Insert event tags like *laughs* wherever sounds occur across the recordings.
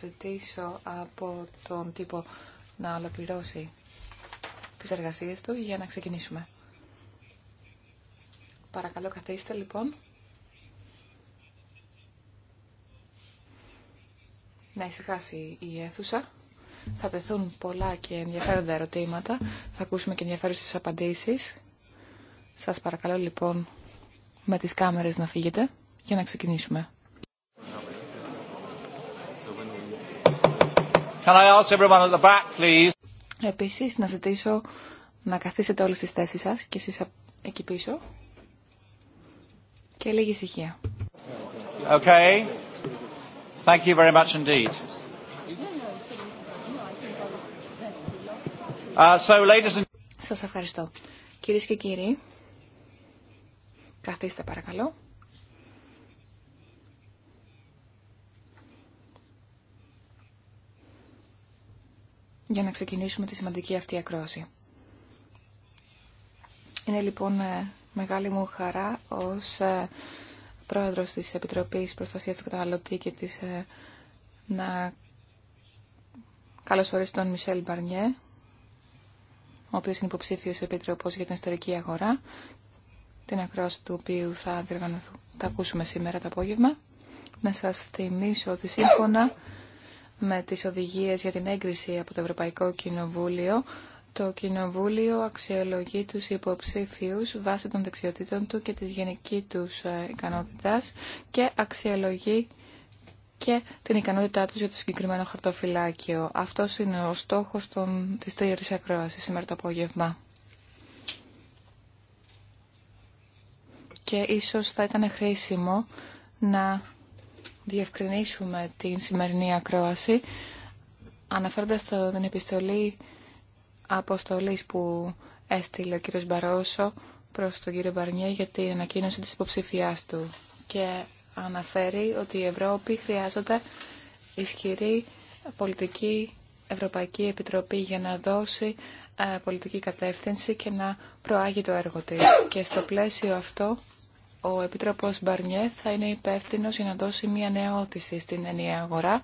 ζητήσω από τον τύπο να ολοκληρώσει τις εργασίες του για να ξεκινήσουμε. Παρακαλώ καθίστε λοιπόν. Να ησυχάσει η αίθουσα. Θα τεθούν πολλά και ενδιαφέροντα ερωτήματα. Θα ακούσουμε και ενδιαφέρουσες απαντήσεις. Σας παρακαλώ λοιπόν με τις κάμερες να φύγετε για να ξεκινήσουμε. Can I ask everyone at the back, please? Επίσης, να ζητήσω να καθίσετε όλες τις θέσεις σας και εσείς εκεί πίσω. Και λίγη ησυχία. Okay. Thank you very much indeed. Uh, so, ladies and... Σας ευχαριστώ. Κυρίες και κύριοι, καθίστε παρακαλώ. για να ξεκινήσουμε τη σημαντική αυτή ακρόαση. Είναι λοιπόν ε, μεγάλη μου χαρά ως ε, πρόεδρος της Επιτροπής Προστασίας του Καταναλωτή και της ε, να καλωσορίσω τον Μισελ Μπαρνιέ, ο οποίος είναι υποψήφιος επιτροπός για την ιστορική αγορά, την ακρόαση του οποίου θα, θα ακούσουμε σήμερα το απόγευμα. Να σας θυμίσω ότι σύμφωνα με τις οδηγίες για την έγκριση από το Ευρωπαϊκό Κοινοβούλιο, το Κοινοβούλιο αξιολογεί τους υποψήφιους βάσει των δεξιοτήτων του και της γενική τους ε, ικανότητας και αξιολογεί και την ικανότητά τους για το συγκεκριμένο χαρτοφυλάκιο. Αυτός είναι ο στόχος των, της τρίτης ακρόασης σήμερα το απόγευμα. Και ίσως θα ήταν χρήσιμο να διευκρινίσουμε την σημερινή ακρόαση αναφέροντας το, την επιστολή αποστολής που έστειλε ο κύριος Μπαρόσο προς τον κύριο Μπαρνιέ για την ανακοίνωση της υποψηφιά του και αναφέρει ότι η Ευρώπη χρειάζεται ισχυρή πολιτική Ευρωπαϊκή Επιτροπή για να δώσει ε, πολιτική κατεύθυνση και να προάγει το έργο της. Και στο πλαίσιο αυτό ο Επίτροπος Μπαρνιέ θα είναι υπεύθυνο για να δώσει μια νέα όθηση στην ενιαία αγορά,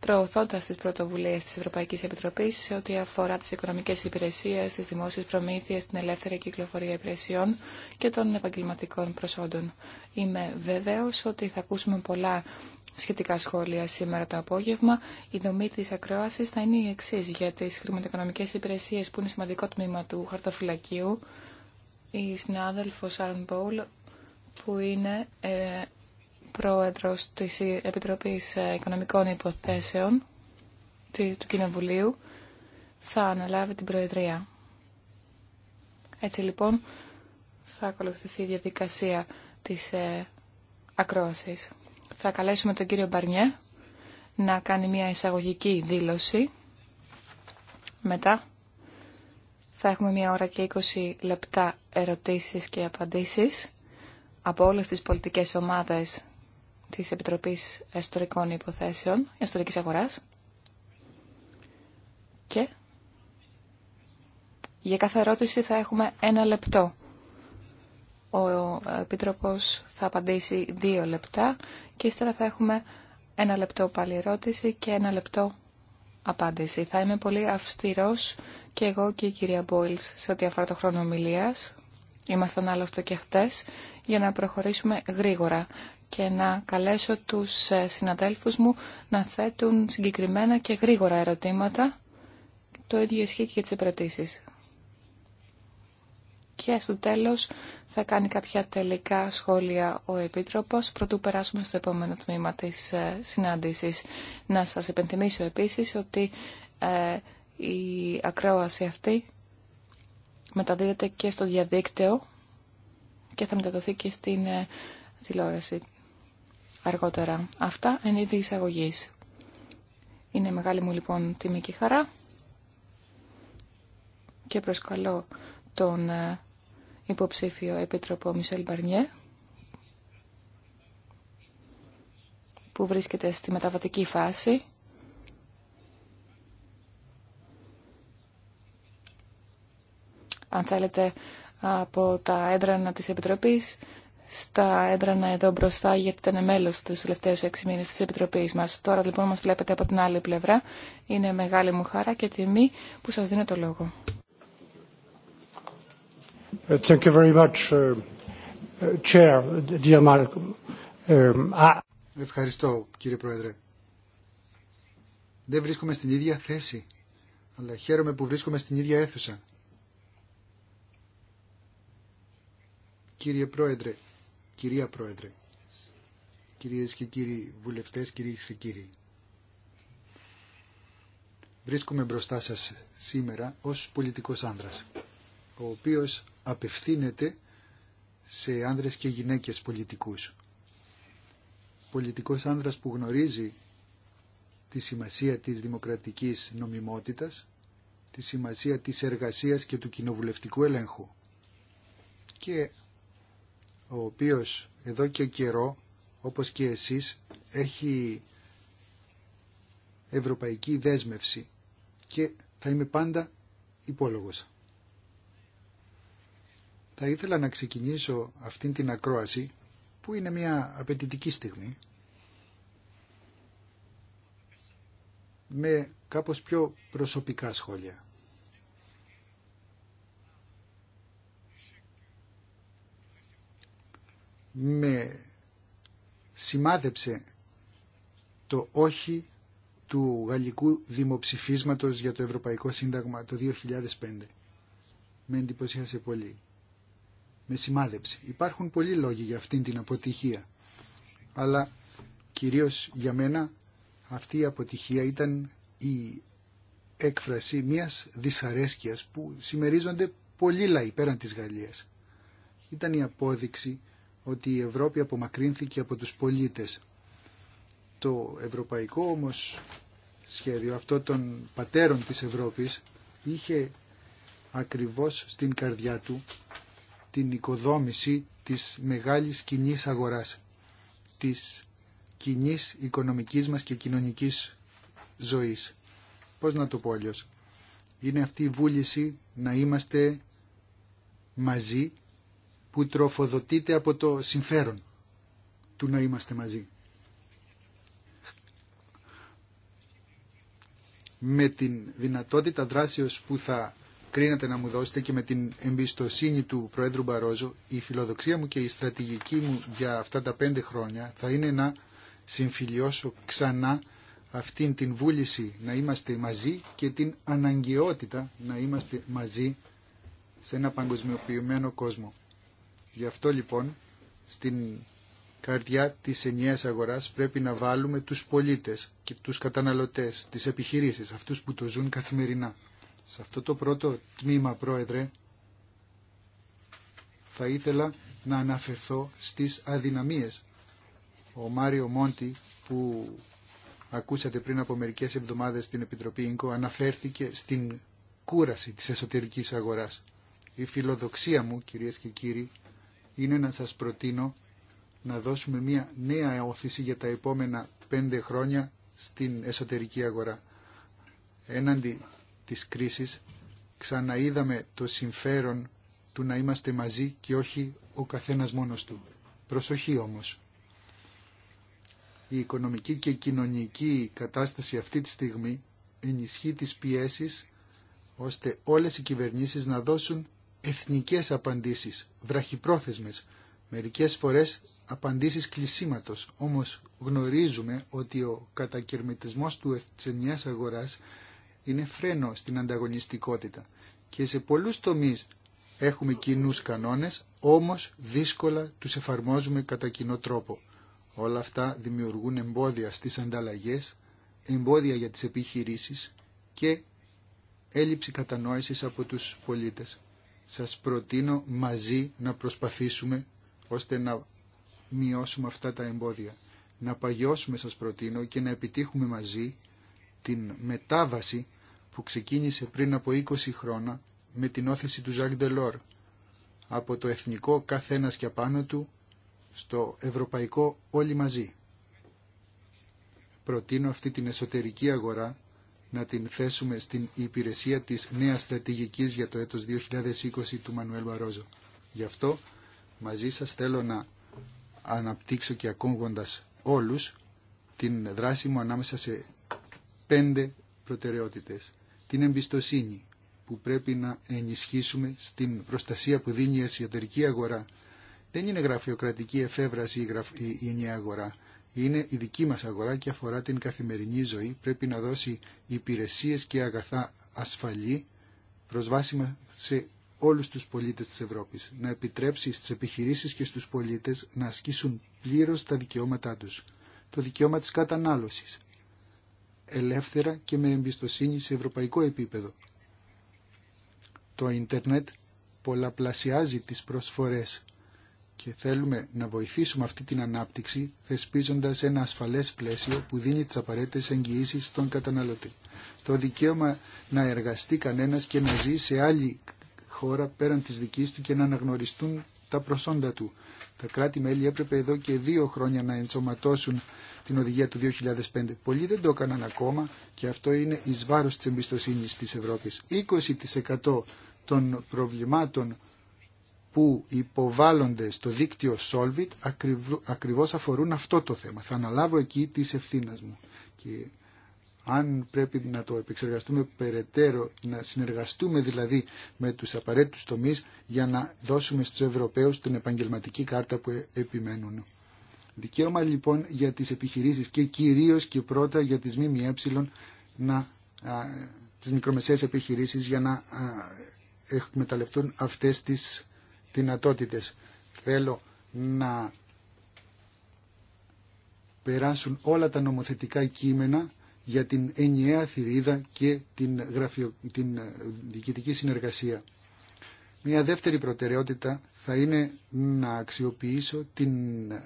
προωθώντας τις πρωτοβουλίες της Ευρωπαϊκής Επιτροπής σε ό,τι αφορά τις οικονομικές υπηρεσίες, τις δημόσιες προμήθειες, την ελεύθερη κυκλοφορία υπηρεσιών και των επαγγελματικών προσόντων. Είμαι βέβαιος ότι θα ακούσουμε πολλά σχετικά σχόλια σήμερα το απόγευμα. Η δομή της ακρόασης θα είναι η εξής για τις χρηματοοικονομικές υπηρεσίες που είναι σημαντικό τμήμα του χαρτοφυλακίου η συνάδελφος Άρν που είναι ε, πρόεδρος της Επιτροπής ε, Οικονομικών Υποθέσεων του Κοινοβουλίου θα αναλάβει την Προεδρία. Έτσι λοιπόν θα ακολουθηθεί η διαδικασία της ε, ακρόασης. Θα καλέσουμε τον κύριο Μπαρνιέ να κάνει μια εισαγωγική δήλωση. Μετά θα έχουμε μία ώρα και 20 λεπτά ερωτήσεις και απαντήσεις από όλες τις πολιτικές ομάδες της Επιτροπής Ιστορικών Υποθέσεων, Ιστορικής Αγοράς. Και για κάθε ερώτηση θα έχουμε ένα λεπτό. Ο Επίτροπος θα απαντήσει δύο λεπτά και ύστερα θα έχουμε ένα λεπτό πάλι ερώτηση και ένα λεπτό απάντηση. Θα είμαι πολύ αυστηρός και εγώ και η κυρία Μπόιλς σε ό,τι αφορά το χρόνο ομιλίας. Ήμασταν άλλωστε και χτες για να προχωρήσουμε γρήγορα και να καλέσω τους ε, συναδέλφους μου να θέτουν συγκεκριμένα και γρήγορα ερωτήματα. Το ίδιο ισχύει και για τις επιρωτήσεις και στο τέλος θα κάνει κάποια τελικά σχόλια ο Επίτροπος προτού περάσουμε στο επόμενο τμήμα της ε, συνάντησης. Να σας επενθυμίσω επίσης ότι ε, η ακρόαση αυτή μεταδίδεται και στο διαδίκτυο και θα μεταδοθεί και στην ε, τηλεόραση αργότερα. Αυτά εν είδη εισαγωγής. Είναι μεγάλη μου λοιπόν τιμή και χαρά και προσκαλώ τον υποψήφιο επίτροπο Μισελ Μπαρνιέ, που βρίσκεται στη μεταβατική φάση. Αν θέλετε, από τα έντρανα της Επιτροπής στα έντρανα εδώ μπροστά γιατί ήταν μέλος τους τελευταίους έξι μήνες της Επιτροπής μας. Τώρα λοιπόν μας βλέπετε από την άλλη πλευρά. Είναι μεγάλη μου χαρά και τιμή που σας δίνω το λόγο. Ευχαριστώ, κύριε Πρόεδρε. Δεν βρίσκομαι στην ίδια θέση, αλλά χαίρομαι που βρίσκομαι στην ίδια αίθουσα. Κύριε Πρόεδρε, κυρία Πρόεδρε, κυρίες και κύριοι βουλευτές, κυρίες και κύριοι. Βρίσκομαι μπροστά σας σήμερα ως πολιτικός άνδρας, ο οποίος απευθύνεται σε άνδρες και γυναίκες πολιτικούς. Πολιτικός άνδρας που γνωρίζει τη σημασία της δημοκρατικής νομιμότητας, τη σημασία της εργασίας και του κοινοβουλευτικού ελέγχου και ο οποίος εδώ και καιρό, όπως και εσείς, έχει ευρωπαϊκή δέσμευση και θα είμαι πάντα υπόλογος. Θα ήθελα να ξεκινήσω αυτήν την ακρόαση που είναι μια απαιτητική στιγμή με κάπως πιο προσωπικά σχόλια. Με σημάδεψε το όχι του γαλλικού δημοψηφίσματος για το Ευρωπαϊκό Σύνταγμα το 2005. Με εντυπωσίασε πολύ με σημάδεψη. Υπάρχουν πολλοί λόγοι για αυτήν την αποτυχία. Αλλά κυρίως για μένα αυτή η αποτυχία ήταν η έκφραση μιας δυσαρέσκειας που συμμερίζονται πολλοί λαοί πέραν της Γαλλίας. Ήταν η απόδειξη ότι η Ευρώπη απομακρύνθηκε από τους πολίτες. Το ευρωπαϊκό όμως σχέδιο αυτό των πατέρων της Ευρώπης είχε ακριβώς στην καρδιά του την οικοδόμηση της μεγάλης κοινή αγοράς, της κοινή οικονομικής μας και κοινωνικής ζωής. Πώς να το πω αλλιώς. Είναι αυτή η βούληση να είμαστε μαζί που τροφοδοτείται από το συμφέρον του να είμαστε μαζί. Με την δυνατότητα δράσεως που θα κρίνατε να μου δώσετε και με την εμπιστοσύνη του Προέδρου Μπαρόζο, η φιλοδοξία μου και η στρατηγική μου για αυτά τα πέντε χρόνια θα είναι να συμφιλιώσω ξανά αυτήν την βούληση να είμαστε μαζί και την αναγκαιότητα να είμαστε μαζί σε ένα παγκοσμιοποιημένο κόσμο. Γι' αυτό λοιπόν στην καρδιά της ενιαίας αγοράς πρέπει να βάλουμε τους πολίτες και τους καταναλωτές, τις επιχειρήσεις, αυτούς που το ζουν καθημερινά. Σε αυτό το πρώτο τμήμα, Πρόεδρε, θα ήθελα να αναφερθώ στις αδυναμίες. Ο Μάριο Μόντι, που ακούσατε πριν από μερικές εβδομάδες στην Επιτροπή ΙΝΚΟ, αναφέρθηκε στην κούραση της εσωτερικής αγοράς. Η φιλοδοξία μου, κυρίες και κύριοι, είναι να σας προτείνω να δώσουμε μια νέα όθηση για τα επόμενα πέντε χρόνια στην εσωτερική αγορά έναντι της κρίσης ξαναείδαμε το συμφέρον του να είμαστε μαζί και όχι ο καθένας μόνος του. Προσοχή όμως. Η οικονομική και κοινωνική κατάσταση αυτή τη στιγμή ενισχύει τις πιέσεις ώστε όλες οι κυβερνήσεις να δώσουν εθνικές απαντήσεις, βραχυπρόθεσμες, μερικές φορές απαντήσεις κλεισίματος. Όμως γνωρίζουμε ότι ο κατακαιρματισμός του της αγοράς είναι φρένο στην ανταγωνιστικότητα και σε πολλούς τομείς έχουμε κοινού κανόνες, όμως δύσκολα τους εφαρμόζουμε κατά κοινό τρόπο. Όλα αυτά δημιουργούν εμπόδια στις ανταλλαγές, εμπόδια για τις επιχειρήσεις και έλλειψη κατανόησης από τους πολίτες. Σας προτείνω μαζί να προσπαθήσουμε ώστε να μειώσουμε αυτά τα εμπόδια. Να παγιώσουμε σας προτείνω και να επιτύχουμε μαζί την μετάβαση που ξεκίνησε πριν από 20 χρόνια με την όθεση του Ζακ Ντελόρ από το εθνικό καθένας και απάνω του στο ευρωπαϊκό όλοι μαζί. Προτείνω αυτή την εσωτερική αγορά να την θέσουμε στην υπηρεσία της νέας στρατηγικής για το έτος 2020 του Μανουέλ Μαρόζο Γι' αυτό μαζί σας θέλω να αναπτύξω και ακούγοντας όλους την δράση μου ανάμεσα σε πέντε προτεραιότητες την εμπιστοσύνη που πρέπει να ενισχύσουμε στην προστασία που δίνει η εσωτερική αγορά. Δεν είναι γραφειοκρατική εφεύραση η ενιαία αγορά. Είναι η δική μας αγορά και αφορά την καθημερινή ζωή. Πρέπει να δώσει υπηρεσίες και αγαθά ασφαλή, προσβάσιμα σε όλους τους πολίτες της Ευρώπης. Να επιτρέψει στις επιχειρήσεις και στους πολίτες να ασκήσουν πλήρως τα δικαιώματά τους. Το δικαίωμα της κατανάλωσης, ελεύθερα και με εμπιστοσύνη σε ευρωπαϊκό επίπεδο. Το ίντερνετ πολλαπλασιάζει τις προσφορές και θέλουμε να βοηθήσουμε αυτή την ανάπτυξη θεσπίζοντας ένα ασφαλές πλαίσιο που δίνει τις απαραίτητες εγγυήσεις στον καταναλωτή. Το δικαίωμα να εργαστεί κανένας και να ζει σε άλλη χώρα πέραν της δικής του και να αναγνωριστούν τα προσόντα του. Τα κράτη-μέλη έπρεπε εδώ και δύο χρόνια να ενσωματώσουν την οδηγία του 2005. Πολλοί δεν το έκαναν ακόμα και αυτό είναι εις βάρος της εμπιστοσύνης της Ευρώπης. 20% των προβλημάτων που υποβάλλονται στο δίκτυο Solvit ακριβώς αφορούν αυτό το θέμα. Θα αναλάβω εκεί τις ευθύνες μου. Και αν πρέπει να το επεξεργαστούμε περαιτέρω, να συνεργαστούμε δηλαδή με τους απαραίτητους τομείς για να δώσουμε στους Ευρωπαίους την επαγγελματική κάρτα που επιμένουν. Δικαίωμα λοιπόν για τις επιχειρήσεις και κυρίως και πρώτα για τις ΜΜΕ να, τις μικρομεσαίες επιχειρήσεις για να α, εκμεταλλευτούν αυτές τις δυνατότητες. Θέλω να περάσουν όλα τα νομοθετικά κείμενα για την ενιαία θηρίδα και την, γραφειο... την ε, διοικητική συνεργασία. Μια δεύτερη προτεραιότητα θα είναι να αξιοποιήσω την ε,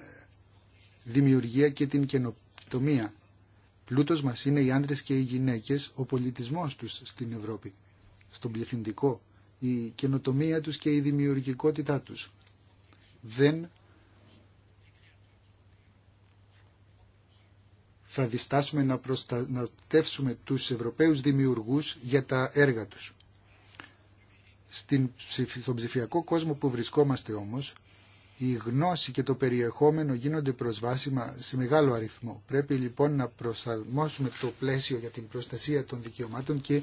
δημιουργία και την καινοτομία. Πλούτος μας είναι οι άντρες και οι γυναίκες, ο πολιτισμός τους στην Ευρώπη, στον πληθυντικό, η καινοτομία τους και η δημιουργικότητά τους. Δεν θα διστάσουμε να προστατεύσουμε τους Ευρωπαίους δημιουργούς για τα έργα τους. στον ψηφιακό κόσμο που βρισκόμαστε όμως, η γνώση και το περιεχόμενο γίνονται προσβάσιμα σε μεγάλο αριθμό. Πρέπει λοιπόν να προσαρμόσουμε το πλαίσιο για την προστασία των δικαιωμάτων και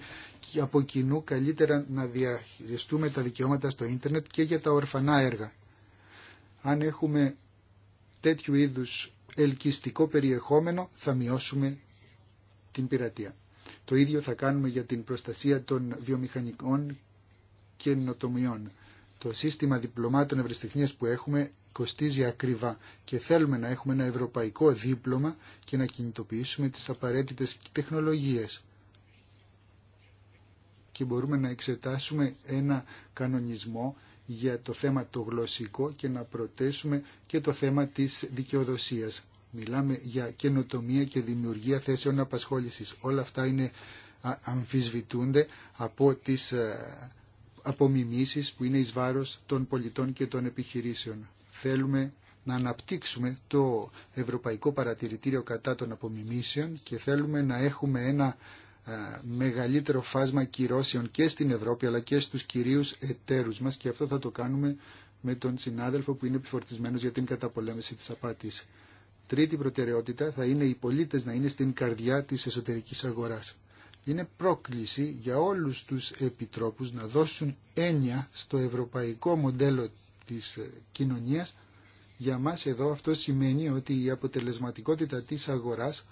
από κοινού καλύτερα να διαχειριστούμε τα δικαιώματα στο ίντερνετ και για τα ορφανά έργα. Αν έχουμε τέτοιου είδους ελκυστικό περιεχόμενο θα μειώσουμε την πειρατεία. Το ίδιο θα κάνουμε για την προστασία των βιομηχανικών καινοτομιών. Το σύστημα διπλωμάτων ευρεσιτεχνίας που έχουμε κοστίζει ακριβά και θέλουμε να έχουμε ένα ευρωπαϊκό δίπλωμα και να κινητοποιήσουμε τις απαραίτητες τεχνολογίες. Και μπορούμε να εξετάσουμε ένα κανονισμό για το θέμα το γλωσσικό και να προτέσουμε και το θέμα της δικαιοδοσίας. Μιλάμε για καινοτομία και δημιουργία θέσεων απασχόλησης. Όλα αυτά είναι, αμφισβητούνται από τις ε, απομιμήσεις που είναι εις βάρος των πολιτών και των επιχειρήσεων. Θέλουμε να αναπτύξουμε το Ευρωπαϊκό Παρατηρητήριο κατά των Απομιμήσεων και θέλουμε να έχουμε ένα ε, μεγαλύτερο φάσμα κυρώσεων και στην Ευρώπη αλλά και στους κυρίους εταίρους μας και αυτό θα το κάνουμε με τον συνάδελφο που είναι επιφορτισμένος για την καταπολέμηση της απάτης. Τρίτη προτεραιότητα θα είναι οι πολίτες να είναι στην καρδιά της εσωτερικής αγοράς. Είναι πρόκληση για όλους τους επιτρόπους να δώσουν έννοια στο ευρωπαϊκό μοντέλο της ε, κοινωνίας. Για μας εδώ αυτό σημαίνει ότι η αποτελεσματικότητα της αγοράς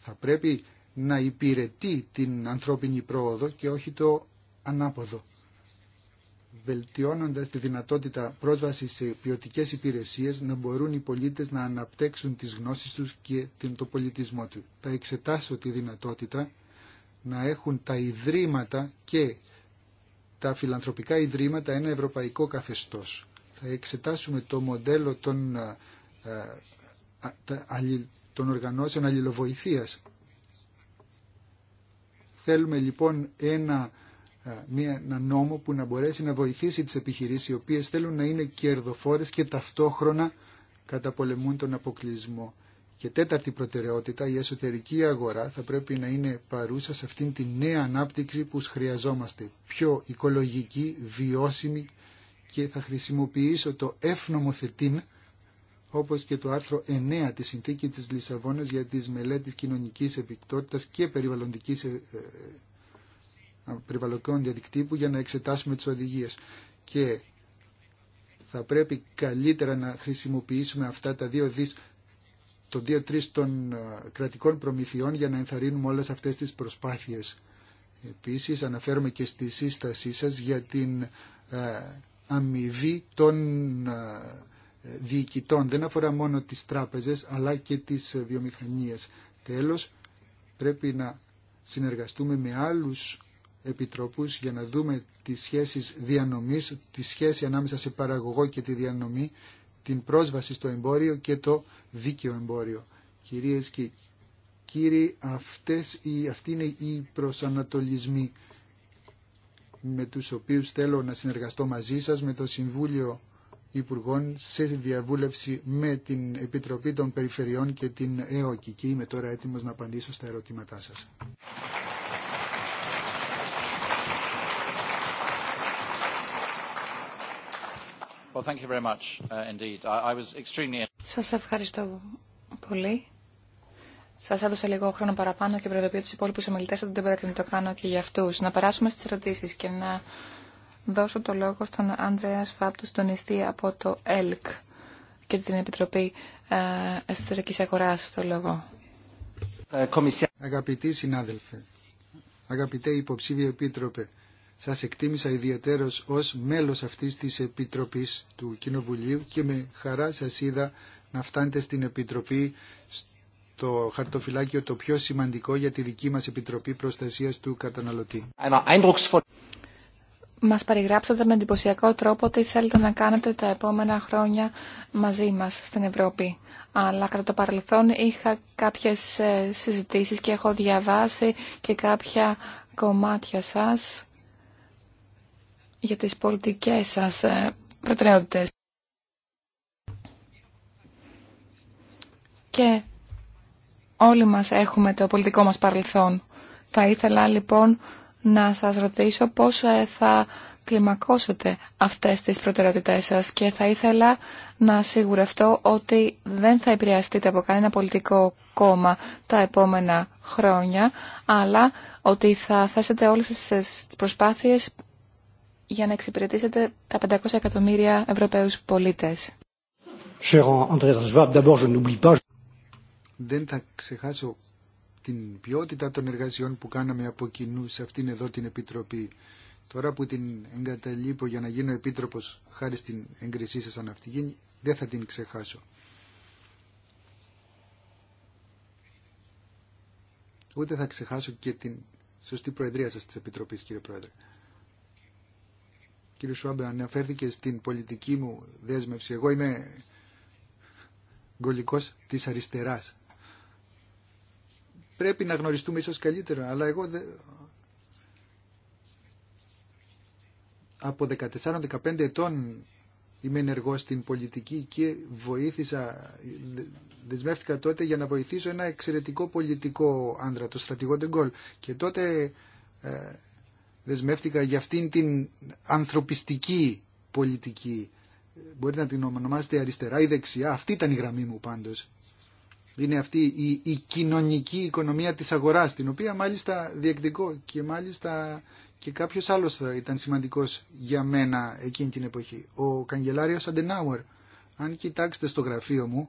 θα πρέπει να υπηρετεί την ανθρώπινη πρόοδο και όχι το ανάποδο. Βελτιώνοντας τη δυνατότητα πρόσβασης σε ποιοτικέ υπηρεσίες να μπορούν οι πολίτες να αναπτέξουν τις γνώσεις τους και το πολιτισμό του. Θα εξετάσω τη δυνατότητα να έχουν τα ιδρύματα και τα φιλανθρωπικά ιδρύματα ένα ευρωπαϊκό καθεστώς. Θα εξετάσουμε το μοντέλο των, ε, ε, των οργανώσεων αλληλοβοηθείας Θέλουμε λοιπόν ένα, ε, μια, ένα νόμο που να μπορέσει να βοηθήσει τις επιχειρήσεις οι οποίες θέλουν να είναι κερδοφόρες και ταυτόχρονα καταπολεμούν τον αποκλεισμό. Και τέταρτη προτεραιότητα, η εσωτερική αγορά θα πρέπει να είναι παρούσα σε αυτήν τη νέα ανάπτυξη που χρειαζόμαστε. Πιο οικολογική, βιώσιμη και θα χρησιμοποιήσω το εύνομο όπως και το άρθρο 9 της Συνθήκη της Λισαβόνας για τις μελέτες κοινωνικής επικτότητας και περιβαλλοντικής, ε, ε, περιβαλλοντικών διαδικτύπου για να εξετάσουμε τις οδηγίες. Και θα πρέπει καλύτερα να χρησιμοποιήσουμε αυτά τα δύο δις, το 2-3 των ε, κρατικών προμηθειών για να ενθαρρύνουμε όλες αυτές τις προσπάθειες. Επίσης αναφέρομαι και στη σύστασή σας για την ε, αμοιβή των διοικητών. Δεν αφορά μόνο τις τράπεζες αλλά και τις ε, βιομηχανίες. Τέλος, πρέπει να συνεργαστούμε με άλλους επιτροπούς για να δούμε τις σχέσεις διανομής, τη σχέση ανάμεσα σε παραγωγό και τη διανομή, την πρόσβαση στο εμπόριο και το δίκαιο εμπόριο. Κυρίες και κύριοι, αυτές οι, αυτοί είναι οι προσανατολισμοί με τους οποίους θέλω να συνεργαστώ μαζί σας, με το Συμβούλιο Υπουργών σε διαβούλευση με την Επιτροπή των Περιφερειών και την ΕΟΚΙ και είμαι τώρα έτοιμος να απαντήσω στα ερωτήματά σας. Well, thank uh, Σας ευχαριστώ πολύ. Σα έδωσα λίγο χρόνο παραπάνω και προειδοποιώ του υπόλοιπου ομιλητέ ότι δεν πρέπει να το κάνω και για αυτού Να περάσουμε στι ερωτήσει και να δώσω το λόγο στον Ανδρέα Φάπτο τον Ιστή από το ΕΛΚ και την Επιτροπή ε, Εσωτερικής Αγοράς, το λόγο. Ε, Αγαπητοί συνάδελφοι, αγαπητέ υποψήφιοι επίτροπε, σας εκτίμησα ιδιαίτερος ως μέλος αυτής της Επιτροπής του Κοινοβουλίου και με χαρά σας είδα να φτάνετε στην Επιτροπή στο χαρτοφυλάκιο το πιο σημαντικό για τη δική μας Επιτροπή Προστασίας του Καταναλωτή μας περιγράψατε με εντυπωσιακό τρόπο τι θέλετε να κάνετε τα επόμενα χρόνια μαζί μας στην Ευρώπη. Αλλά κατά το παρελθόν είχα κάποιες ε, συζητήσεις και έχω διαβάσει και κάποια κομμάτια σας για τις πολιτικές σας ε, προτεραιότητες. Και όλοι μας έχουμε το πολιτικό μας παρελθόν. Θα ήθελα λοιπόν να σας ρωτήσω πώς ε, θα κλιμακώσετε αυτές τις προτεραιότητές σας και θα ήθελα να σιγουρευτώ ότι δεν θα επηρεαστείτε από κανένα πολιτικό κόμμα τα επόμενα χρόνια, αλλά ότι θα θέσετε όλες τις ε, προσπάθειες για να εξυπηρετήσετε τα 500 εκατομμύρια Ευρωπαίους πολίτες. θα ξεχάσω την ποιότητα των εργασιών που κάναμε από κοινού σε αυτήν εδώ την Επιτροπή. Τώρα που την εγκαταλείπω για να γίνω επίτροπος χάρη στην έγκρισή σας αν αυτή γίνει, δεν θα την ξεχάσω. Ούτε θα ξεχάσω και την σωστή προεδρία σας της Επιτροπής, κύριε Πρόεδρε. Κύριε Σουάμπε, αναφέρθηκε στην πολιτική μου δέσμευση. Εγώ είμαι γκολικός της αριστεράς πρέπει να γνωριστούμε ίσως καλύτερα, αλλά εγώ από 14-15 ετών είμαι ενεργό στην πολιτική και βοήθησα, δεσμεύτηκα τότε για να βοηθήσω ένα εξαιρετικό πολιτικό άντρα, το στρατηγό Ντεγκόλ. Και τότε ε, δεσμεύτηκα για αυτήν την ανθρωπιστική πολιτική. Μπορείτε να την ονομάσετε αριστερά ή δεξιά. Αυτή ήταν η γραμμή μου πάντως. Είναι αυτή η, κοινωνική οικονομία της αγοράς, την οποία μάλιστα διεκδικώ και μάλιστα και κάποιος άλλος ήταν σημαντικός για μένα εκείνη την εποχή. Ο καγκελάριος Αντενάουερ. Αν κοιτάξετε στο γραφείο μου,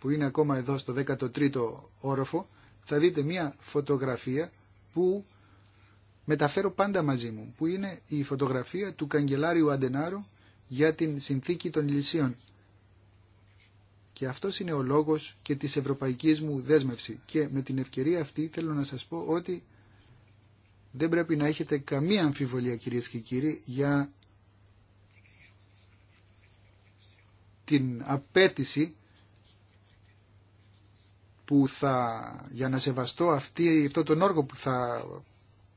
που είναι ακόμα εδώ στο 13ο όροφο, θα δείτε μια φωτογραφία που μεταφέρω πάντα μαζί μου, που είναι η φωτογραφία του καγκελάριου Αντενάρου για την συνθήκη των Λυσίων και αυτό είναι ο λόγος και της ευρωπαϊκή μου δέσμευση. Και με την ευκαιρία αυτή θέλω να σας πω ότι δεν πρέπει να έχετε καμία αμφιβολία κυρίες και κύριοι για την απέτηση που θα, για να σεβαστώ αυτή, αυτό τον όργο που θα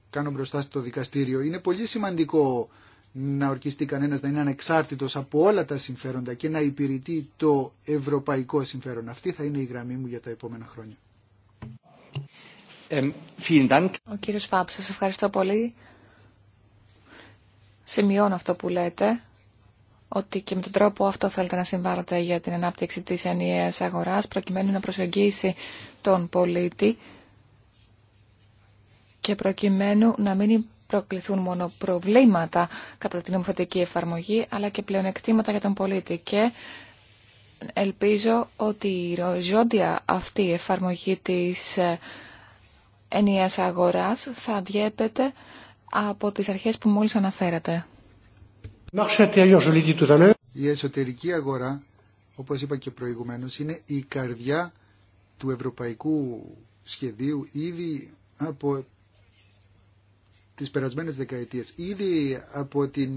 κάνω μπροστά στο δικαστήριο. Είναι πολύ σημαντικό να ορκιστεί κανένας να είναι ανεξάρτητος από όλα τα συμφέροντα και να υπηρετεί το ευρωπαϊκό συμφέρον. Αυτή θα είναι η γραμμή μου για τα επόμενα χρόνια. Ο κύριος Φάπ, σας ευχαριστώ πολύ. Σημειώνω αυτό που λέτε, ότι και με τον τρόπο αυτό θέλετε να συμβάλλετε για την ανάπτυξη της ενιαίας αγοράς, προκειμένου να προσεγγίσει τον πολίτη και προκειμένου να μην προκληθούν μόνο προβλήματα κατά την νομοθετική εφαρμογή, αλλά και πλεονεκτήματα για τον πολίτη. Και ελπίζω ότι η ροζόντια αυτή η εφαρμογή της ε, ενιαίας αγοράς θα διέπεται από τις αρχές που μόλις αναφέρατε. Η εσωτερική αγορά, όπως είπα και προηγουμένως, είναι η καρδιά του ευρωπαϊκού σχεδίου ήδη από τις περασμένες δεκαετίες. Ήδη από την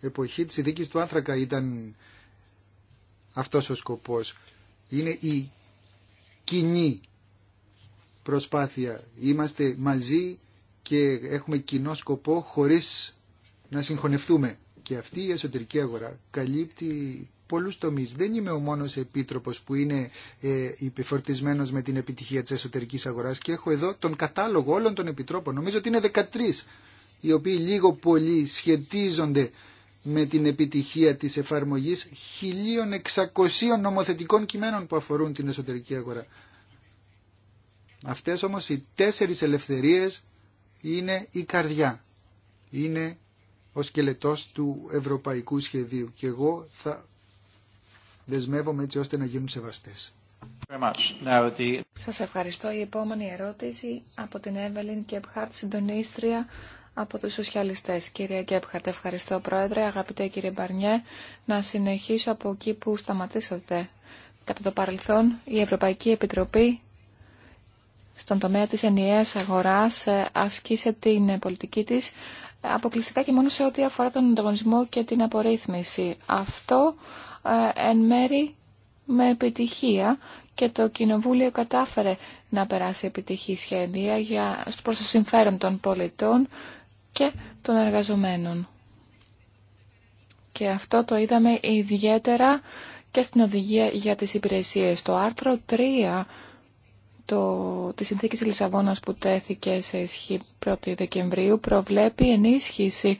εποχή της ειδικής του άνθρακα ήταν αυτός ο σκοπός. Είναι η κοινή προσπάθεια. Είμαστε μαζί και έχουμε κοινό σκοπό χωρίς να συγχωνευτούμε. Και αυτή η εσωτερική αγορά καλύπτει πολλούς τομείς. Δεν είμαι ο μόνος επίτροπος που είναι ε, με την επιτυχία της εσωτερικής αγοράς και έχω εδώ τον κατάλογο όλων των επιτρόπων. Νομίζω ότι είναι 13 οι οποίοι λίγο πολύ σχετίζονται με την επιτυχία της εφαρμογής 1.600 νομοθετικών κειμένων που αφορούν την εσωτερική αγορά. Αυτές όμως οι τέσσερις ελευθερίες είναι η καρδιά. Είναι ο σκελετός του ευρωπαϊκού σχεδίου και εγώ θα δεσμεύομαι έτσι ώστε να γίνουν σεβαστές. Σα ευχαριστώ. Η επόμενη ερώτηση από την Εύελιν Κεπχάρτ, συντονίστρια από του σοσιαλιστέ. Κυρία Κέπχαρτ, ευχαριστώ Πρόεδρε, αγαπητέ κύριε Μπαρνιέ, να συνεχίσω από εκεί που σταματήσατε. Κατά το παρελθόν, η Ευρωπαϊκή Επιτροπή στον τομέα τη ενιαίας αγορά, ασκήσε ε, την πολιτική τη αποκλειστικά και μόνο σε ό,τι αφορά τον ανταγωνισμό και την απορρίθμιση. Αυτό ε, εν μέρη με επιτυχία και το Κοινοβούλιο κατάφερε να περάσει επιτυχή σχέδια για, προς το συμφέρον των πολιτών και των εργαζομένων. Και αυτό το είδαμε ιδιαίτερα και στην οδηγία για τις υπηρεσίες. Το άρθρο 3 το, της Συνθήκης Λισαβόνας που τέθηκε σε ισχύ 1η Δεκεμβρίου προβλέπει ενίσχυση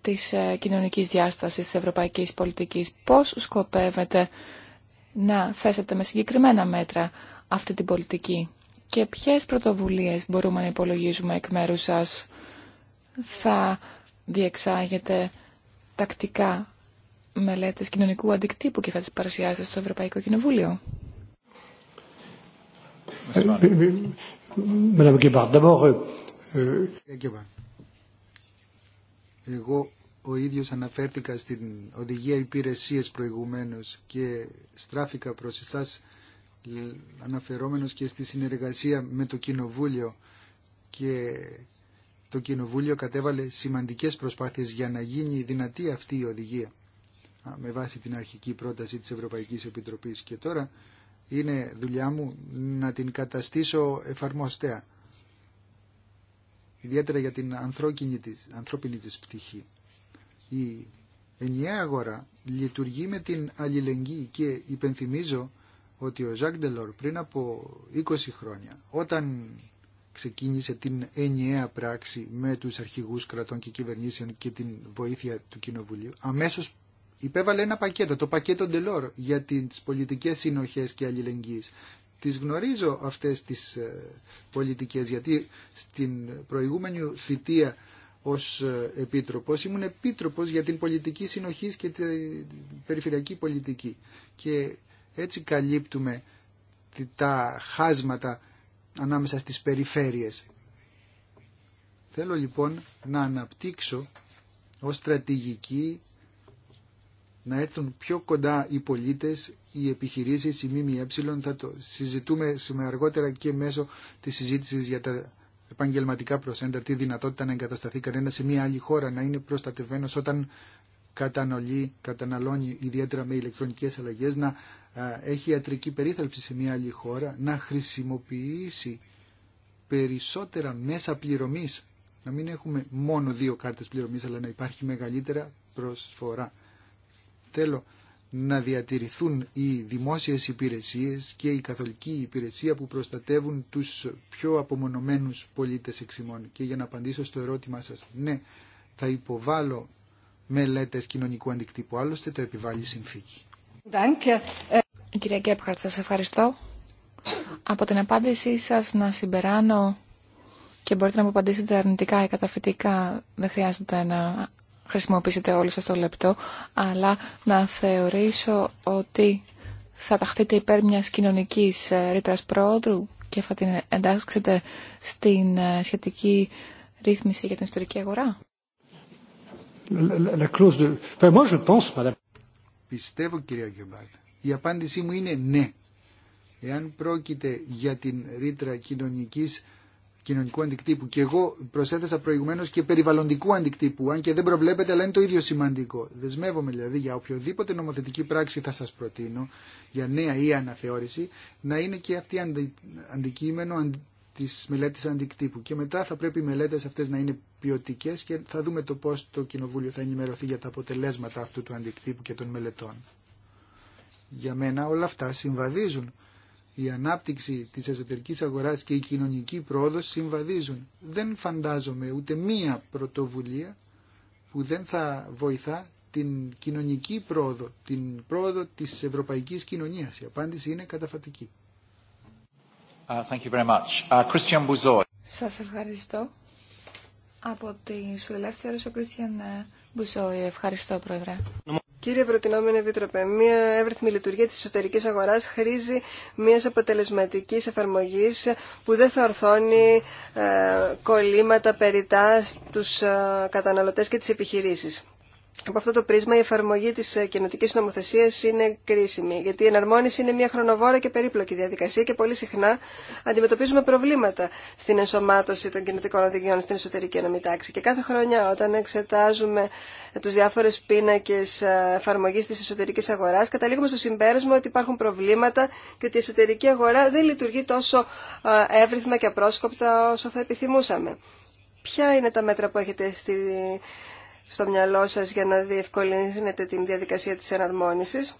της κοινωνικής διάστασης της ευρωπαϊκής πολιτικής. Πώς σκοπεύετε να θέσετε με συγκεκριμένα μέτρα αυτή την πολιτική και ποιες πρωτοβουλίες μπορούμε να υπολογίζουμε εκ μέρους σας θα διεξάγετε τακτικά μελέτες κοινωνικού αντικτύπου και θα τις παρουσιάζεται στο Ευρωπαϊκό Κοινοβούλιο. Madame εγώ ο ίδιος αναφέρθηκα στην οδηγία υπηρεσίες προηγουμένως και στράφηκα προς εσάς αναφερόμενος και στη συνεργασία με το Κοινοβούλιο και το Κοινοβούλιο κατέβαλε σημαντικές προσπάθειες για να γίνει δυνατή αυτή η οδηγία με βάση την αρχική πρόταση της Ευρωπαϊκής Επιτροπής και τώρα είναι δουλειά μου να την καταστήσω εφαρμοστέα ιδιαίτερα για την της, ανθρώπινη της πτυχή. Η ενιαία αγορά λειτουργεί με την αλληλεγγύη και υπενθυμίζω ότι ο Ζακ Ντελόρ πριν από 20 χρόνια όταν ξεκίνησε την ενιαία πράξη με τους αρχηγούς κρατών και κυβερνήσεων και την βοήθεια του Κοινοβουλίου αμέσως υπέβαλε ένα πακέτο, το πακέτο Ντελόρ για τις πολιτικές συνοχές και αλληλεγγύης τις γνωρίζω αυτές τις ε, πολιτικές γιατί στην προηγούμενη θητεία ως ε, επίτροπος ήμουν επίτροπος για την πολιτική συνοχή και την περιφερειακή πολιτική και έτσι καλύπτουμε τα χάσματα ανάμεσα στις περιφέρειες. Θέλω λοιπόν να αναπτύξω ως στρατηγική να έρθουν πιο κοντά οι πολίτες, οι επιχειρήσεις, οι ΜΜΕ. Θα το συζητούμε σήμερα αργότερα και μέσω της συζήτησης για τα επαγγελματικά προσέντα, τη δυνατότητα να εγκατασταθεί κανένα σε μια άλλη χώρα, να είναι προστατευμένος όταν κατανολεί, καταναλώνει ιδιαίτερα με ηλεκτρονικές αλλαγές, να έχει ιατρική περίθαλψη σε μια άλλη χώρα, να χρησιμοποιήσει περισσότερα μέσα πληρωμής, να μην έχουμε μόνο δύο κάρτες πληρωμής, αλλά να υπάρχει μεγαλύτερα προσφορά θέλω να διατηρηθούν οι δημόσιες υπηρεσίες και η καθολική υπηρεσία που προστατεύουν τους πιο απομονωμένους πολίτες εξημών. Και για να απαντήσω στο ερώτημά σας, ναι, θα υποβάλω μελέτες κοινωνικού αντικτύπου, άλλωστε το επιβάλλει η συνθήκη. Ε, Κυρία Γκέπχαρτ, σας ευχαριστώ. Από την απάντησή σας να συμπεράνω και μπορείτε να μου απαντήσετε αρνητικά ή καταφυτικά, δεν χρειάζεται να χρησιμοποιήσετε όλοι σας το λεπτό, αλλά να θεωρήσω ότι θα ταχθείτε υπέρ μιας κοινωνικής ε, ρήτρας πρόοδου και θα την εντάξετε στην ε, σχετική ρύθμιση για την ιστορική αγορά. Πιστεύω κυρία Γεμπάλ, η απάντησή μου είναι ναι. Εάν πρόκειται για την ρήτρα κοινωνικής κοινωνικού αντικτύπου. Και εγώ προσέθεσα προηγουμένω και περιβαλλοντικού αντικτύπου, αν και δεν προβλέπετε αλλά είναι το ίδιο σημαντικό. Δεσμεύομαι δηλαδή για οποιοδήποτε νομοθετική πράξη θα σα προτείνω, για νέα ή αναθεώρηση, να είναι και αυτή αντικείμενο τη μελέτη αντικτύπου. Και μετά θα πρέπει οι μελέτε αυτέ να είναι ποιοτικέ και θα δούμε το πώ το Κοινοβούλιο θα ενημερωθεί για τα αποτελέσματα αυτού του αντικτύπου και των μελετών. Για μένα όλα αυτά συμβαδίζουν η ανάπτυξη της εσωτερικής αγοράς και η κοινωνική πρόοδος συμβαδίζουν. Δεν φαντάζομαι ούτε μία πρωτοβουλία που δεν θα βοηθά την κοινωνική πρόοδο, την πρόοδο της ευρωπαϊκής κοινωνίας. Η απάντηση είναι καταφατική. Uh, uh Σας ευχαριστώ. Από τη σου ελεύθερος ο ευχαριστώ πρόεδρε. Κύριε Προτινόμενη Επίτροπε, μια εύρυθμη λειτουργία της εσωτερικής αγοράς χρήζει μια αποτελεσματικής εφαρμογής που δεν θα ορθώνει ε, κολλήματα περιτά στους ε, καταναλωτές και τις επιχειρήσεις από αυτό το πρίσμα η εφαρμογή της ε, κοινοτικής νομοθεσίας είναι κρίσιμη, γιατί η εναρμόνιση είναι μια χρονοβόρα και περίπλοκη διαδικασία και πολύ συχνά αντιμετωπίζουμε προβλήματα στην ενσωμάτωση των κοινωτικών οδηγιών στην εσωτερική νομιτάξη. τάξη. Και κάθε χρονιά όταν εξετάζουμε τους διάφορες πίνακες ε, εφαρμογής της εσωτερικής αγοράς, καταλήγουμε στο συμπέρασμα ότι υπάρχουν προβλήματα και ότι η εσωτερική αγορά δεν λειτουργεί τόσο ε, εύρυθμα και απρόσκοπτα όσο θα επιθυμούσαμε. Ποια είναι τα μέτρα που έχετε στη στο μυαλό σας για να διευκολύνετε την διαδικασία της εναρμόνισης.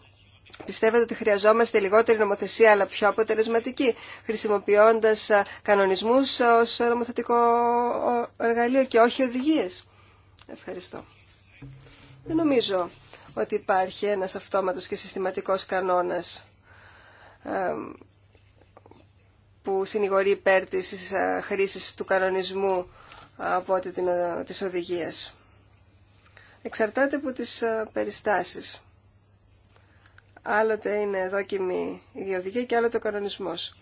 Πιστεύετε ότι χρειαζόμαστε λιγότερη νομοθεσία αλλά πιο αποτελεσματική, χρησιμοποιώντας κανονισμούς ως νομοθετικό εργαλείο και όχι οδηγίες. Ευχαριστώ. Δεν νομίζω ότι υπάρχει ένας αυτόματος και συστηματικός κανόνας που συνηγορεί υπέρ της χρήσης του κανονισμού από της οδηγίας εξαρτάται από τις ε, περιστάσεις. Άλλοτε είναι δόκιμη η διοδική και άλλοτε ο κανονισμός.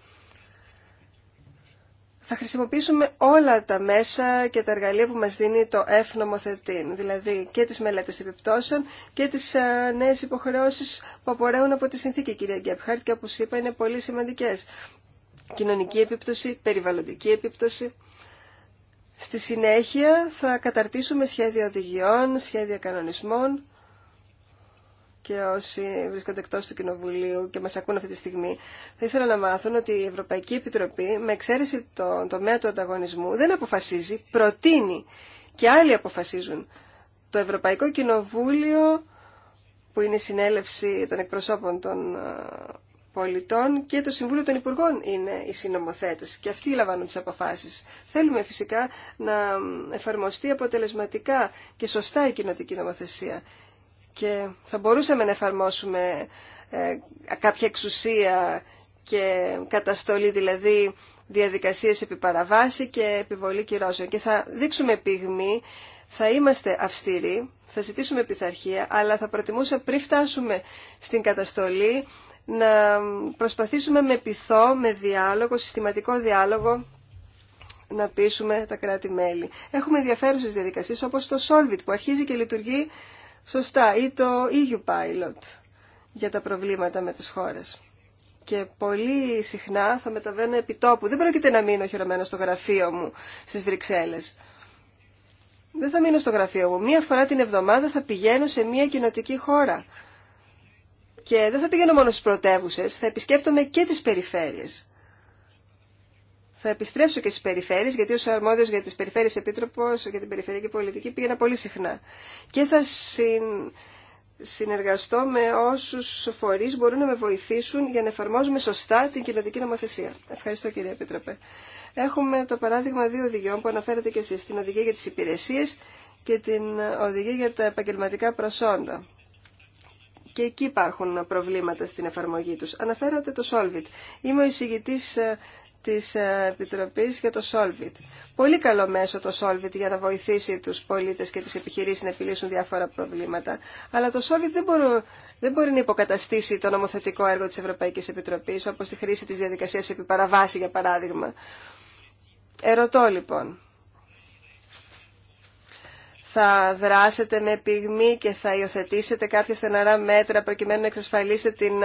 Θα χρησιμοποιήσουμε όλα τα μέσα και τα εργαλεία που μας δίνει το εφνομοθετήν, δηλαδή και τις μελέτες επιπτώσεων και τις ε, νέες υποχρεώσεις που απορρέουν από τη συνθήκη, κυρία Γκέπχαρτ, και όπως είπα είναι πολύ σημαντικές. Κοινωνική επίπτωση, περιβαλλοντική επίπτωση. Στη συνέχεια θα καταρτήσουμε σχέδια οδηγιών, σχέδια κανονισμών και όσοι βρίσκονται εκτός του Κοινοβουλίου και μας ακούν αυτή τη στιγμή, θα ήθελα να μάθουν ότι η Ευρωπαϊκή Επιτροπή, με εξαίρεση τον τομέα του ανταγωνισμού, δεν αποφασίζει, προτείνει και άλλοι αποφασίζουν. Το Ευρωπαϊκό Κοινοβούλιο, που είναι η συνέλευση των εκπροσώπων των πολιτών και το Συμβούλιο των Υπουργών είναι οι συνομοθέτες και αυτοί λαμβάνουν τις αποφάσεις. Θέλουμε φυσικά να εφαρμοστεί αποτελεσματικά και σωστά η κοινοτική νομοθεσία και θα μπορούσαμε να εφαρμόσουμε ε, κάποια εξουσία και καταστολή δηλαδή διαδικασίες επί και επιβολή κυρώσεων και θα δείξουμε πυγμή, θα είμαστε αυστηροί, θα ζητήσουμε πειθαρχία, αλλά θα προτιμούσα πριν φτάσουμε στην καταστολή να προσπαθήσουμε με πειθό, με διάλογο, συστηματικό διάλογο να πείσουμε τα κράτη-μέλη. Έχουμε ενδιαφέρουσε διαδικασίε όπω το Solvit που αρχίζει και λειτουργεί σωστά ή το EU Pilot για τα προβλήματα με τι χώρες. Και πολύ συχνά θα μεταβαίνω επί τόπου. Δεν πρόκειται να μείνω χειρωμένο στο γραφείο μου στι Βρυξέλλες. Δεν θα μείνω στο γραφείο μου. Μία φορά την εβδομάδα θα πηγαίνω σε μία κοινοτική χώρα και δεν θα πηγαίνω μόνο στις πρωτεύουσε, θα επισκέπτομαι και τις περιφέρειες. Θα επιστρέψω και στις περιφέρειες, γιατί ως αρμόδιος για τις περιφέρειες επίτροπος, για την περιφερειακή πολιτική, πήγαινα πολύ συχνά. Και θα συν... συνεργαστώ με όσους φορείς μπορούν να με βοηθήσουν για να εφαρμόζουμε σωστά την κοινωτική νομοθεσία. Ευχαριστώ κύριε Επίτροπε. Έχουμε το παράδειγμα δύο οδηγιών που αναφέρατε και εσείς, την οδηγία για τις υπηρεσίες και την οδηγία για τα επαγγελματικά προσόντα και εκεί υπάρχουν προβλήματα στην εφαρμογή τους. Αναφέρατε το Solvit. Είμαι ο εισηγητής ε, της ε, Επιτροπής για το Solvit. Πολύ καλό μέσο το Solvit για να βοηθήσει τους πολίτες και τις επιχειρήσεις να επιλύσουν διάφορα προβλήματα. Αλλά το Solvit δεν, μπορεί, δεν μπορεί να υποκαταστήσει το νομοθετικό έργο της Ευρωπαϊκής Επιτροπής, όπως τη χρήση της διαδικασίας επί παραβάση, για παράδειγμα. Ερωτώ λοιπόν, θα δράσετε με πυγμή και θα υιοθετήσετε κάποια στεναρά μέτρα προκειμένου να εξασφαλίσετε την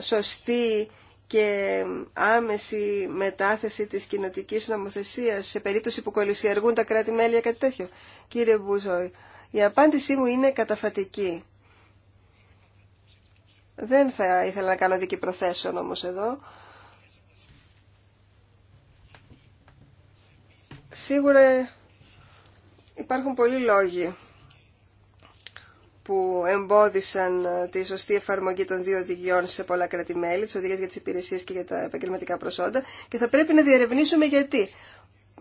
σωστή και άμεση μετάθεση της κοινοτική νομοθεσίας σε περίπτωση που κολλησιεργούν τα κράτη-μέλη για κάτι τέτοιο. Κύριε Μπούζοη, η απάντησή μου είναι καταφατική. Δεν θα ήθελα να κάνω δική προθέσεων όμως εδώ. Σίγουρα Υπάρχουν πολλοί λόγοι που εμπόδισαν ε, τη σωστή εφαρμογή των δύο οδηγιών σε πολλά κρατημέλη, τι οδηγίε για τι υπηρεσίε και για τα επαγγελματικά προσόντα, και θα πρέπει να διερευνήσουμε γιατί.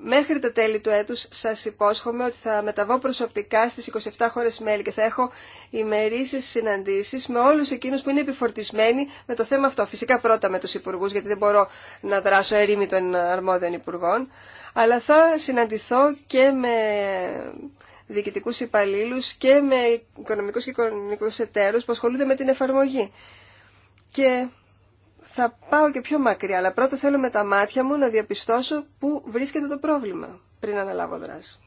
Μέχρι τα τέλη του έτους σας υπόσχομαι ότι θα μεταβώ προσωπικά στις 27 χώρες μέλη και θα έχω ημερήσεις συναντήσεις με όλους εκείνους που είναι επιφορτισμένοι με το θέμα αυτό. Φυσικά πρώτα με τους υπουργούς γιατί δεν μπορώ να δράσω ερήμη των αρμόδιων υπουργών, αλλά θα συναντηθώ και με διοικητικούς υπαλλήλου και με οικονομικούς και οικονομικούς εταίρους που ασχολούνται με την εφαρμογή. Και θα πάω και πιο μακριά, αλλά πρώτα θέλω με τα μάτια μου να διαπιστώσω πού βρίσκεται το πρόβλημα πριν αναλάβω δράση.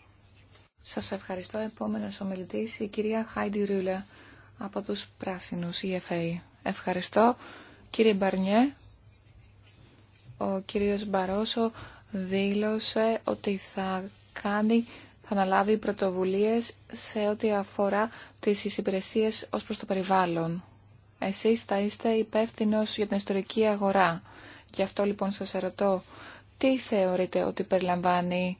Σας ευχαριστώ. Επόμενος ομιλητής, η κυρία Χάιντι Ρούλε από τους Πράσινους EFA. Ευχαριστώ. Κύριε Μπαρνιέ, ο κύριος Μπαρόσο δήλωσε ότι θα κάνει θα αναλάβει πρωτοβουλίες σε ό,τι αφορά τις υπηρεσίες ως προς το περιβάλλον. Εσείς θα είστε υπεύθυνο για την ιστορική αγορά. Γι' αυτό λοιπόν σας ερωτώ, τι θεωρείτε ότι περιλαμβάνει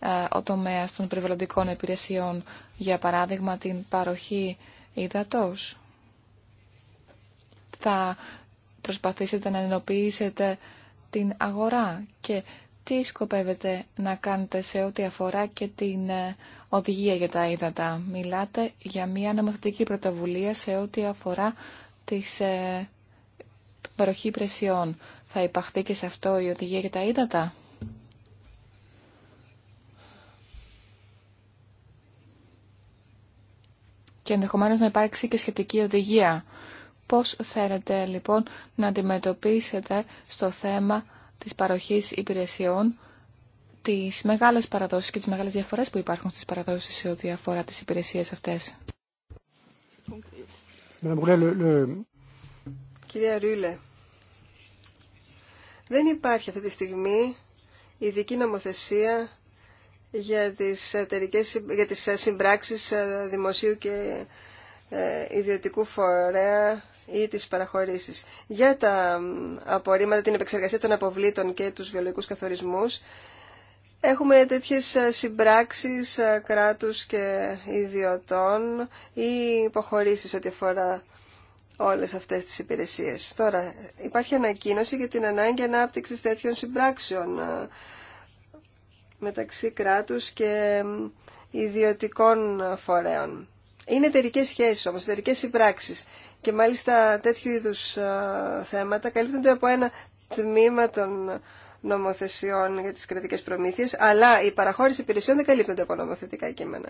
ε, ο τομέας των περιβαλλοντικών υπηρεσιών, για παράδειγμα την παροχή υδατός. Θα προσπαθήσετε να ενοποιήσετε την αγορά και τι σκοπεύετε να κάνετε σε ό,τι αφορά και την ε, οδηγία για τα ύδατα. Μιλάτε για μια νομοθετική πρωτοβουλία σε ό,τι αφορά της ε, παροχή υπηρεσιών. Θα υπαχθεί και σε αυτό η οδηγία για τα ύδατα. Και ενδεχομένως να υπάρξει και σχετική οδηγία. Πώς θέλετε λοιπόν να αντιμετωπίσετε στο θέμα της παροχής υπηρεσιών τις μεγάλες παραδόσεις και τις μεγάλες διαφορές που υπάρχουν στις παραδόσεις σε ό,τι αφορά τις υπηρεσίες αυτές. Κυρία Ρούλε, δεν υπάρχει αυτή τη στιγμή ειδική νομοθεσία για τις, εταιρικές, για τις συμπράξεις ε, δημοσίου και ε, ιδιωτικού φορέα ή τις παραχωρήσεις. Για τα απορρίμματα, την επεξεργασία των αποβλήτων και τους βιολογικούς καθορισμούς, Έχουμε τέτοιες ε, συμπράξεις ε, κράτους και ιδιωτών ή υποχωρήσεις ό,τι αφορά όλες αυτές τις υπηρεσίες. Τώρα, υπάρχει ανακοίνωση για την ανάγκη ανάπτυξης τέτοιων συμπράξεων ε, μεταξύ κράτους και ιδιωτικών φορέων. Είναι εταιρικέ σχέσεις όμως, εταιρικέ συμπράξεις και μάλιστα τέτοιου είδους θέματα καλύπτονται από ένα τμήμα των νομοθεσιών για τις κρατικές προμήθειες, αλλά η παραχώρηση υπηρεσιών δεν καλύπτονται από νομοθετικά κείμενα.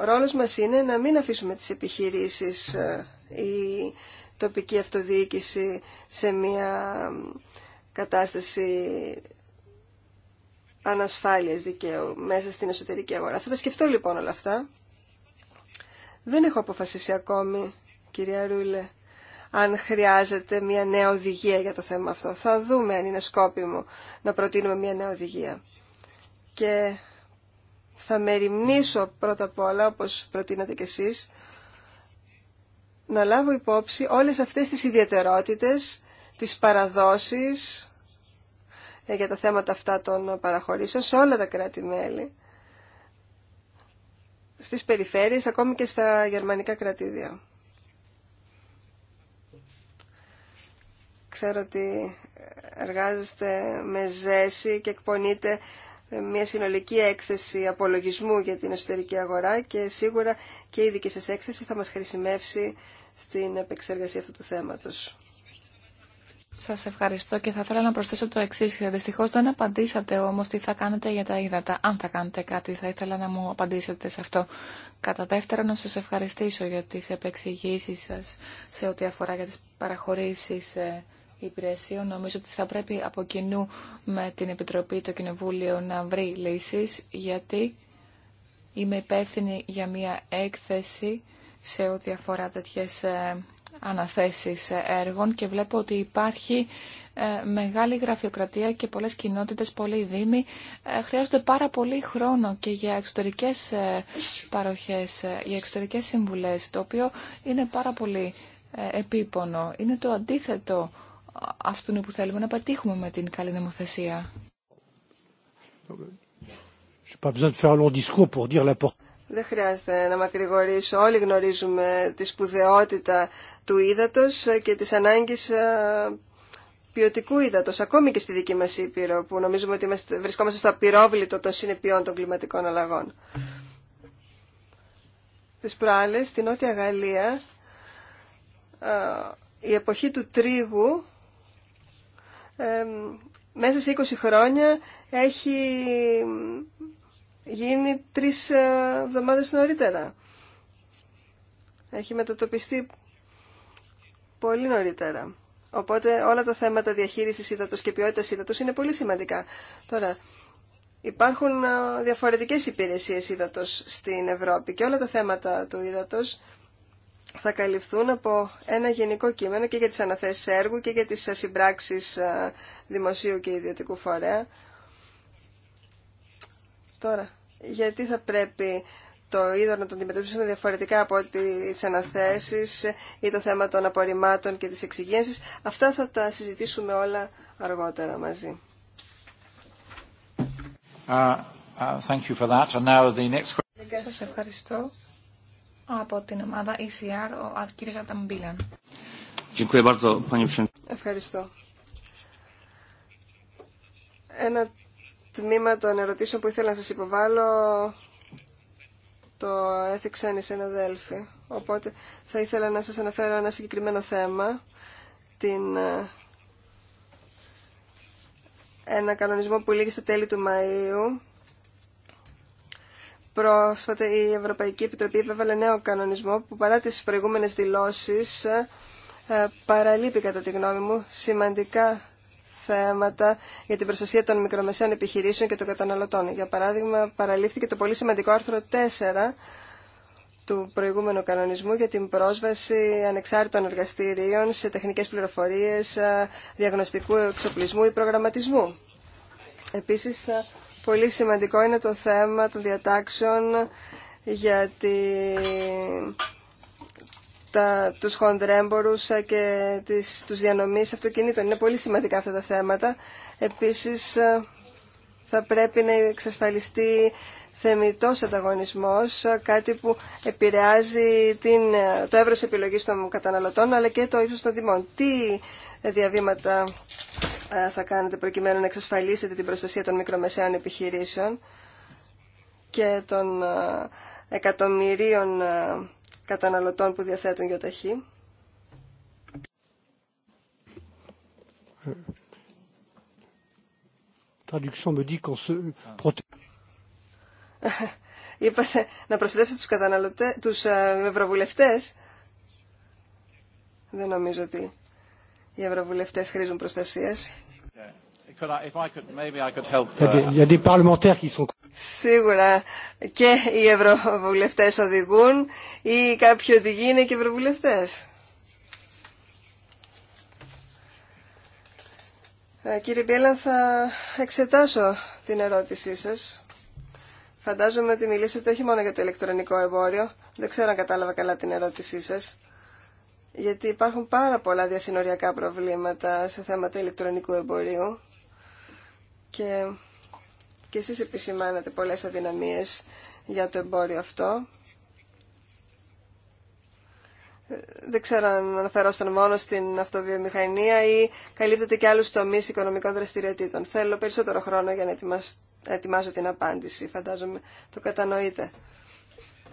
Ο ρόλος μας είναι να μην αφήσουμε τις επιχειρήσεις ή ε, τοπική αυτοδιοίκηση σε μια κατάσταση ανασφάλειας δικαίου μέσα στην εσωτερική αγορά. Θα τα σκεφτώ λοιπόν όλα αυτά. Δεν έχω αποφασίσει ακόμη, κυρία Ρούλε, αν χρειάζεται μια νέα οδηγία για το θέμα αυτό. Θα δούμε αν είναι σκόπιμο να προτείνουμε μια νέα οδηγία. Και θα μεριμνήσω πρώτα απ' όλα, όπως προτείνατε κι εσείς, να λάβω υπόψη όλες αυτές τις ιδιαιτερότητες, τις παραδόσεις ε, για τα θέματα αυτά των παραχωρήσεων σε όλα τα κράτη-μέλη, στις περιφέρειες, ακόμη και στα γερμανικά κρατήδια. Ξέρω ότι εργάζεστε με ζέση και εκπονείτε μια συνολική έκθεση απολογισμού για την εσωτερική αγορά και σίγουρα και η δική σας έκθεση θα μας χρησιμεύσει στην επεξεργασία αυτού του θέματος. Σα ευχαριστώ και θα ήθελα να προσθέσω το εξή. Δυστυχώ δεν απαντήσατε όμω τι θα κάνετε για τα ύδατα. Αν θα κάνετε κάτι θα ήθελα να μου απαντήσετε σε αυτό. Κατά δεύτερον να σα ευχαριστήσω για τι επεξηγήσει σα σε ό,τι αφορά για τι παραχωρήσει. Ε, υπηρεσίων. Νομίζω ότι θα πρέπει από κοινού με την Επιτροπή το Κοινοβούλιο να βρει λύσεις, γιατί είμαι υπεύθυνη για μια έκθεση σε ό,τι αφορά τέτοιες ε, αναθέσεις έργων και βλέπω ότι υπάρχει ε, μεγάλη γραφειοκρατία και πολλές κοινότητες, πολλοί δήμοι ε, χρειάζονται πάρα πολύ χρόνο και για εξωτερικές παροχές, για εξωτερικές συμβουλές, το οποίο είναι πάρα πολύ επίπονο. Είναι το αντίθετο αυτό που θέλουμε να πατήχουμε με την καλή νομοθεσία. Δεν χρειάζεται να μακρηγορήσω. Όλοι γνωρίζουμε τη σπουδαιότητα του ύδατος και της ανάγκης ε, ποιοτικού ύδατος, ακόμη και στη δική μας Ήπειρο, που νομίζουμε ότι βρισκόμαστε στο απειρόβλητο των συνεπειών των κλιματικών αλλαγών. Τις προάλλες, στη Νότια Γαλλία, ε, η εποχή του τρίγου μέσα σε 20 χρόνια έχει γίνει τρεις ε, εβδομάδες νωρίτερα. Έχει μετατοπιστεί πολύ νωρίτερα. Οπότε όλα τα θέματα διαχείρισης ύδατος και ποιότητας ύδατος είναι πολύ σημαντικά. Τώρα, υπάρχουν ε, διαφορετικές υπηρεσίες ύδατος στην Ευρώπη και όλα τα θέματα του ύδατος θα καλυφθούν από ένα γενικό κείμενο και για τις αναθέσεις έργου και για τις συμπράξεις ε, δημοσίου και ιδιωτικού φορέα. Τώρα, γιατί θα πρέπει το είδωρο να το αντιμετωπίσουμε διαφορετικά από τις αναθέσεις ή το θέμα των απορριμμάτων και της εξυγένσης. Αυτά θα τα συζητήσουμε όλα αργότερα μαζί. Uh, uh thank you for that. ευχαριστώ από την ομάδα ECR, ο κ. Αταμπίλαν. Ευχαριστώ. Ένα τμήμα των ερωτήσεων που ήθελα να σας υποβάλω το έθιξαν οι συναδέλφοι. Οπότε θα ήθελα να σας αναφέρω ένα συγκεκριμένο θέμα, την... Ε, ένα κανονισμό που λήγει στα τέλη του Μαΐου Πρόσφατα η Ευρωπαϊκή Επιτροπή επέβαλε νέο κανονισμό που παρά τις προηγούμενες δηλώσεις ε, ε, παραλείπει κατά τη γνώμη μου σημαντικά θέματα για την προστασία των μικρομεσαίων επιχειρήσεων και των καταναλωτών. Για παράδειγμα, παραλήφθηκε το πολύ σημαντικό άρθρο 4 του προηγούμενου κανονισμού για την πρόσβαση ανεξάρτητων εργαστηρίων σε τεχνικές πληροφορίες, ε, διαγνωστικού εξοπλισμού ή προγραμματισμού. Επίσης, πολύ σημαντικό είναι το θέμα των διατάξεων για τα, τους χονδρέμπορους και τις, τους διανομής αυτοκινήτων. Είναι πολύ σημαντικά αυτά τα θέματα. Επίσης θα πρέπει να εξασφαλιστεί θεμητός ανταγωνισμός, κάτι που επηρεάζει την, το εύρος επιλογής των καταναλωτών αλλά και το ύψος των τιμών. Τι διαβήματα ε, θα κάνετε προκειμένου να εξασφαλίσετε την προστασία των μικρομεσαίων επιχειρήσεων και των ε, εκατομμυρίων ε, καταναλωτών που διαθέτουν γιοταχή. *laughs* Είπατε να προστατεύσετε τους καταναλωτές, τους ευρωβουλευτές. Δεν νομίζω ότι οι ευρωβουλευτές χρήζουν προστασίας. Uh, Σίγουρα και οι ευρωβουλευτές οδηγούν ή κάποιοι οδηγοί είναι και ευρωβουλευτές. Ε, κύριε Μπιέλα, θα εξετάσω την ερώτησή σας. Φαντάζομαι ότι μιλήσατε όχι μόνο για το ηλεκτρονικό εμπόριο. Δεν ξέρω αν κατάλαβα καλά την ερώτησή σας γιατί υπάρχουν πάρα πολλά διασυνοριακά προβλήματα σε θέματα ηλεκτρονικού εμπορίου και, και εσείς επισημάνατε πολλές αδυναμίες για το εμπόριο αυτό. Δεν ξέρω αν αναφερόσταν μόνο στην αυτοβιομηχανία ή καλύπτεται και άλλους τομείς οικονομικών δραστηριοτήτων. Θέλω περισσότερο χρόνο για να ετοιμάσω, την απάντηση. Φαντάζομαι το κατανοείτε.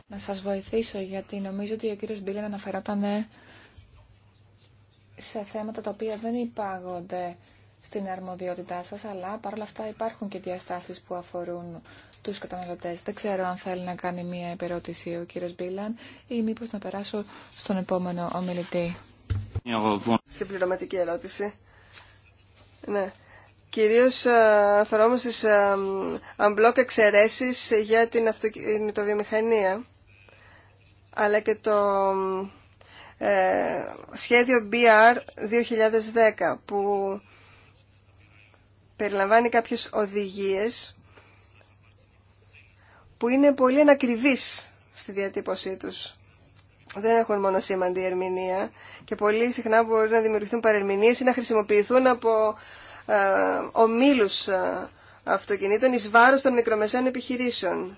Να σας βοηθήσω γιατί νομίζω ότι ο κύριος Μπίλεν αναφερόταν ε, σε θέματα τα οποία δεν υπάγονται στην αρμοδιότητά σας, αλλά παρόλα αυτά υπάρχουν και διαστάσεις που αφορούν τους καταναλωτές. Δεν ξέρω αν θέλει να κάνει μία επερώτηση ο κύριος Μπίλαν ή μήπως να περάσω στον επόμενο ομιλητή. Συμπληρωματική ερώτηση. Ναι. Κυρίως ε, αφορά στις αμπλόκ ε, εξαιρέσεις για την αυτοκινητοβιομηχανία αλλά και το ε, σχέδιο BR 2010 που περιλαμβάνει κάποιες οδηγίες που είναι πολύ ανακριβείς στη διατύπωσή τους. Δεν έχουν μόνο σήμαντη ερμηνεία και πολύ συχνά μπορεί να δημιουργηθούν παρερμηνίες ή να χρησιμοποιηθούν από ε, ομίλους ε, αυτοκινήτων εις βάρος των μικρομεσαίων επιχειρήσεων.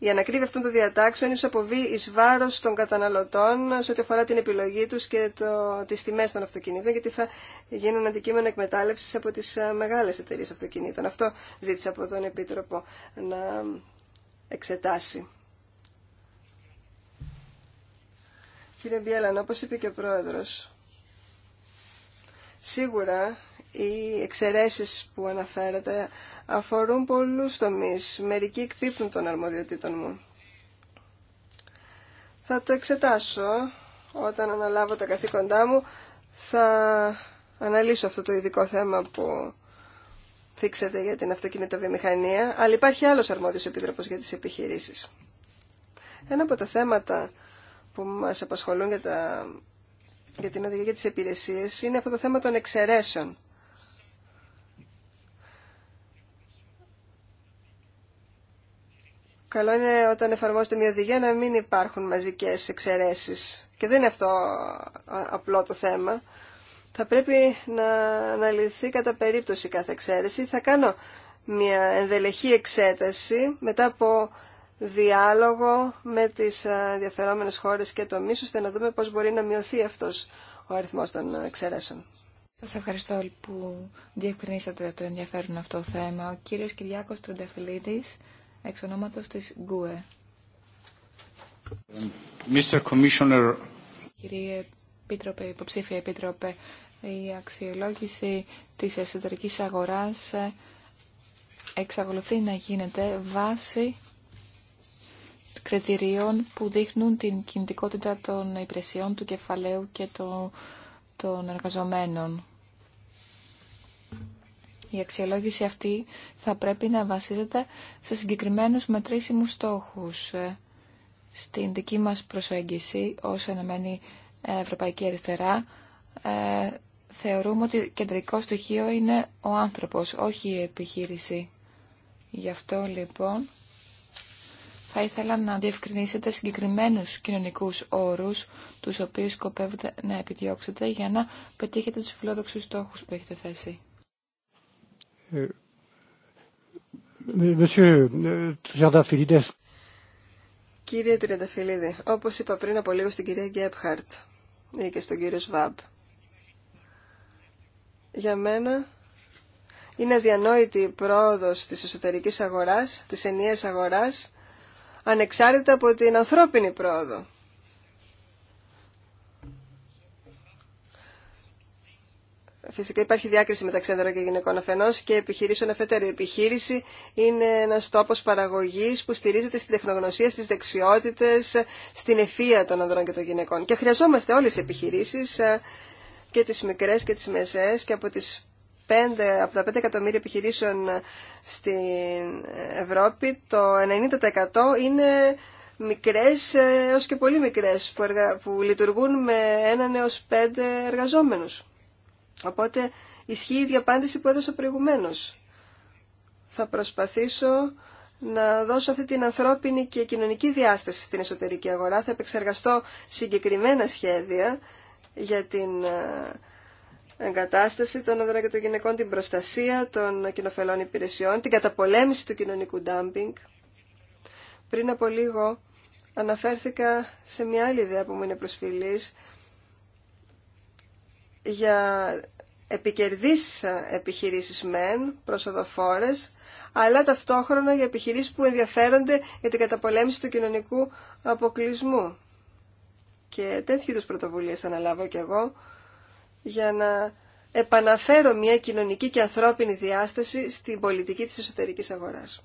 Η ανακρίβεια αυτών των διατάξεων ίσως αποβεί εις βάρος των καταναλωτών σε ό,τι αφορά την επιλογή τους και το, τις τιμές των αυτοκινήτων, γιατί θα γίνουν αντικείμενο εκμετάλλευσης από τις ε, μεγάλες εταιρείες αυτοκινήτων. Αυτό ζήτησα από τον Επίτροπο να εξετάσει. Κύριε Μπιέλαν, όπως είπε και ο Πρόεδρος, σίγουρα οι εξαιρέσεις που αναφέρατε αφορούν πολλούς τομείς. Μερικοί εκπίπτουν των αρμοδιοτήτων μου. Θα το εξετάσω όταν αναλάβω τα καθήκοντά μου. Θα αναλύσω αυτό το ειδικό θέμα που θίξατε για την αυτοκινητοβιομηχανία, αλλά υπάρχει άλλος αρμόδιος επίτροπος για τις επιχειρήσεις. Ένα από τα θέματα που μας απασχολούν για, τα... για την οδηγία και τις υπηρεσίες είναι αυτό το θέμα των εξαιρέσεων. καλό είναι όταν εφαρμόζεται μια οδηγία να μην υπάρχουν μαζικές εξαιρέσεις. Και δεν είναι αυτό απλό το θέμα. Θα πρέπει να αναλυθεί κατά περίπτωση κάθε εξαίρεση. Θα κάνω μια ενδελεχή εξέταση μετά από διάλογο με τις διαφερόμενες χώρες και το ώστε να δούμε πώς μπορεί να μειωθεί αυτός ο αριθμός των εξαιρέσεων. Σας ευχαριστώ που διευκρινίσατε το ενδιαφέρον αυτό το θέμα. Ο κύριος Κυριάκος Τροντεφλίτης εξ ονόματος της ΓΚΟΕ. Κύριε Επίτροπε, υποψήφια Επίτροπε, η αξιολόγηση της εσωτερικής αγοράς ε, εξακολουθεί να γίνεται βάσει κριτηρίων που δείχνουν την κινητικότητα των υπηρεσιών του κεφαλαίου και των εργαζομένων. Η αξιολόγηση αυτή θα πρέπει να βασίζεται σε συγκεκριμένους μετρήσιμους στόχους. Ε, στην δική μας προσέγγιση ως ενωμένη Ευρωπαϊκή Αριστερά ε, θεωρούμε ότι κεντρικό στοιχείο είναι ο άνθρωπος, όχι η επιχείρηση. Γι' αυτό λοιπόν θα ήθελα να διευκρινίσετε συγκεκριμένους κοινωνικούς όρους τους οποίους σκοπεύετε να επιδιώξετε για να πετύχετε τους φιλόδοξους στόχους που έχετε θέσει. Ε, ε, ε, Κύριε Τριανταφυλλίδη, όπως είπα πριν από λίγο στην κυρία Γκέπχαρτ ή και στον κύριο Σβάμπ, για μένα είναι αδιανόητη η πρόοδος της εσωτερικής αγοράς, της ενιαίας αγοράς, ανεξάρτητα από την ανθρώπινη πρόοδο. Φυσικά υπάρχει διάκριση μεταξύ ανδρών και γυναικών αφενό και επιχειρήσεων αφετέρου. Η επιχείρηση είναι ένα τόπο παραγωγή που στηρίζεται στην τεχνογνωσία, στι δεξιότητε, στην ευφία των ανδρών και των γυναικών. Και χρειαζόμαστε όλε τι επιχειρήσει ε, και τι μικρέ και τι μεσαίε και από από τα 5 εκατομμύρια επιχειρήσεων ε, στην Ευρώπη, το 90% είναι μικρές ε, έως και πολύ μικρές που, εργα... που λειτουργούν με έναν έως πέντε εργαζόμενους. Οπότε ισχύει η ίδια απάντηση που έδωσα προηγουμένως. Θα προσπαθήσω να δώσω αυτή την ανθρώπινη και κοινωνική διάσταση στην εσωτερική αγορά. Θα επεξεργαστώ συγκεκριμένα σχέδια για την ε, εγκατάσταση των ανδρών και των γυναικών, την προστασία των κοινοφελών υπηρεσιών, την καταπολέμηση του κοινωνικού ντάμπινγκ. Πριν από λίγο αναφέρθηκα σε μια άλλη ιδέα που μου είναι προσφυλής, για επικερδείς επιχειρήσεις μεν, προσοδοφόρες, αλλά ταυτόχρονα για επιχειρήσεις που ενδιαφέρονται για την καταπολέμηση του κοινωνικού αποκλεισμού. Και τέτοιου είδους πρωτοβουλίες θα αναλάβω κι εγώ για να επαναφέρω μια κοινωνική και ανθρώπινη διάσταση στην πολιτική της εσωτερικής αγοράς.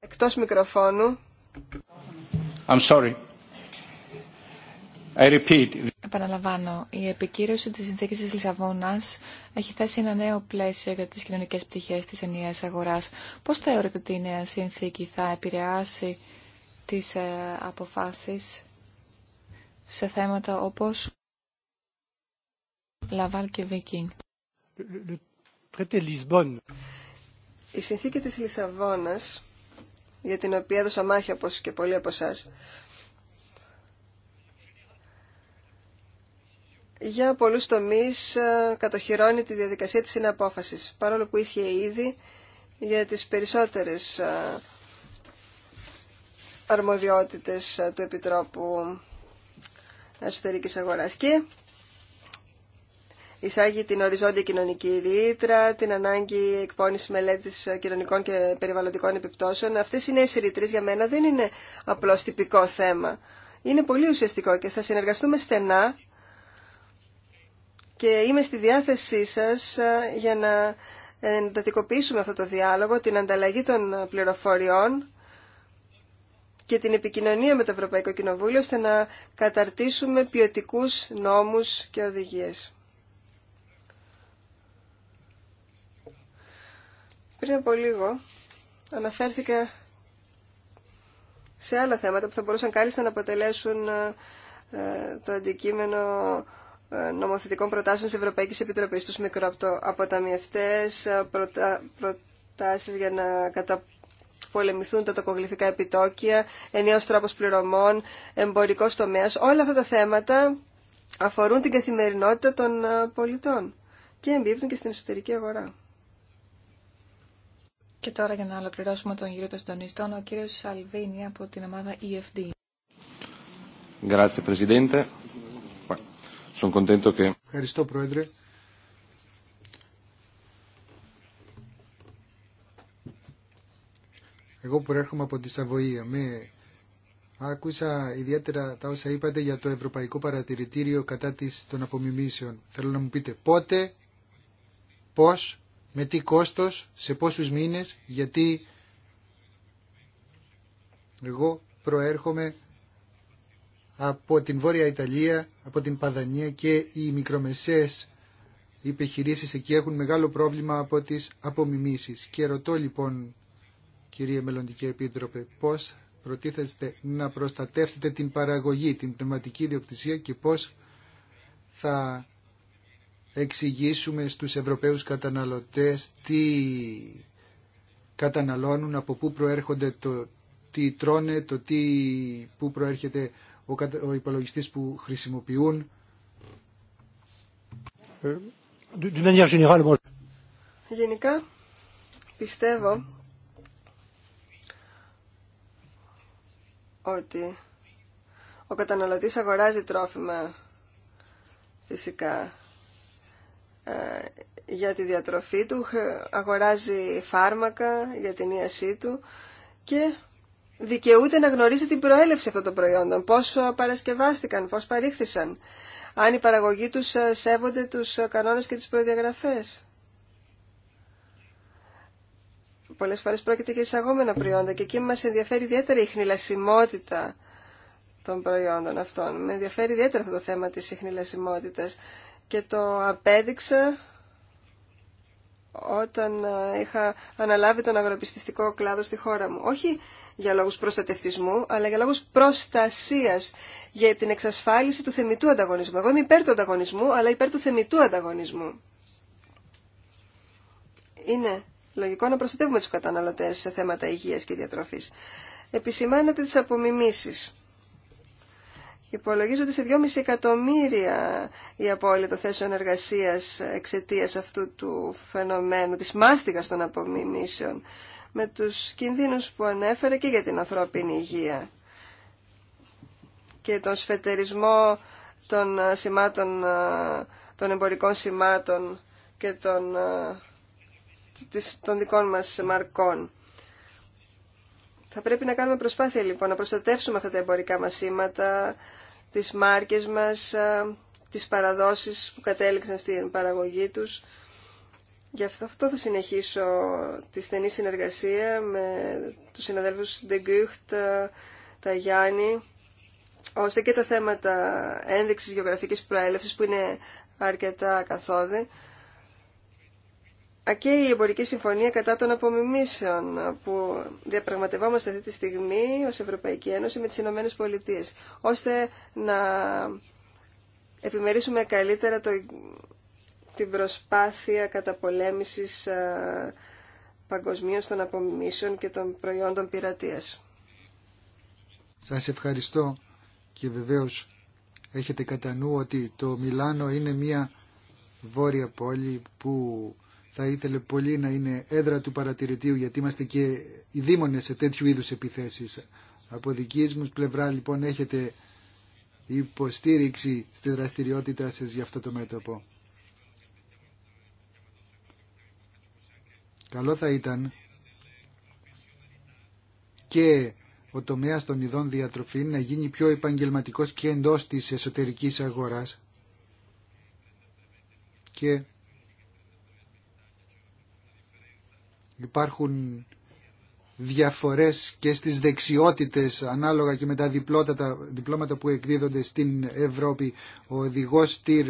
Εκτός μικροφώνου. I'm sorry. I repeat. Επαναλαμβάνω, η επικύρωση της συνθήκης της Λισαβόνας έχει θέσει ένα νέο πλαίσιο για τις κοινωνικές πτυχές της ενιαίας αγοράς. Πώς θεωρείτε ότι η νέα συνθήκη θα επηρεάσει τις ε, αποφάσεις σε θέματα όπως Λαβάλ και Βίκιν. Η συνθήκη της Λισαβόνας για την οποία έδωσα μάχη όπως και πολλοί από εσά. Για πολλούς τομείς ε, κατοχυρώνει τη διαδικασία της συναπόφασης, παρόλο που ίσχυε ήδη για τις περισσότερες ε, αρμοδιότητες ε, του Επιτρόπου Εσωτερικής Αγοράς. Και εισάγει την οριζόντια κοινωνική ρήτρα, την ανάγκη εκπόνηση μελέτη κοινωνικών και περιβαλλοντικών επιπτώσεων. Αυτέ οι νέε ρήτρε για μένα δεν είναι απλώ τυπικό θέμα. Είναι πολύ ουσιαστικό και θα συνεργαστούμε στενά και είμαι στη διάθεσή σας ε, για να εντατικοποιήσουμε αυτό το διάλογο, την ανταλλαγή των πληροφοριών και την επικοινωνία με το Ευρωπαϊκό Κοινοβούλιο ώστε να καταρτήσουμε ποιοτικού νόμους και οδηγίες. Πριν από λίγο αναφέρθηκα σε άλλα θέματα που θα μπορούσαν κάλλιστα να αποτελέσουν ε, ε, το αντικείμενο ε, νομοθετικών προτάσεων της Ευρωπαϊκής Επιτροπής, τους μικροαποταμιευτές, προτα... προτάσεις για να καταπολεμηθούν τα τοκογλυφικά επιτόκια, ενιαίος τρόπος πληρωμών, εμπορικός τομέας. Όλα αυτά τα θέματα αφορούν την καθημερινότητα των πολιτών και εμπίπτουν και στην εσωτερική αγορά. Και τώρα για να ολοκληρώσουμε τον γύρο των συντονιστών, ο κύριος Σαλβίνη από την ομάδα EFD. Ευχαριστώ, Πρόεδρε. Εγώ που έρχομαι από τη Σαββοία, με άκουσα ιδιαίτερα τα όσα είπατε για το Ευρωπαϊκό Παρατηρητήριο κατά της των απομιμήσεων. Θέλω να μου πείτε πότε, πώς με τι κόστος, σε πόσους μήνες, γιατί εγώ προέρχομαι από την Βόρεια Ιταλία, από την Παδανία και οι μικρομεσαίες επιχειρήσει εκεί έχουν μεγάλο πρόβλημα από τις απομιμήσεις. Και ρωτώ λοιπόν, κυρία Μελλοντική Επίτροπε, πώς προτίθεστε να προστατεύσετε την παραγωγή, την πνευματική ιδιοκτησία και πώς θα εξηγήσουμε στους Ευρωπαίους καταναλωτές τι καταναλώνουν, από πού προέρχονται, το, τι τρώνε, το τι, πού προέρχεται ο, ο υπολογιστής που χρησιμοποιούν. Γενικά πιστεύω ότι ο καταναλωτής αγοράζει τρόφιμα φυσικά για τη διατροφή του, αγοράζει φάρμακα για την ίασή του και δικαιούται να γνωρίζει την προέλευση αυτών των προϊόντων, πώς παρασκευάστηκαν, πώς παρήχθησαν, αν οι παραγωγοί τους ε, σέβονται τους ε, κανόνες και τις προδιαγραφές. Πολλές φορές πρόκειται και εισαγόμενα προϊόντα και εκεί μας ενδιαφέρει ιδιαίτερα η χνηλασιμότητα των προϊόντων αυτών. Με ενδιαφέρει ιδιαίτερα αυτό το θέμα της συχνηλασιμότητας και το απέδειξα όταν ε, είχα αναλάβει τον αγροπιστιστικό κλάδο στη χώρα μου. Όχι για λόγους προστατευτισμού, αλλά για λόγους προστασίας, για την εξασφάλιση του θεμητού ανταγωνισμού. Εγώ είμαι υπέρ του ανταγωνισμού, αλλά υπέρ του θεμητού ανταγωνισμού. Είναι λογικό να προστατεύουμε τους καταναλωτές σε θέματα υγείας και διατροφής. Επισημάνεται τις απομιμήσεις. Υπολογίζονται σε 2,5 εκατομμύρια η απόλυτο θέσεων εργασίας εξαιτίας αυτού του φαινομένου, της μάστιγας των απομιμήσεων, με τους κινδύνους που ανέφερε και για την ανθρώπινη υγεία και τον σφετερισμό των ε, σημάτων, ε, των εμπορικών σημάτων και των, ε, των δικών μας μαρκών. Θα πρέπει να κάνουμε προσπάθεια λοιπόν να προστατεύσουμε αυτά τα εμπορικά μας σήματα, τις μάρκες μας, τις παραδόσεις που κατέληξαν στην παραγωγή τους. Γι' αυτό, αυτό θα συνεχίσω τη στενή συνεργασία με τους συναδέλφους Ντεγκούχτ, τα Γιάννη, ώστε και τα θέματα ένδειξης γεωγραφικής προέλευσης που είναι αρκετά καθόδη και η εμπορική συμφωνία κατά των απομιμήσεων που διαπραγματευόμαστε αυτή τη στιγμή ως Ευρωπαϊκή Ένωση με τις Ηνωμένες Πολιτείες, ώστε να επιμερίσουμε καλύτερα το, την προσπάθεια καταπολέμησης α, παγκοσμίως των απομιμήσεων και των προϊόντων πειρατείας. Σας ευχαριστώ και βεβαίως έχετε κατά ότι το Μιλάνο είναι μια βόρεια πόλη που θα ήθελε πολύ να είναι έδρα του παρατηρητήου γιατί είμαστε και οι δήμονες σε τέτοιου είδους επιθέσεις. Από δική μου πλευρά λοιπόν έχετε υποστήριξη στη δραστηριότητά σας για αυτό το μέτωπο. Καλό θα ήταν και ο τομέας των ειδών διατροφή να γίνει πιο επαγγελματικός και εντός της εσωτερικής αγοράς και Υπάρχουν διαφορές και στις δεξιότητες ανάλογα και με τα διπλώματα, που εκδίδονται στην Ευρώπη. Ο οδηγό τυρ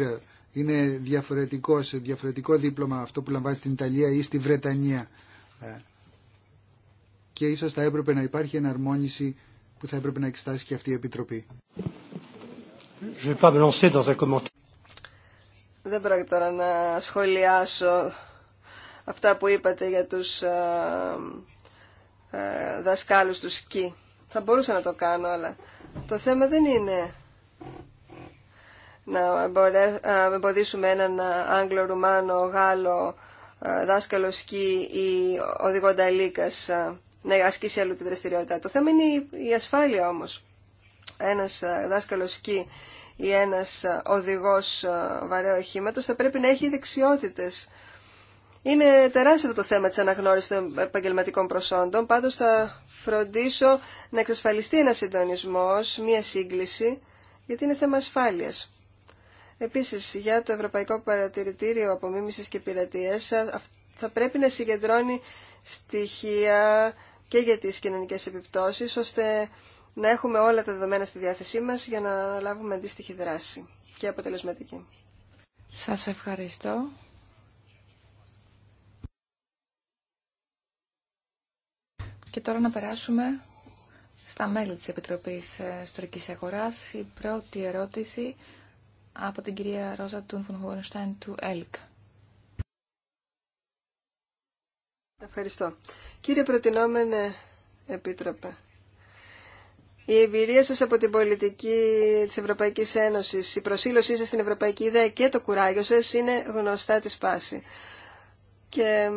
είναι διαφορετικό, σε διαφορετικό δίπλωμα αυτό που λαμβάνει στην Ιταλία ή στη Βρετανία. Ε, και ίσως θα έπρεπε να υπάρχει εναρμόνιση που θα έπρεπε να εξετάσει και αυτή η Επιτροπή. Δεν πρόκειται τώρα να σχολιάσω αυτά που είπατε για τους ε, ε, δασκάλους του σκι. Θα μπορούσα να το κάνω, αλλά το θέμα δεν είναι να ε, εμποδίσουμε έναν Άγγλο, Ρουμάνο, Γάλλο δάσκαλο σκι ή οδηγονταλίκας να ασκήσει αλλού τη δραστηριότητα. Το θέμα είναι η ασφάλεια όμως. Ένας δάσκαλος σκι ή ένας οδηγός βαρέου οχήματος θα πρέπει να ασκησει αλλο τη δραστηριοτητα το θεμα ειναι η ασφαλεια ομως ενας δασκαλος δεξιότητες είναι τεράστιο το θέμα της αναγνώρισης των επαγγελματικών προσόντων, πάντως θα φροντίσω να εξασφαλιστεί ένας συντονισμός, μία σύγκληση, γιατί είναι θέμα ασφάλειας. Επίσης, για το Ευρωπαϊκό Παρατηρητήριο Απομίμησης και Πειρατείας, θα πρέπει να συγκεντρώνει στοιχεία και για τις κοινωνικές επιπτώσεις, ώστε να έχουμε όλα τα δεδομένα στη διάθεσή μας για να λάβουμε αντίστοιχη δράση και αποτελεσματική. Σας ευχαριστώ. Και τώρα να περάσουμε στα μέλη της Επιτροπής ε, Ιστορικής Αγοράς. Η πρώτη ερώτηση από την κυρία Ρόζα Τούνφουν του ΕΛΚ. Ευχαριστώ. Κύριε Προτινόμενε Επίτροπε, η εμπειρία σας από την πολιτική της Ευρωπαϊκής Ένωσης, η προσήλωσή σας στην Ευρωπαϊκή Ιδέα και το κουράγιο σας είναι γνωστά της πάση. Και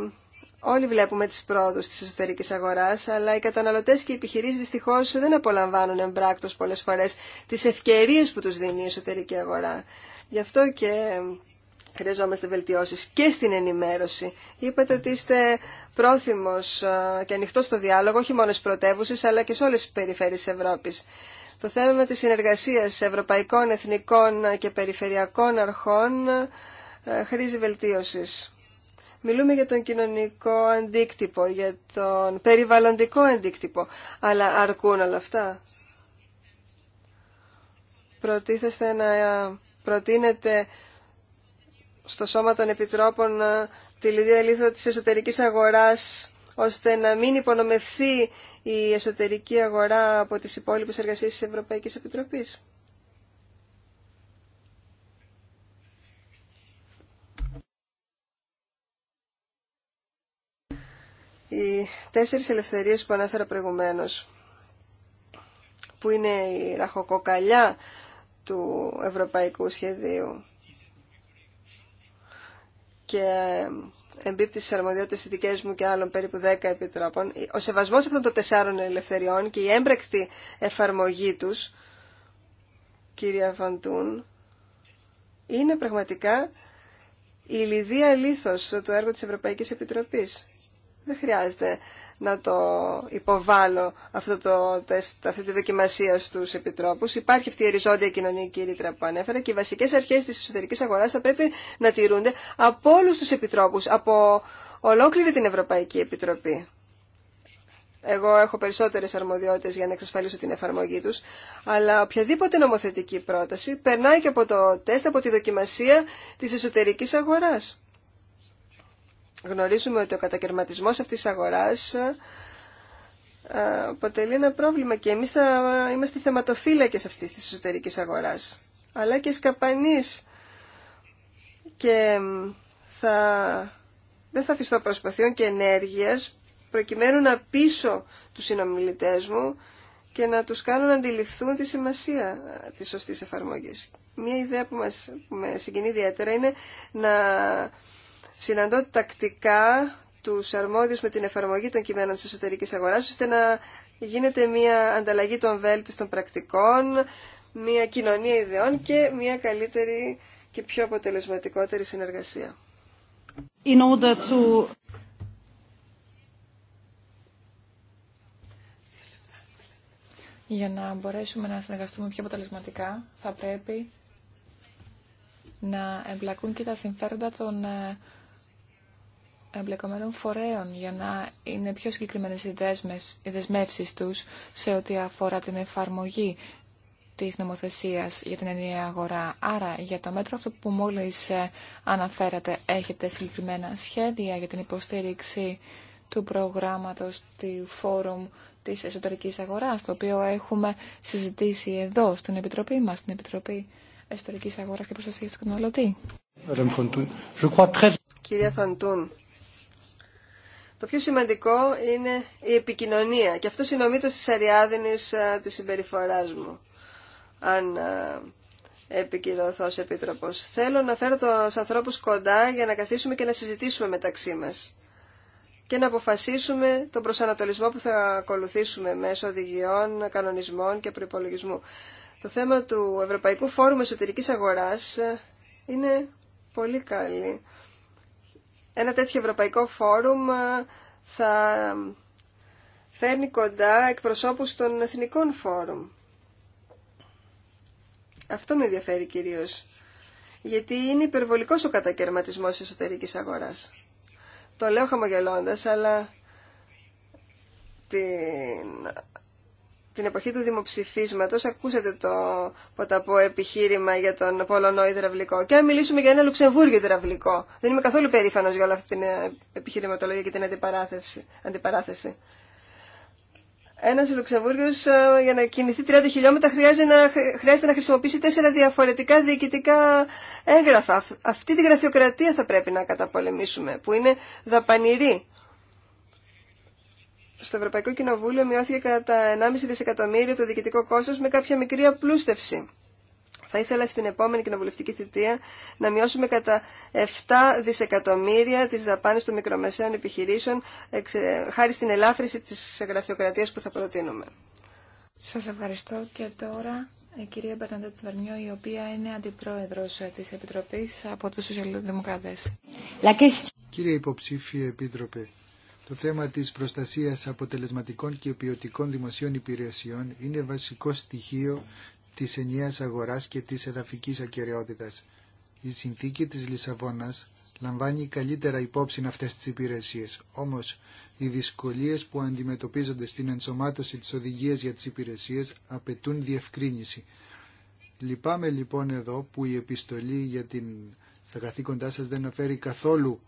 Όλοι βλέπουμε τις πρόοδους της εσωτερικής αγοράς, αλλά οι καταναλωτές και οι επιχειρήσεις δυστυχώς δεν απολαμβάνουν εμπράκτος πολλές φορές τις ευκαιρίες που τους δίνει η εσωτερική αγορά. Γι' αυτό και χρειαζόμαστε βελτιώσεις και στην ενημέρωση. Είπατε ότι είστε πρόθυμος και ανοιχτό στο διάλογο, όχι μόνο στις πρωτεύουσες, αλλά και σε όλες τις περιφέρειες της Ευρώπης. Το θέμα της συνεργασίας ευρωπαϊκών, εθνικών και περιφερειακών αρχών ε, χρήζει βελτίωσης. Μιλούμε για τον κοινωνικό αντίκτυπο, για τον περιβαλλοντικό αντίκτυπο. Αλλά αρκούν όλα αυτά. Προτίθεστε να ε, προτείνετε στο Σώμα των Επιτρόπων ε, τη λιδία λίθο της εσωτερικής αγοράς ώστε να μην υπονομευθεί η εσωτερική αγορά από τις υπόλοιπες εργασίες της Ευρωπαϊκής Επιτροπής. Οι τέσσερις ελευθερίες που ανέφερα προηγουμένως, που είναι η ραχοκοκαλιά του ευρωπαϊκού σχεδίου και εμπίπτει στι αρμοδιότητε δικέ μου και άλλων περίπου δέκα επιτρόπων, ο σεβασμό αυτών των τεσσάρων ελευθεριών και η έμπρεκτη εφαρμογή του, κυρία Βαντούν, είναι πραγματικά η λιδία στο του έργο της Ευρωπαϊκής Επιτροπής. Δεν χρειάζεται να το υποβάλω αυτό το τεστ, αυτή τη δοκιμασία στου επιτρόπους. Υπάρχει αυτή η οριζόντια κοινωνική ρήτρα που ανέφερα και οι βασικέ αρχέ τη εσωτερική αγορά θα πρέπει να τηρούνται από όλου του επιτρόπους, από ολόκληρη την Ευρωπαϊκή Επιτροπή. Εγώ έχω περισσότερε αρμοδιότητε για να εξασφαλίσω την εφαρμογή του, αλλά οποιαδήποτε νομοθετική πρόταση περνάει και από το τεστ, από τη δοκιμασία τη εσωτερική αγορά. Γνωρίζουμε ότι ο κατακαιρματισμός αυτής της αγοράς ε, αποτελεί ένα πρόβλημα και εμείς θα είμαστε θεματοφύλακες αυτής της εσωτερικής αγοράς, αλλά και σκαπανείς. Και θα, δεν θα αφιστώ προσπαθειών και ενέργειας προκειμένου να πείσω τους συνομιλητές μου και να τους κάνουν να αντιληφθούν τη σημασία της σωστής εφαρμογής. Μία ιδέα που, μας, που με συγκινεί ιδιαίτερα είναι να συναντώ τακτικά τους αρμόδιους με την εφαρμογή των κειμένων της εσωτερικής αγοράς, ώστε να γίνεται μια ανταλλαγή των βέλτιστων πρακτικών, μια κοινωνία ιδεών και μια καλύτερη και πιο αποτελεσματικότερη συνεργασία. In order to... Για να μπορέσουμε να συνεργαστούμε πιο αποτελεσματικά, θα πρέπει να εμπλακούν και τα συμφέροντα των ε, εμπλεκομένων φορέων για να είναι πιο συγκεκριμένες οι δεσμεύσεις τους σε ό,τι αφορά την εφαρμογή της νομοθεσίας για την ενιαία αγορά. Άρα, για το μέτρο αυτό που μόλις ε, αναφέρατε, έχετε συγκεκριμένα σχέδια για την υποστήριξη του προγράμματος του Φόρουμ της Εσωτερικής Αγοράς, το οποίο έχουμε συζητήσει εδώ, στην Επιτροπή μας, στην Επιτροπή Εσωτερικής Αγοράς και Προστασίας του Καταναλωτή. Κύριε το πιο σημαντικό είναι η επικοινωνία και αυτό είναι ο μύτος της αριάδινης ε, της συμπεριφοράς μου, αν ε, επικοινωθώ ως Επίτροπος. Θέλω να φέρω τους ανθρώπους κοντά για να καθίσουμε και να συζητήσουμε μεταξύ μας και να αποφασίσουμε τον προσανατολισμό που θα ακολουθήσουμε μέσω οδηγιών, κανονισμών και προπολογισμού. Το θέμα του Ευρωπαϊκού Φόρουμ Εσωτερική Αγοράς ε, είναι πολύ καλή ένα τέτοιο ευρωπαϊκό φόρουμ ε, θα φέρνει κοντά εκπροσώπους των εθνικών φόρουμ. Αυτό με ενδιαφέρει κυρίως, γιατί είναι υπερβολικός ο κατακαιρματισμός της εσωτερικής αγοράς. Το λέω χαμογελώντας, αλλά την την εποχή του δημοψηφίσματος ακούσατε το ποταπό επιχείρημα για τον Πολωνό Ιδραυλικό. και αν μιλήσουμε για ένα Λουξεμβούργιο Ιδραυλικό. Δεν είμαι καθόλου περήφανος για όλη αυτή την ε, επιχειρηματολογία και την αντιπαράθεση. αντιπαράθεση. Ένας Λουξεμβούργιος ε, για να κινηθεί 30 χιλιόμετρα χρειάζεται να, χρειάζεται να χρησιμοποιήσει τέσσερα διαφορετικά διοικητικά έγγραφα. Αυτή τη γραφειοκρατία θα πρέπει να καταπολεμήσουμε που είναι δαπανηρή στο Ευρωπαϊκό Κοινοβούλιο μειώθηκε κατά 1,5 δισεκατομμύριο το διοικητικό κόστος με κάποια μικρή απλούστευση. Θα ήθελα στην επόμενη κοινοβουλευτική θητεία να μειώσουμε κατά 7 δισεκατομμύρια τις δαπάνες των μικρομεσαίων επιχειρήσεων χάρη στην ελάφρυνση της γραφειοκρατίας που θα προτείνουμε. Σας ευχαριστώ και τώρα η κυρία Μπερναντέ Βερνιό, η οποία είναι αντιπρόεδρος της Επιτροπής από τους Σοσιαλδημοκράτες. Κύριε Υποψήφιε Επίτροπε, το θέμα της προστασίας αποτελεσματικών και ποιοτικών δημοσίων υπηρεσιών είναι βασικό στοιχείο της ενιαίας αγοράς και της εδαφικής ακαιρεότητας. Η συνθήκη της Λισαβόνας λαμβάνει καλύτερα υπόψη αυτές τις υπηρεσίες. Όμως, οι δυσκολίες που αντιμετωπίζονται στην ενσωμάτωση της οδηγίας για τις υπηρεσίες απαιτούν διευκρίνηση. Λυπάμαι λοιπόν εδώ που η επιστολή για την θα καθήκοντά σας δεν αφέρει καθόλου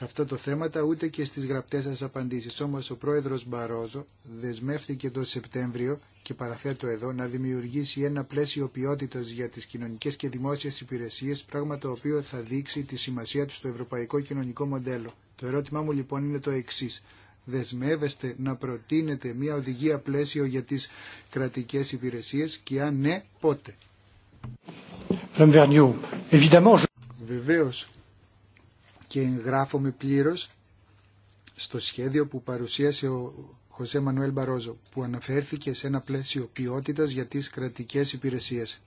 σε αυτά τα θέματα ούτε και στις γραπτές σας απαντήσεις. Όμως ο πρόεδρος Μπαρόζο δεσμεύτηκε το Σεπτέμβριο και παραθέτω εδώ να δημιουργήσει ένα πλαίσιο ποιότητας για τις κοινωνικές και δημόσιες υπηρεσίες, πράγμα το οποίο θα δείξει τη σημασία του στο ευρωπαϊκό κοινωνικό μοντέλο. Το ερώτημά μου λοιπόν είναι το εξή. Δεσμεύεστε να προτείνετε μια οδηγία πλαίσιο για τις κρατικές υπηρεσίες και αν ναι, πότε και εγγράφομαι πλήρω στο σχέδιο που παρουσίασε ο Χωσέ Μανουέλ Μπαρόζο, που αναφέρθηκε σε ένα πλαίσιο ποιότητα για τι κρατικές υπηρεσίες.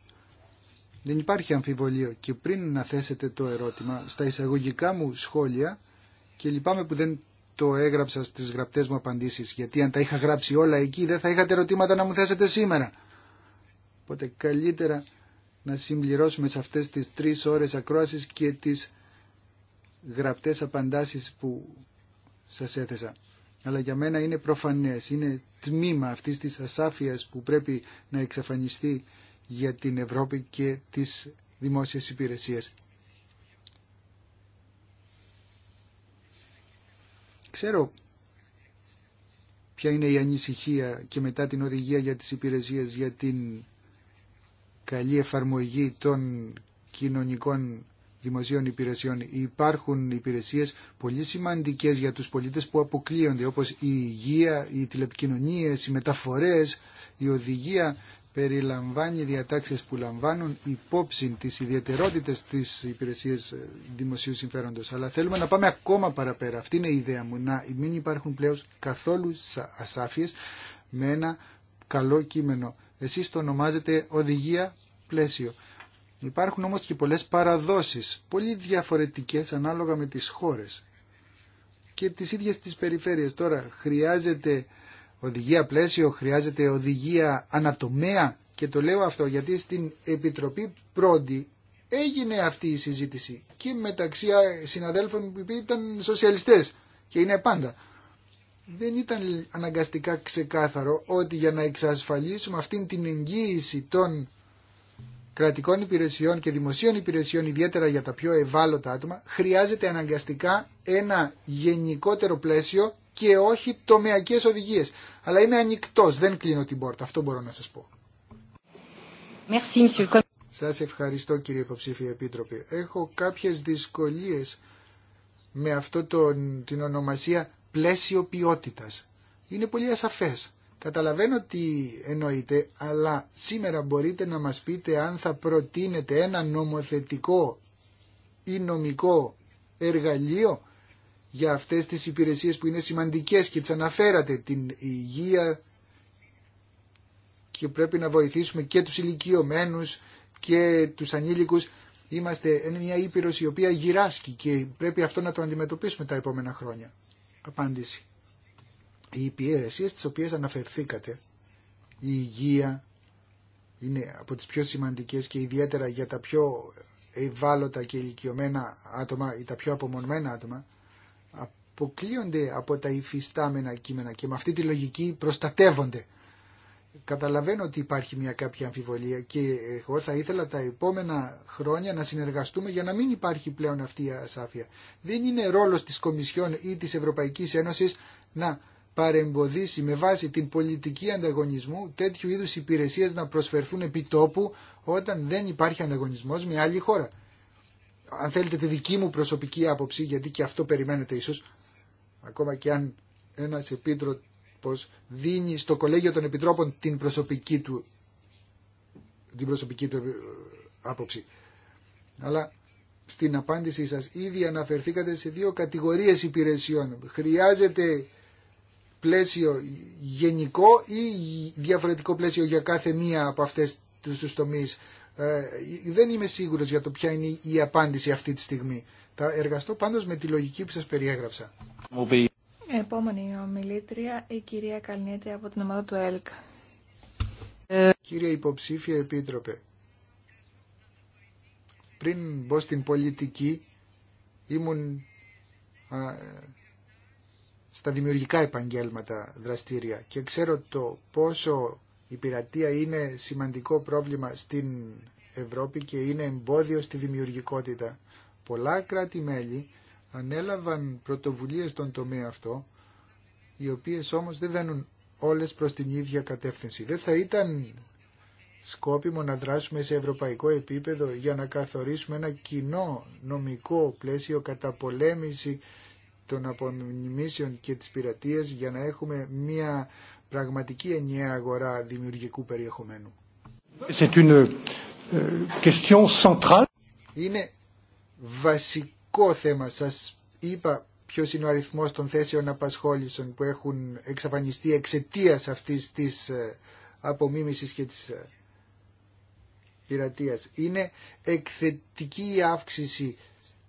Δεν υπάρχει αμφιβολία και πριν να θέσετε το ερώτημα, στα εισαγωγικά μου σχόλια, και λυπάμαι που δεν το έγραψα στις γραπτές μου απαντήσεις, γιατί αν τα είχα γράψει όλα εκεί δεν θα είχατε ερωτήματα να μου θέσετε σήμερα. Οπότε καλύτερα να συμπληρώσουμε σε αυτές τις τρεις ώρες ακρόασης και τις γραπτές απαντάσεις που σας έθεσα. Αλλά για μένα είναι προφανές, είναι τμήμα αυτής της ασάφειας που πρέπει να εξαφανιστεί για την Ευρώπη και τις δημόσιες υπηρεσίες. Ξέρω ποια είναι η ανησυχία και μετά την οδηγία για τις υπηρεσίες για την καλή εφαρμογή των κοινωνικών δημοσίων υπηρεσιών. Υπάρχουν υπηρεσίες πολύ σημαντικές για τους πολίτες που αποκλείονται, όπως η υγεία, οι τηλεπικοινωνίες, οι μεταφορές, η οδηγία περιλαμβάνει διατάξεις που λαμβάνουν υπόψη τις ιδιαιτερότητες της υπηρεσίας ε, δημοσίου συμφέροντος. Αλλά θέλουμε να πάμε ακόμα παραπέρα. Αυτή είναι η ιδέα μου, να μην υπάρχουν πλέον καθόλου ασάφειες με ένα καλό κείμενο. Εσείς το ονομάζετε οδηγία πλαίσιο. Υπάρχουν όμως και πολλές παραδόσεις, πολύ διαφορετικές ανάλογα με τις χώρες και τις ίδιες τις περιφέρειες. Τώρα χρειάζεται οδηγία πλαίσιο, χρειάζεται οδηγία ανατομέα και το λέω αυτό γιατί στην Επιτροπή πρώτη έγινε αυτή η συζήτηση και μεταξύ συναδέλφων που ήταν σοσιαλιστές και είναι πάντα. Δεν ήταν αναγκαστικά ξεκάθαρο ότι για να εξασφαλίσουμε αυτήν την εγγύηση των κρατικών υπηρεσιών και δημοσίων υπηρεσιών, ιδιαίτερα για τα πιο ευάλωτα άτομα, χρειάζεται αναγκαστικά ένα γενικότερο πλαίσιο και όχι τομεακές οδηγίες. Αλλά είμαι ανοιχτό, δεν κλείνω την πόρτα, αυτό μπορώ να σας πω. Σα ευχαριστώ κύριε υποψήφιε επίτροπε. Έχω κάποιες δυσκολίες με αυτό το, την ονομασία πλαίσιο ποιότητα. Είναι πολύ ασαφές. Καταλαβαίνω τι εννοείτε, αλλά σήμερα μπορείτε να μας πείτε αν θα προτείνετε ένα νομοθετικό ή νομικό εργαλείο για αυτές τις υπηρεσίες που είναι σημαντικές και τις αναφέρατε την υγεία και πρέπει να βοηθήσουμε και τους ηλικιωμένους και τους ανήλικους. Είμαστε μια ήπειρος η οποία γυράσκει και πρέπει αυτό να το αντιμετωπίσουμε τα επόμενα χρόνια. Απάντηση οι υπηρεσίε τις οποίες αναφερθήκατε, η υγεία είναι από τις πιο σημαντικές και ιδιαίτερα για τα πιο ευάλωτα και ηλικιωμένα άτομα ή τα πιο απομονωμένα άτομα, αποκλείονται από τα υφιστάμενα κείμενα και με αυτή τη λογική προστατεύονται. Καταλαβαίνω ότι υπάρχει μια κάποια αμφιβολία και εγώ θα ήθελα τα επόμενα χρόνια να συνεργαστούμε για να μην υπάρχει πλέον αυτή η ασάφεια. Δεν είναι ρόλος της Κομισιόν ή της Ευρωπαϊκής Ένωσης να παρεμποδίσει με βάση την πολιτική ανταγωνισμού τέτοιου είδους υπηρεσίες να προσφερθούν επί τόπου όταν δεν υπάρχει ανταγωνισμός με άλλη χώρα. Αν θέλετε τη δική μου προσωπική άποψη, γιατί και αυτό περιμένετε ίσως, ακόμα και αν ένας επίτροπος δίνει στο κολέγιο των επιτρόπων την προσωπική του, την προσωπική του άποψη. Αλλά στην απάντησή σας ήδη αναφερθήκατε σε δύο κατηγορίες υπηρεσιών. Χρειάζεται πλαίσιο γενικό ή διαφορετικό πλαίσιο για κάθε μία από αυτές τους τομείς. Ε, δεν είμαι σίγουρος για το ποια είναι η απάντηση αυτή τη στιγμή. Θα εργαστώ πάντως με τη λογική που σας περιέγραψα. Επόμενη ομιλήτρια, η κυρία Καλνιέτη από την ομάδα του ΕΛΚ. Κύριε Υποψήφια Επίτροπε, πριν μπω στην πολιτική ήμουν στα δημιουργικά επαγγέλματα δραστήρια και ξέρω το πόσο η πειρατεία είναι σημαντικό πρόβλημα στην Ευρώπη και είναι εμπόδιο στη δημιουργικότητα. Πολλά κράτη-μέλη ανέλαβαν πρωτοβουλίες στον τομέα αυτό, οι οποίες όμως δεν βαίνουν όλες προς την ίδια κατεύθυνση. Δεν θα ήταν σκόπιμο να δράσουμε σε ευρωπαϊκό επίπεδο για να καθορίσουμε ένα κοινό νομικό πλαίσιο κατά πολέμηση των απομνημίσεων και της πειρατείας για να έχουμε μια πραγματική ενιαία αγορά δημιουργικού περιεχομένου. Euh, είναι βασικό θέμα. Σας είπα ποιος είναι ο αριθμός των θέσεων απασχόλησεων που έχουν εξαφανιστεί εξαιτία αυτής της ε, απομίμησης και της ε, πειρατείας. Είναι εκθετική η αύξηση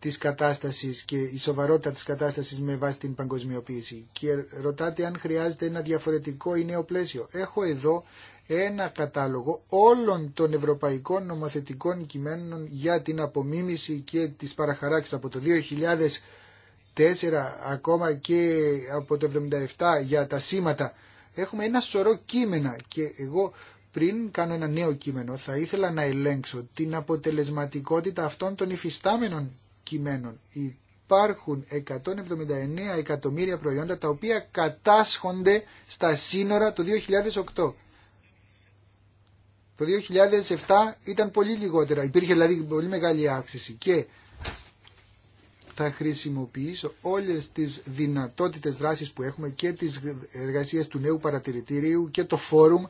της κατάστασης και η σοβαρότητα της κατάστασης με βάση την παγκοσμιοποίηση και ρωτάτε αν χρειάζεται ένα διαφορετικό ή νέο πλαίσιο. Έχω εδώ ένα κατάλογο όλων των ευρωπαϊκών νομοθετικών κειμένων για την απομίμηση και τις παραχαράξεις από το 2004 ακόμα και από το 1977 για τα σήματα. Έχουμε ένα σωρό κείμενα και εγώ πριν κάνω ένα νέο κείμενο θα ήθελα να ελέγξω την αποτελεσματικότητα αυτών των υφιστάμενων κειμένων. Υπάρχουν 179 εκατομμύρια προϊόντα τα οποία κατάσχονται στα σύνορα το 2008. Το 2007 ήταν πολύ λιγότερα, υπήρχε δηλαδή πολύ μεγάλη αύξηση και θα χρησιμοποιήσω όλες τις δυνατότητες δράσης που έχουμε και τις εργασίες του νέου παρατηρητηρίου και το φόρουμ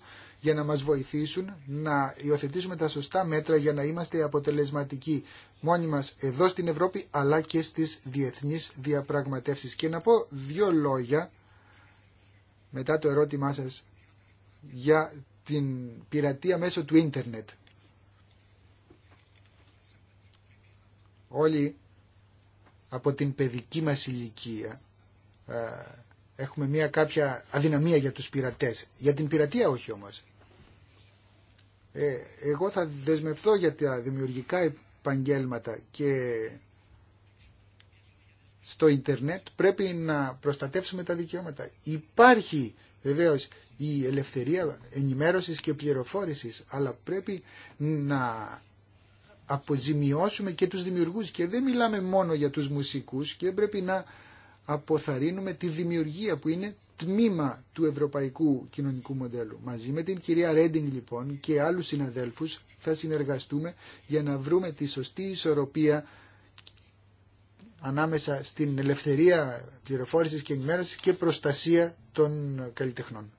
για να μας βοηθήσουν να υιοθετήσουμε τα σωστά μέτρα για να είμαστε αποτελεσματικοί μόνοι μας εδώ στην Ευρώπη αλλά και στις διεθνείς διαπραγματεύσεις. Και να πω δύο λόγια μετά το ερώτημά σας για την πειρατεία μέσω του ίντερνετ. Όλοι από την παιδική μας ηλικία ε, έχουμε μια κάποια αδυναμία για τους πειρατές. Για την πειρατεία όχι όμως. Ε, εγώ θα δεσμευτώ για τα δημιουργικά επαγγέλματα και στο ίντερνετ πρέπει να προστατεύσουμε τα δικαιώματα. Υπάρχει βεβαίως η ελευθερία ενημέρωσης και πληροφόρησης, αλλά πρέπει να αποζημιώσουμε και τους δημιουργούς και δεν μιλάμε μόνο για τους μουσικούς και πρέπει να αποθαρρύνουμε τη δημιουργία που είναι τμήμα του ευρωπαϊκού κοινωνικού μοντέλου. Μαζί με την κυρία Ρέντινγκ λοιπόν και άλλους συναδέλφους θα συνεργαστούμε για να βρούμε τη σωστή ισορροπία ανάμεσα στην ελευθερία πληροφόρησης και ενημέρωσης και προστασία των καλλιτεχνών.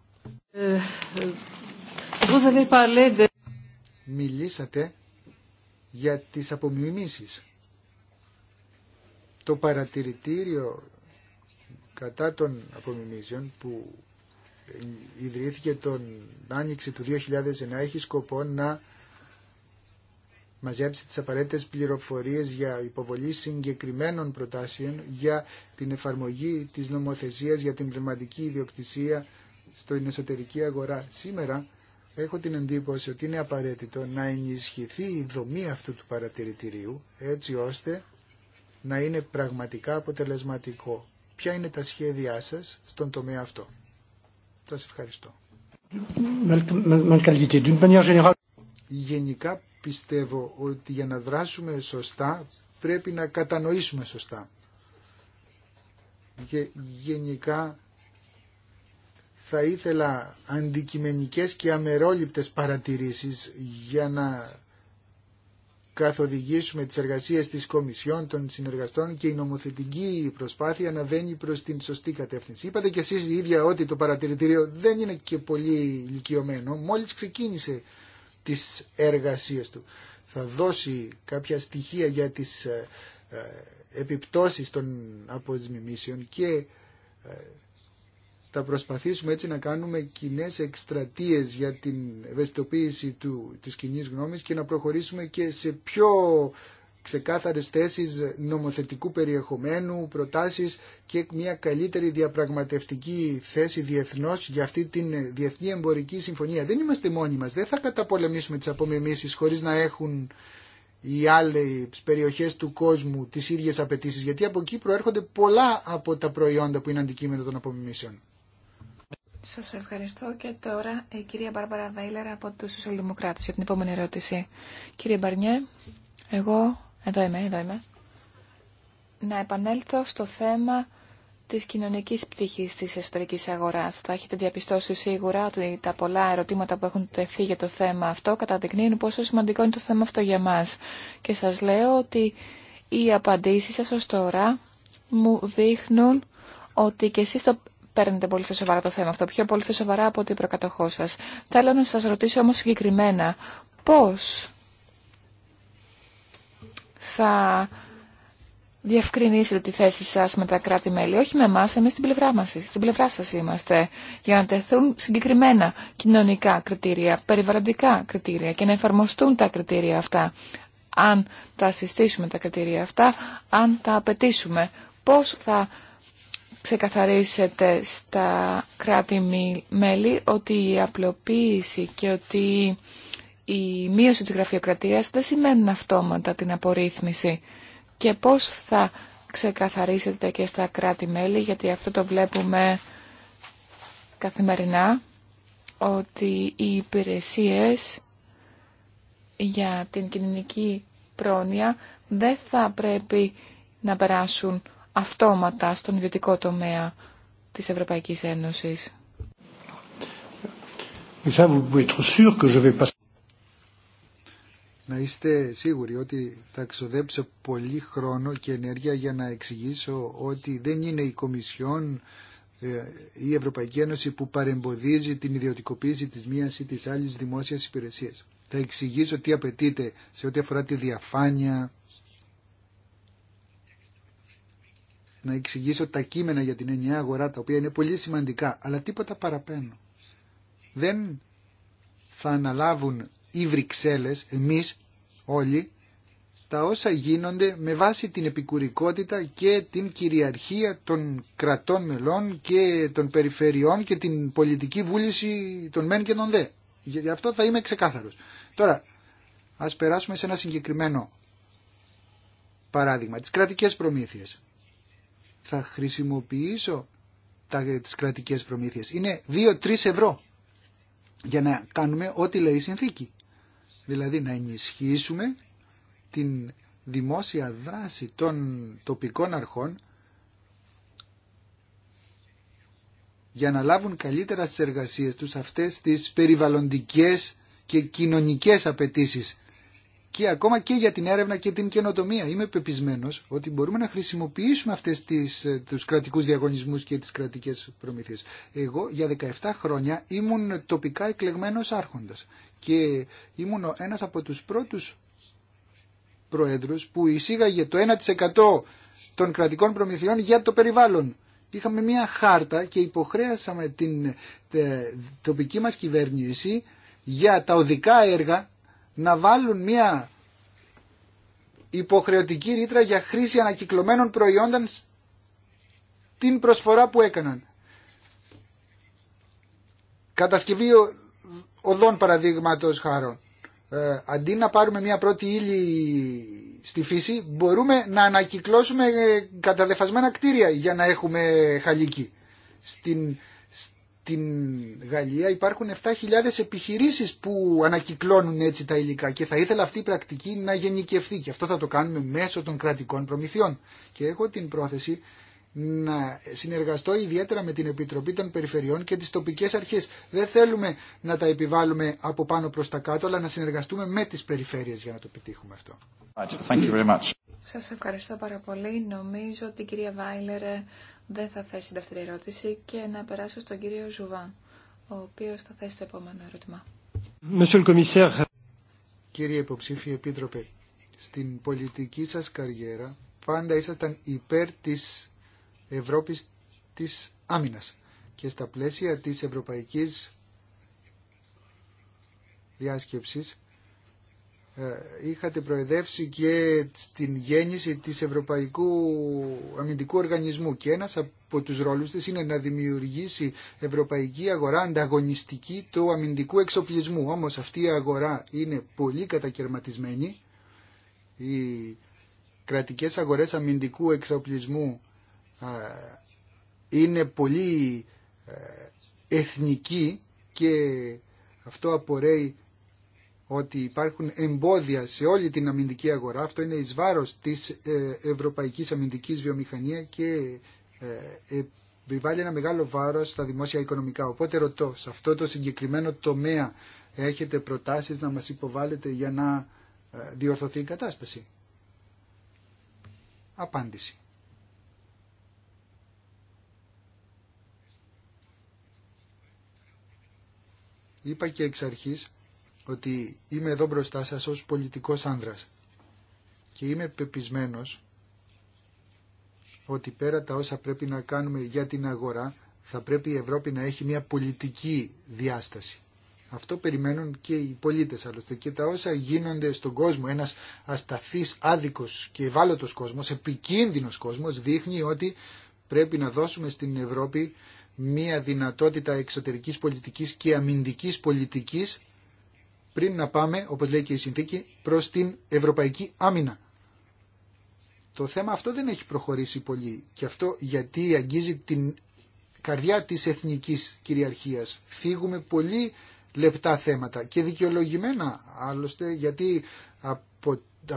Μιλήσατε για τις απομιμήσεις. Το παρατηρητήριο κατά των απομιμήσεων που ιδρύθηκε τον Άνοιξη του 2009 έχει σκοπό να μαζέψει τις απαραίτητες πληροφορίες για υποβολή συγκεκριμένων προτάσεων για την εφαρμογή της νομοθεσίας για την πνευματική ιδιοκτησία στην εσωτερική αγορά. Σήμερα έχω την εντύπωση ότι είναι απαραίτητο να ενισχυθεί η δομή αυτού του παρατηρητηρίου έτσι ώστε να είναι πραγματικά αποτελεσματικό ποια είναι τα σχέδιά σας στον τομέα αυτό. Σας ευχαριστώ. Γενικά πιστεύω ότι για να δράσουμε σωστά πρέπει να κατανοήσουμε σωστά. Και γενικά θα ήθελα αντικειμενικές και αμερόληπτες παρατηρήσεις για να καθοδηγήσουμε τις εργασίες της Κομισιόν των συνεργαστών και η νομοθετική προσπάθεια να βαίνει προς την σωστή κατεύθυνση. Είπατε και εσείς η ίδια ότι το παρατηρητήριο δεν είναι και πολύ ηλικιωμένο, μόλις ξεκίνησε τις εργασίες του. Θα δώσει κάποια στοιχεία για τις ε, ε, επιπτώσεις των αποσμιμήσεων και ε, θα προσπαθήσουμε έτσι να κάνουμε κοινέ εκστρατείε για την ευαισθητοποίηση του, της κοινή γνώμης και να προχωρήσουμε και σε πιο ξεκάθαρες θέσεις νομοθετικού περιεχομένου, προτάσεις και μια καλύτερη διαπραγματευτική θέση διεθνώς για αυτή την Διεθνή Εμπορική Συμφωνία. Δεν είμαστε μόνοι μας, δεν θα καταπολεμήσουμε τις απομιμήσεις χωρίς να έχουν οι άλλες περιοχές του κόσμου τις ίδιες απαιτήσει, γιατί από εκεί προέρχονται πολλά από τα προϊόντα που είναι αντικείμενο των απομιμήσεων. Σας ευχαριστώ και τώρα η κυρία Μπάρμπαρα Βέιλερ από τους Σοσιαλδημοκράτες για την επόμενη ερώτηση. Κύριε Μπαρνιέ, εγώ εδώ είμαι, εδώ είμαι. Να επανέλθω στο θέμα της κοινωνικής πτυχής της εσωτερικής αγοράς. Θα έχετε διαπιστώσει σίγουρα ότι τα πολλά ερωτήματα που έχουν τεθεί για το θέμα αυτό καταδεικνύουν πόσο σημαντικό είναι το θέμα αυτό για μας. Και σας λέω ότι οι απαντήσεις σας ως τώρα μου δείχνουν ότι και εσείς το παίρνετε πολύ στα σοβαρά το θέμα αυτό, πιο πολύ στα σοβαρά από ότι προκατοχό σα. Θέλω να σα ρωτήσω όμω συγκεκριμένα πώ θα διευκρινίσετε τη θέση σας με τα κράτη-μέλη, όχι με εμάς, εμείς στην πλευρά, μας, στην πλευρά σας είμαστε, για να τεθούν συγκεκριμένα κοινωνικά κριτήρια, περιβαλλοντικά κριτήρια και να εφαρμοστούν τα κριτήρια αυτά. Αν τα συστήσουμε τα κριτήρια αυτά, αν τα απαιτήσουμε, πώς θα ξεκαθαρίσετε στα κράτη-μέλη ότι η απλοποίηση και ότι η μείωση της γραφειοκρατίας δεν σημαίνουν αυτόματα την απορρίθμιση και πώς θα ξεκαθαρίσετε και στα κράτη-μέλη γιατί αυτό το βλέπουμε καθημερινά ότι οι υπηρεσίες για την κοινωνική πρόνοια δεν θα πρέπει να περάσουν αυτόματα στον ιδιωτικό τομέα της Ευρωπαϊκής Ένωσης. Να είστε σίγουροι ότι θα ξοδέψω πολύ χρόνο και ενέργεια για να εξηγήσω ότι δεν είναι η Κομισιόν ε, η Ευρωπαϊκή Ένωση που παρεμποδίζει την ιδιωτικοποίηση της μίας ή της άλλης δημόσιας υπηρεσίας. Θα εξηγήσω τι απαιτείται σε ό,τι αφορά τη διαφάνεια, να εξηγήσω τα κείμενα για την ενιαία αγορά, τα οποία είναι πολύ σημαντικά, αλλά τίποτα παραπάνω. Δεν θα αναλάβουν οι Βρυξέλλες, εμείς όλοι, τα όσα γίνονται με βάση την επικουρικότητα και την κυριαρχία των κρατών μελών και των περιφερειών και την πολιτική βούληση των μεν και των δε. Γι' αυτό θα είμαι ξεκάθαρος. Τώρα, ας περάσουμε σε ένα συγκεκριμένο παράδειγμα, τις κρατικές προμήθειες θα χρησιμοποιήσω τα, τις κρατικές προμήθειες. Είναι 2-3 ευρώ για να κάνουμε ό,τι λέει η συνθήκη. Δηλαδή να ενισχύσουμε την δημόσια δράση των τοπικών αρχών για να λάβουν καλύτερα στις εργασίες τους αυτές τις περιβαλλοντικές και κοινωνικές απαιτήσεις και ακόμα και για την έρευνα και την καινοτομία. Είμαι πεπισμένο ότι μπορούμε να χρησιμοποιήσουμε αυτέ του ε, τους κρατικούς διαγωνισμούς και τις κρατικές προμήθειες. Εγώ για 17 χρόνια ήμουν τοπικά εκλεγμένος άρχοντας και ήμουν ένας από τους πρώτους πρόεδρους που εισήγαγε το 1% των κρατικών προμηθειών για το περιβάλλον. Είχαμε μια χάρτα και υποχρέασαμε την ε, ε, τοπική μας κυβέρνηση για τα οδικά έργα να βάλουν μια υποχρεωτική ρήτρα για χρήση ανακυκλωμένων προϊόντων στην προσφορά που έκαναν. Κατασκευή οδών παραδείγματος χάρων. Ε, αντί να πάρουμε μια πρώτη ύλη στη φύση, μπορούμε να ανακυκλώσουμε ε, καταδεφασμένα κτίρια για να έχουμε χαλίκι. Στην την Γαλλία υπάρχουν 7.000 επιχειρήσεις που ανακυκλώνουν έτσι τα υλικά και θα ήθελα αυτή η πρακτική να γενικευθεί και αυτό θα το κάνουμε μέσω των κρατικών προμηθειών. Και έχω την πρόθεση να συνεργαστώ ιδιαίτερα με την Επιτροπή των Περιφερειών και τις τοπικές αρχές. Δεν θέλουμε να τα επιβάλλουμε από πάνω προς τα κάτω, αλλά να συνεργαστούμε με τις περιφέρειες για να το πετύχουμε αυτό. Σας ευχαριστώ πάρα πολύ. Νομίζω ότι η κυρία Βάιλερ ε, δεν θα θέσει δεύτερη ερώτηση και να περάσω στον κύριο Ζουβά, ο οποίος θα θέσει το επόμενο ερώτημα. Κύριε υποψήφιο επίτροπε, στην πολιτική σας καριέρα πάντα ήσασταν υπέρ της Ευρώπης της άμυνας και στα πλαίσια της Ευρωπαϊκής Διάσκεψης ε, είχατε προεδεύσει και στην γέννηση της Ευρωπαϊκού Αμυντικού Οργανισμού και ένας από τους ρόλους της είναι να δημιουργήσει ευρωπαϊκή αγορά ανταγωνιστική του αμυντικού εξοπλισμού. Όμως αυτή η αγορά είναι πολύ κατακαιρματισμένη. Οι κρατικές αγορές αμυντικού εξοπλισμού ε, είναι πολύ ε, εθνική και αυτό απορρέει ότι υπάρχουν εμπόδια σε όλη την αμυντική αγορά. Αυτό είναι εις βάρος της ε, ευρωπαϊκής αμυντικής βιομηχανία και ε, επιβάλλει ένα μεγάλο βάρος στα δημόσια οικονομικά. Οπότε ρωτώ, σε αυτό το συγκεκριμένο τομέα έχετε προτάσεις να μας υποβάλλετε για να ε, διορθωθεί η κατάσταση. Απάντηση. Είπα και εξ αρχής ότι είμαι εδώ μπροστά σας ως πολιτικός άνδρας και είμαι πεπισμένος ότι πέρα τα όσα πρέπει να κάνουμε για την αγορά θα πρέπει η Ευρώπη να έχει μια πολιτική διάσταση. Αυτό περιμένουν και οι πολίτες άλλωστε και τα όσα γίνονται στον κόσμο, ένας ασταθής άδικος και ευάλωτος κόσμος, επικίνδυνος κόσμος δείχνει ότι πρέπει να δώσουμε στην Ευρώπη μια δυνατότητα εξωτερικής πολιτικής και αμυντικής πολιτικής πριν να πάμε, όπως λέει και η συνθήκη, προς την ευρωπαϊκή άμυνα. Το θέμα αυτό δεν έχει προχωρήσει πολύ και αυτό γιατί αγγίζει την καρδιά της εθνικής κυριαρχίας. Φύγουμε πολύ λεπτά θέματα και δικαιολογημένα άλλωστε γιατί ε,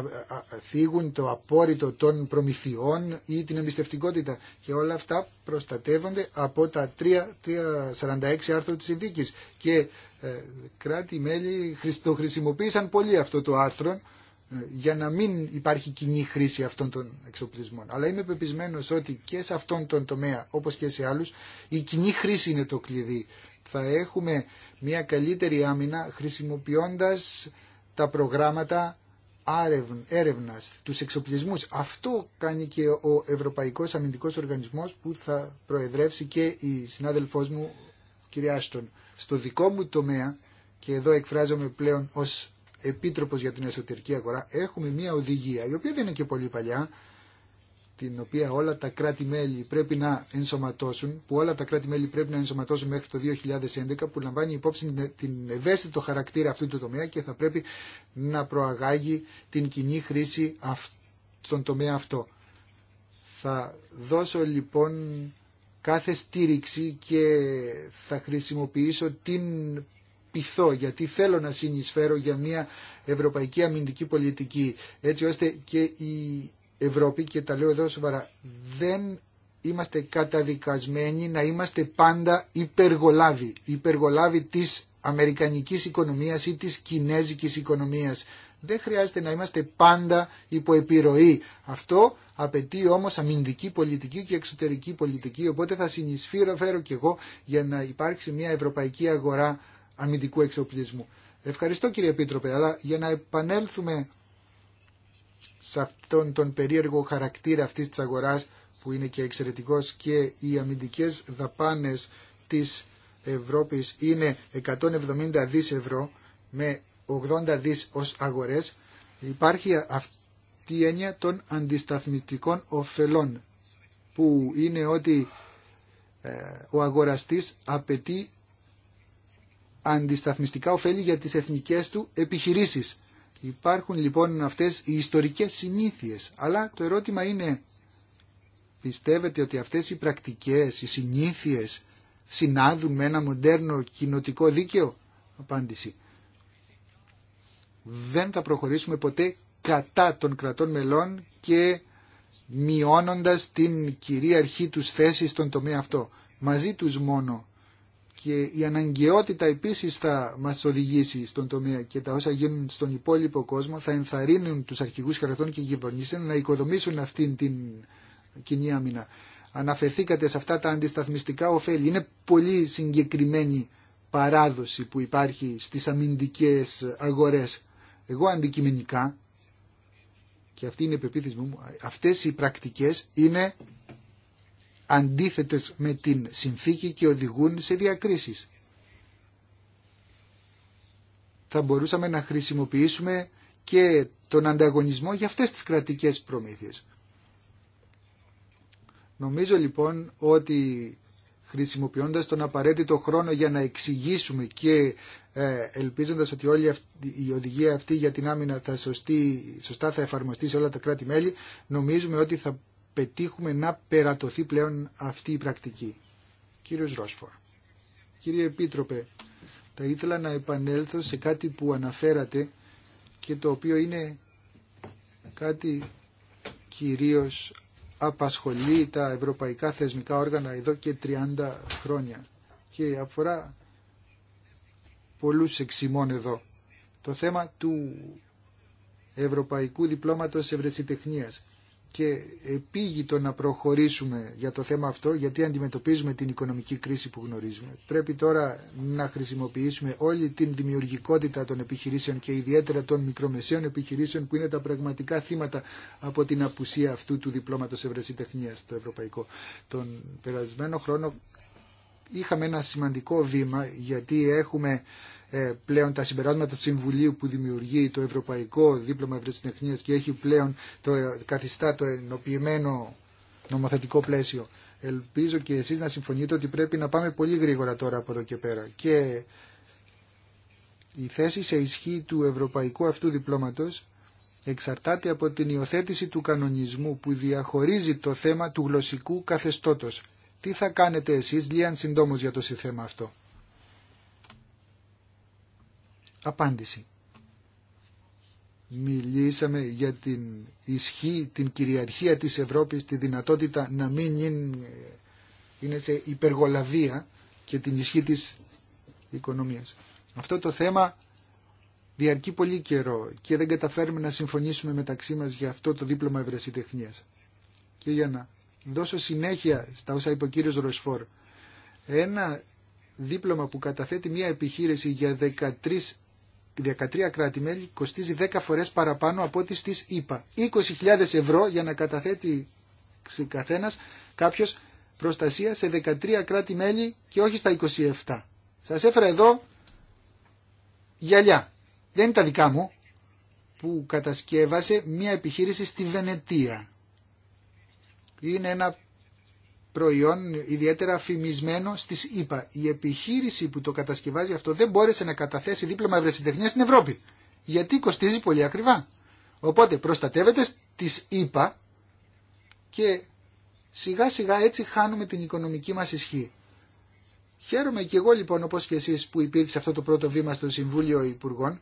ε, θίγουν το απόρριτο των προμηθειών ή την εμπιστευτικότητα και όλα αυτά προστατεύονται από τα 3, 346 άρθρο της συνθήκης και ε, κράτη-μέλη το χρησιμοποίησαν πολύ αυτό το άρθρο για να μην υπάρχει κοινή χρήση αυτών των εξοπλισμών. Αλλά είμαι πεπισμένος ότι και σε αυτόν τον τομέα, όπως και σε άλλους, η κοινή χρήση είναι το κλειδί. Θα έχουμε μια καλύτερη άμυνα χρησιμοποιώντας τα προγράμματα έρευνας, τους εξοπλισμούς. Αυτό κάνει και ο Ευρωπαϊκός Αμυντικός Οργανισμός που θα προεδρεύσει και η συνάδελφός μου κυρία Άστον. Στο δικό μου τομέα και εδώ εκφράζομαι πλέον ως Επίτροπος για την Εσωτερική Αγορά έχουμε μια οδηγία η οποία δεν είναι και πολύ παλιά την οποία όλα τα κράτη-μέλη πρέπει να ενσωματώσουν, που όλα τα κράτη-μέλη πρέπει να ενσωματώσουν μέχρι το 2011, που λαμβάνει υπόψη την ευαίσθητο χαρακτήρα αυτού του τομέα και θα πρέπει να προαγάγει την κοινή χρήση στον τομέα αυτό. Θα δώσω λοιπόν κάθε στήριξη και θα χρησιμοποιήσω την πειθώ γιατί θέλω να συνεισφέρω για μια ευρωπαϊκή αμυντική πολιτική έτσι ώστε και η Ευρώπη και τα λέω εδώ σοβαρά δεν είμαστε καταδικασμένοι να είμαστε πάντα υπεργολάβοι υπεργολάβοι της αμερικανικής οικονομίας ή της κινέζικης οικονομίας δεν χρειάζεται να είμαστε πάντα υπό επιρροή αυτό απαιτεί όμως αμυντική πολιτική και εξωτερική πολιτική οπότε θα συνεισφύρω φέρω και εγώ για να υπάρξει μια ευρωπαϊκή αγορά αμυντικού εξοπλισμού Ευχαριστώ κύριε Πίτροπε, αλλά για να επανέλθουμε σε αυτόν τον περίεργο χαρακτήρα αυτής της αγοράς που είναι και εξαιρετικός και οι αμυντικές δαπάνες της Ευρώπης είναι 170 δις ευρώ με 80 δις ως αγορές υπάρχει αυτή η έννοια των αντισταθμιστικών ωφελών που είναι ότι ε, ο αγοραστής απαιτεί αντισταθμιστικά ωφέλη για τις εθνικές του επιχειρήσεις Υπάρχουν λοιπόν αυτές οι ιστορικές συνήθειες, αλλά το ερώτημα είναι πιστεύετε ότι αυτές οι πρακτικές, οι συνήθειες συνάδουν με ένα μοντέρνο κοινοτικό δίκαιο. Απάντηση. Δεν θα προχωρήσουμε ποτέ κατά των κρατών μελών και μειώνοντας την κυρίαρχή τους θέση στον τομέα αυτό. Μαζί τους μόνο και η αναγκαιότητα επίσης θα μας οδηγήσει στον τομέα και τα όσα γίνουν στον υπόλοιπο κόσμο θα ενθαρρύνουν τους αρχηγούς κρατών και κυβερνήσεων να οικοδομήσουν αυτήν την κοινή άμυνα. Αναφερθήκατε σε αυτά τα αντισταθμιστικά ωφέλη. Είναι πολύ συγκεκριμένη παράδοση που υπάρχει στις αμυντικές αγορές. Εγώ αντικειμενικά, και αυτή είναι η πεποίθηση μου, αυτές οι πρακτικές είναι αντίθετες με την συνθήκη και οδηγούν σε διακρίσεις. Θα μπορούσαμε να χρησιμοποιήσουμε και τον ανταγωνισμό για αυτές τις κρατικές προμήθειες. Νομίζω λοιπόν ότι χρησιμοποιώντας τον απαραίτητο χρόνο για να εξηγήσουμε και ε, ελπίζοντας ότι όλη η οδηγία αυτή για την άμυνα θα σωστή, σωστά θα εφαρμοστεί σε όλα τα κράτη-μέλη, νομίζουμε ότι θα πετύχουμε να περατωθεί πλέον αυτή η πρακτική. Κύριος Ρόσφορ. Κύριε Επίτροπε, θα ήθελα να επανέλθω σε κάτι που αναφέρατε και το οποίο είναι κάτι κυρίως απασχολεί τα ευρωπαϊκά θεσμικά όργανα εδώ και 30 χρόνια και αφορά πολλούς εξημών εδώ. Το θέμα του Ευρωπαϊκού Διπλώματος Ευρεσιτεχνίας και επίγει το να προχωρήσουμε για το θέμα αυτό γιατί αντιμετωπίζουμε την οικονομική κρίση που γνωρίζουμε. Πρέπει τώρα να χρησιμοποιήσουμε όλη την δημιουργικότητα των επιχειρήσεων και ιδιαίτερα των μικρομεσαίων επιχειρήσεων που είναι τα πραγματικά θύματα από την απουσία αυτού του διπλώματος ευρεσιτεχνίας στο ευρωπαϊκό. Τον περασμένο χρόνο είχαμε ένα σημαντικό βήμα γιατί έχουμε ε, πλέον τα συμπεράσματα του Συμβουλίου που δημιουργεί το Ευρωπαϊκό Δίπλωμα Ευρωτεχνία και έχει πλέον το, ε, καθιστά το ενοποιημένο νομοθετικό πλαίσιο. Ελπίζω και εσείς να συμφωνείτε ότι πρέπει να πάμε πολύ γρήγορα τώρα από εδώ και πέρα. Και η θέση σε ισχύ του ευρωπαϊκού αυτού διπλώματος εξαρτάται από την υιοθέτηση του κανονισμού που διαχωρίζει το θέμα του γλωσσικού καθεστώτος. Τι θα κάνετε εσείς, Λίαν, συντόμως για το θέμα αυτό. Απάντηση. Μιλήσαμε για την ισχύ, την κυριαρχία της Ευρώπης, τη δυνατότητα να μην είναι σε υπεργολαβία και την ισχύ της οικονομίας. Αυτό το θέμα διαρκεί πολύ καιρό και δεν καταφέρουμε να συμφωνήσουμε μεταξύ μας για αυτό το δίπλωμα ευρεσιτεχνίας. Και για να δώσω συνέχεια στα όσα είπε ο κύριος Ροσφόρ, ένα δίπλωμα που καταθέτει μια επιχείρηση για 13 13 κράτη-μέλη κοστίζει 10 φορές παραπάνω από ό,τι στις ΗΠΑ. 20.000 ευρώ για να καταθέτει καθένας κάποιος προστασία σε 13 κράτη-μέλη και όχι στα 27. Σας έφερα εδώ γυαλιά. Δεν είναι τα δικά μου που κατασκεύασε μια επιχείρηση στη Βενετία. Είναι ένα προϊόν ιδιαίτερα φημισμένο στις ΗΠΑ. Η επιχείρηση που το κατασκευάζει αυτό δεν μπόρεσε να καταθέσει δίπλωμα ευρεσιτεχνία στην Ευρώπη. Γιατί κοστίζει πολύ ακριβά. Οπότε προστατεύεται στι ΗΠΑ και σιγά σιγά έτσι χάνουμε την οικονομική μας ισχύ. Χαίρομαι και εγώ λοιπόν όπως και εσείς που υπήρξε αυτό το πρώτο βήμα στο Συμβούλιο Υπουργών.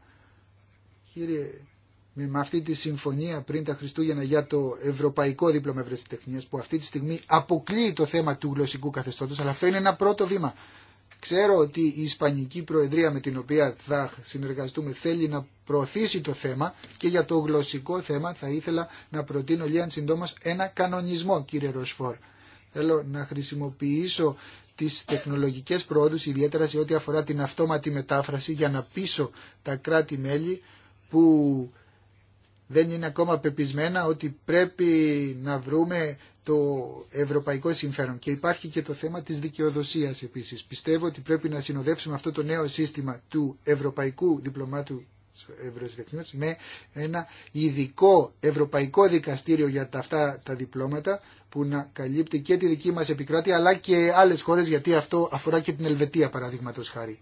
Κύριε με αυτή τη συμφωνία πριν τα Χριστούγεννα για το Ευρωπαϊκό Δίπλωμα Ευρεσιτεχνία, που αυτή τη στιγμή αποκλείει το θέμα του γλωσσικού καθεστώτο, αλλά αυτό είναι ένα πρώτο βήμα. Ξέρω ότι η Ισπανική Προεδρία με την οποία θα συνεργαστούμε θέλει να προωθήσει το θέμα και για το γλωσσικό θέμα θα ήθελα να προτείνω λίγαν συντόμω ένα κανονισμό κύριε Ροσφόρ. Θέλω να χρησιμοποιήσω τι τεχνολογικέ προόδου ιδιαίτερα σε ό,τι αφορά την αυτόματη μετάφραση για να πείσω τα κράτη-μέλη που δεν είναι ακόμα πεπισμένα ότι πρέπει να βρούμε το ευρωπαϊκό συμφέρον. Και υπάρχει και το θέμα της δικαιοδοσίας επίσης. Πιστεύω ότι πρέπει να συνοδεύσουμε αυτό το νέο σύστημα του ευρωπαϊκού διπλωμάτου ευρωδιεθνούς με ένα ειδικό ευρωπαϊκό δικαστήριο για τα αυτά τα διπλώματα που να καλύπτει και τη δική μας επικράτεια αλλά και άλλες χώρες γιατί αυτό αφορά και την Ελβετία παραδείγματο χάρη.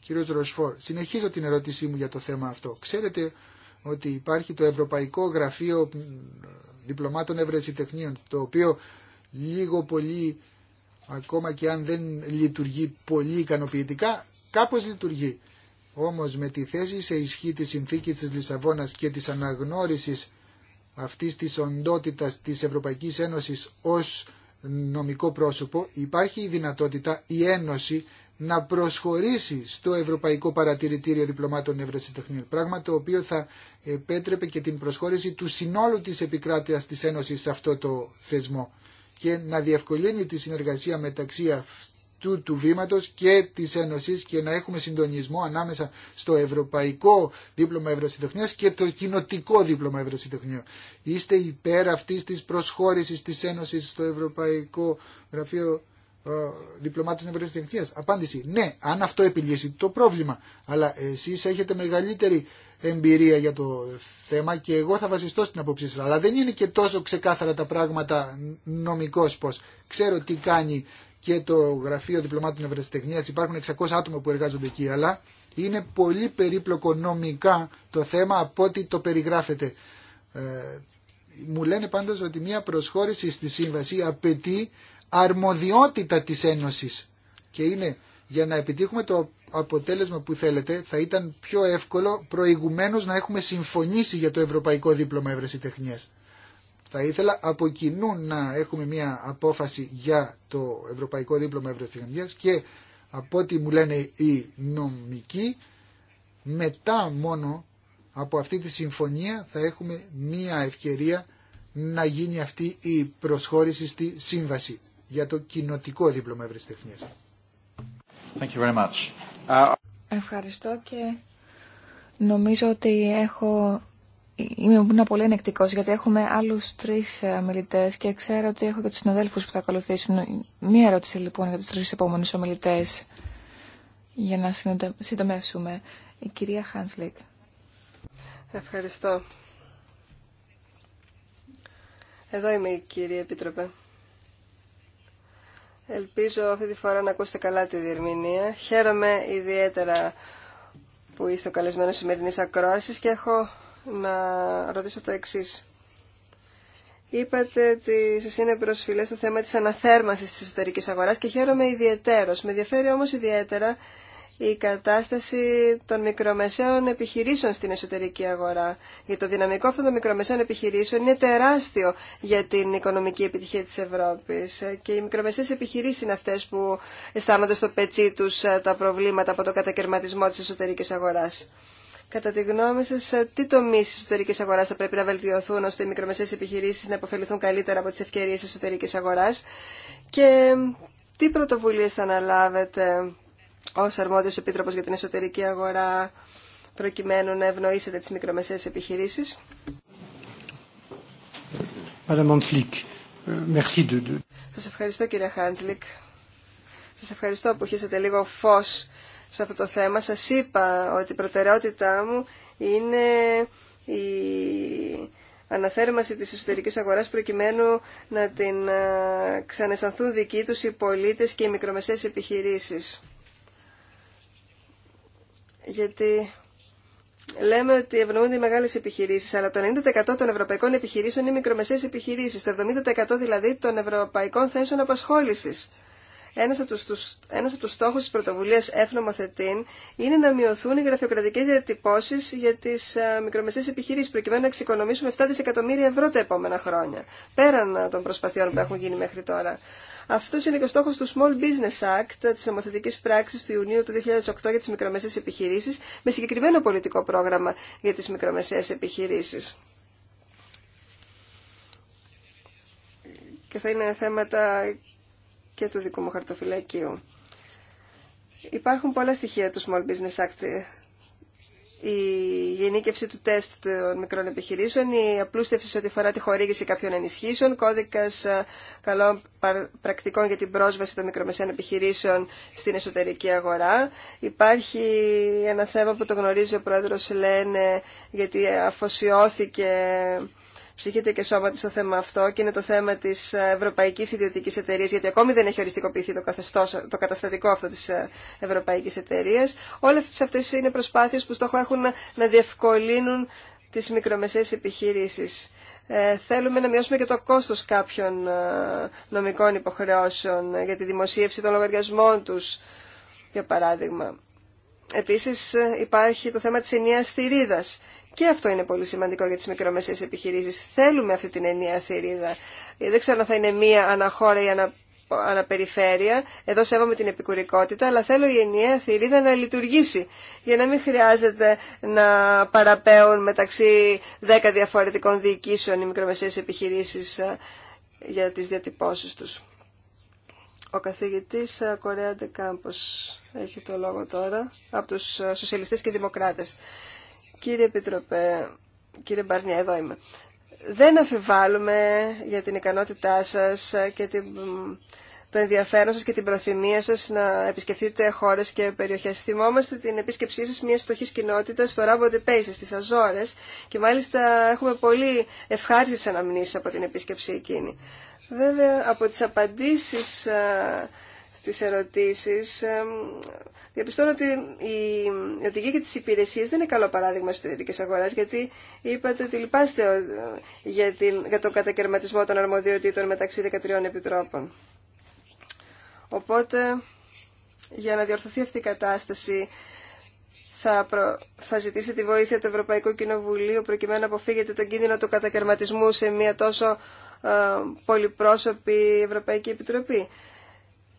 Κύριος Ροσφόρ, συνεχίζω την ερώτησή μου για το θέμα αυτό. Ξέρετε ότι υπάρχει το Ευρωπαϊκό Γραφείο Διπλωμάτων τεχνίων, το οποίο λίγο πολύ, ακόμα και αν δεν λειτουργεί πολύ ικανοποιητικά, κάπως λειτουργεί. Όμως με τη θέση σε ισχύ της συνθήκης της Λισαβόνας και της αναγνώρισης αυτής της οντότητας της Ευρωπαϊκής Ένωσης ως νομικό πρόσωπο, υπάρχει η δυνατότητα η Ένωση να προσχωρήσει στο Ευρωπαϊκό Παρατηρητήριο Διπλωμάτων Ευρεσιτεχνίων, πράγμα το οποίο θα επέτρεπε και την προσχώρηση του συνόλου της επικράτειας της Ένωσης σε αυτό το θεσμό και να διευκολύνει τη συνεργασία μεταξύ αυτού του βήματος και της Ένωσης και να έχουμε συντονισμό ανάμεσα στο Ευρωπαϊκό Δίπλωμα Ευρεσιτεχνίας και το Κοινοτικό Δίπλωμα Ευρεσιτεχνίας. Είστε υπέρ αυτής της προσχώρησης της Ένωσης στο Ευρωπαϊκό Γραφείο διπλωμάτων ευρεία Απάντηση ναι, αν αυτό επιλύσει το πρόβλημα. Αλλά εσεί έχετε μεγαλύτερη εμπειρία για το θέμα και εγώ θα βασιστώ στην απόψη σα. Αλλά δεν είναι και τόσο ξεκάθαρα τα πράγματα νομικώ πώ. Ξέρω τι κάνει και το Γραφείο Διπλωμάτων Ευρεσιτεχνία. Υπάρχουν 600 άτομα που εργάζονται εκεί, αλλά είναι πολύ περίπλοκο νομικά το θέμα από ό,τι το περιγράφεται. Ε, μου λένε πάντως ότι μια προσχώρηση στη σύμβαση απαιτεί αρμοδιότητα της Ένωσης και είναι για να επιτύχουμε το αποτέλεσμα που θέλετε θα ήταν πιο εύκολο προηγουμένως να έχουμε συμφωνήσει για το Ευρωπαϊκό Δίπλωμα Τεχνίας Θα ήθελα από κοινού να έχουμε μια απόφαση για το Ευρωπαϊκό Δίπλωμα Τεχνίας και από ό,τι μου λένε οι νομικοί μετά μόνο από αυτή τη συμφωνία θα έχουμε μία ευκαιρία να γίνει αυτή η προσχώρηση στη σύμβαση για το κοινοτικό δίπλωμα ευρεσιτεχνίας. Ευχαριστώ και νομίζω ότι έχω... Είμαι πολύ ενεκτικό γιατί έχουμε άλλου τρει ε, ομιλητέ και ξέρω ότι έχω και του συναδέλφου που θα ακολουθήσουν. Μία ερώτηση λοιπόν για του τρει επόμενου ομιλητέ για να συντομεύσουμε. Η κυρία Χάνσλικ. Ευχαριστώ. Εδώ είμαι η κυρία Επίτροπε. Ελπίζω αυτή τη φορά να ακούσετε καλά τη διερμηνία. Χαίρομαι ιδιαίτερα που είστε ο καλεσμένος σημερινής ακρόασης και έχω να ρωτήσω το εξή. Είπατε ότι σας είναι προσφυλές το θέμα της αναθέρμανσης της εσωτερικής αγοράς και χαίρομαι ιδιαίτερος. Με ενδιαφέρει όμως ιδιαίτερα η κατάσταση των μικρομεσαίων επιχειρήσεων στην εσωτερική αγορά. Γιατί το δυναμικό αυτών των μικρομεσαίων επιχειρήσεων είναι τεράστιο για την οικονομική επιτυχία της Ευρώπης. Και οι μικρομεσαίες επιχειρήσεις είναι αυτές που αισθάνονται στο πετσί τους ε, τα προβλήματα από το κατακαιρματισμό της εσωτερικής αγοράς. Κατά τη γνώμη σα, ε, τι τομεί τη εσωτερική αγορά θα πρέπει να βελτιωθούν ώστε οι μικρομεσαίε επιχειρήσει να υποφεληθούν καλύτερα από ε, τι ευκαιρίε τη εσωτερική αγορά και τι πρωτοβουλίε θα αναλάβετε ως αρμόδιος επίτροπος για την εσωτερική αγορά προκειμένου να ευνοήσετε τις μικρομεσαίες επιχειρήσεις. Euh, Σα ευχαριστώ κύριε Χάντζλικ. Σας ευχαριστώ που χύσατε λίγο φως σε αυτό το θέμα. Σας είπα ότι η προτεραιότητά μου είναι η αναθέρμανση της εσωτερικής αγοράς προκειμένου να την ε, ξανεστανθούν δικοί τους οι πολίτες και οι μικρομεσαίες επιχειρήσεις γιατί λέμε ότι ευνοούνται οι μεγάλες επιχειρήσεις, αλλά το 90% των ευρωπαϊκών επιχειρήσεων είναι μικρομεσαίες επιχειρήσεις, το 70% δηλαδή των ευρωπαϊκών θέσεων απασχόλησης. Ένα από τους, στόχου ένας από τους στόχους της πρωτοβουλίας Εφνομοθετήν είναι να μειωθούν οι γραφειοκρατικές διατυπώσεις για τις α, ε, μικρομεσαίες επιχειρήσεις, προκειμένου να εξοικονομήσουμε 7 δισεκατομμύρια ευρώ τα επόμενα χρόνια, πέραν ε, των προσπαθειών που έχουν γίνει μέχρι τώρα. Αυτό είναι και ο στόχο του Small Business Act, ε, τη νομοθετική πράξη του Ιουνίου του 2008 για τι μικρομεσαίες επιχειρήσει, με συγκεκριμένο πολιτικό πρόγραμμα για τι μικρομεσαίε επιχειρήσει. Και θα είναι θέματα και του δικού μου χαρτοφυλακίου. Υπάρχουν πολλά στοιχεία του Small Business Act. Η γενίκευση του τεστ των μικρών επιχειρήσεων, η απλούστευση σε ό,τι αφορά τη χορήγηση κάποιων ενισχύσεων, κώδικα ε, καλών πρακτικών για την πρόσβαση των μικρομεσαίων επιχειρήσεων στην εσωτερική αγορά. Υπάρχει ένα θέμα που το γνωρίζει ο πρόεδρο Λένε, γιατί αφοσιώθηκε ψυχείται και σώματι στο θέμα αυτό και είναι το θέμα τη ε, Ευρωπαϊκή ιδιωτική εταιρεία, γιατί ακόμη δεν έχει οριστικοποιηθεί το, καταστατικό αυτό τη ε, ευρωπαϊκή Εταιρείας. Όλε αυτέ είναι προσπάθειε που στόχο έχουν να διευκολύνουν τι μικρομεσαίες επιχειρήσει. Ε, θέλουμε να μειώσουμε και το κόστο κάποιων νομικών υποχρεώσεων για τη δημοσίευση των λογαριασμών του, για παράδειγμα. Επίσης υπάρχει το θέμα της ενιαίας θηρίδας και αυτό είναι πολύ σημαντικό για τις μικρομεσαίες επιχειρήσεις. Θέλουμε αυτή την ενιαία θηρίδα. Δεν ξέρω αν θα είναι μία αναχώρα ή ανα, αναπεριφέρεια. Εδώ σέβομαι την επικουρικότητα, αλλά θέλω η ενιαία θηρίδα να λειτουργήσει για να μην χρειάζεται να παραπέουν μεταξύ 10 διαφορετικών διοικήσεων οι μικρομεσαίες επιχειρήσεις ε, για τις διατυπώσεις τους. Ο καθηγητής ε, Κορέαντε Ντεκάμπος έχει το λόγο τώρα από τους ε, σοσιαλιστές και δημοκράτες. Κύριε Επιτροπέ, κύριε Μπαρνιά, εδώ είμαι. Δεν αφιβάλλουμε για την ικανότητά σας και την, το ενδιαφέρον σας και την προθυμία σας να επισκεφτείτε χώρες και περιοχές. Θυμόμαστε την επίσκεψή σας μιας φτωχής κοινότητας στο Ράβο Πέισε, στις Αζόρες και μάλιστα έχουμε πολύ ευχάριστες αναμνήσεις από την επίσκεψη εκείνη. Βέβαια, από τις απαντήσεις στις ερωτήσεις, διαπιστώνω ότι η οδηγία και τις υπηρεσίες δεν είναι καλό παράδειγμα στις εταιρικές αγοράς, γιατί είπατε ότι λυπάστε ε, για, την, για τον κατακαιρματισμό των αρμοδιοτήτων μεταξύ 13 επιτρόπων. Οπότε, για να διορθωθεί αυτή η κατάσταση, θα, θα ζητήσετε τη βοήθεια του Ευρωπαϊκού Κοινοβουλίου προκειμένου να αποφύγετε τον κίνδυνο του κατακαιρματισμού σε μια τόσο ε, πολυπρόσωπη Ευρωπαϊκή Επιτροπή.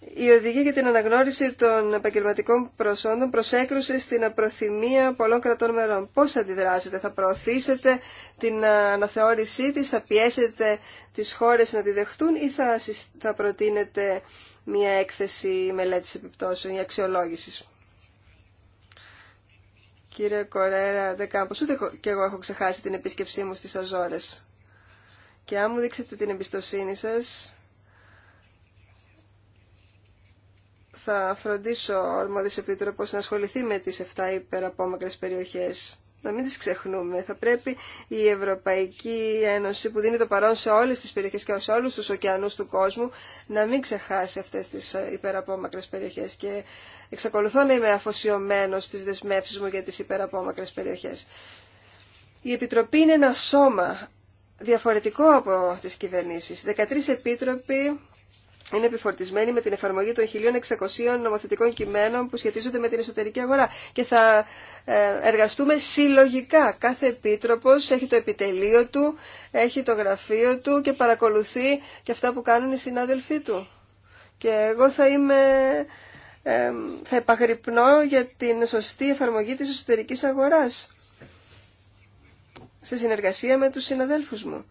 Η οδηγία για την αναγνώριση των επαγγελματικών προσόντων προσέκρουσε στην απροθυμία πολλών κρατών μερών. Πώ αντιδράσετε, θα προωθήσετε την αναθεώρησή της, θα πιέσετε τις χώρες να τη δεχτούν ή θα, θα προτείνετε μια έκθεση μελέτη επιπτώσεων ή αξιολόγηση. Κύριε Κορέρα Δεκάμπος, ούτε και εγώ έχω ξεχάσει την επίσκεψή μου στις Αζόρες. Και αν μου δείξετε την εμπιστοσύνη σας, θα φροντίσω ο Αρμόδιος Επίτροπος να ασχοληθεί με τις 7 υπεραπόμακρες περιοχές. Να μην τις ξεχνούμε. Θα πρέπει η Ευρωπαϊκή Ένωση που δίνει το παρόν σε όλες τις περιοχές και σε όλους τους ωκεανούς του κόσμου να μην ξεχάσει αυτές τις υπεραπόμακρες περιοχές. Και εξακολουθώ να είμαι αφοσιωμένος στις δεσμεύσεις μου για τις υπεραπόμακρες περιοχές. Η Επιτροπή είναι ένα σώμα διαφορετικό από τις κυβερνήσεις. 13 επίτροποι είναι επιφορτισμένη με την εφαρμογή των 1.600 νομοθετικών κειμένων που σχετίζονται με την εσωτερική αγορά. Και θα ε, εργαστούμε συλλογικά. Κάθε επίτροπος έχει το επιτελείο του, έχει το γραφείο του και παρακολουθεί και αυτά που κάνουν οι συνάδελφοί του. Και εγώ θα είμαι... θα επαγρυπνώ για την σωστή εφαρμογή της εσωτερικής αγοράς σε συνεργασία με τους συναδέλφους μου.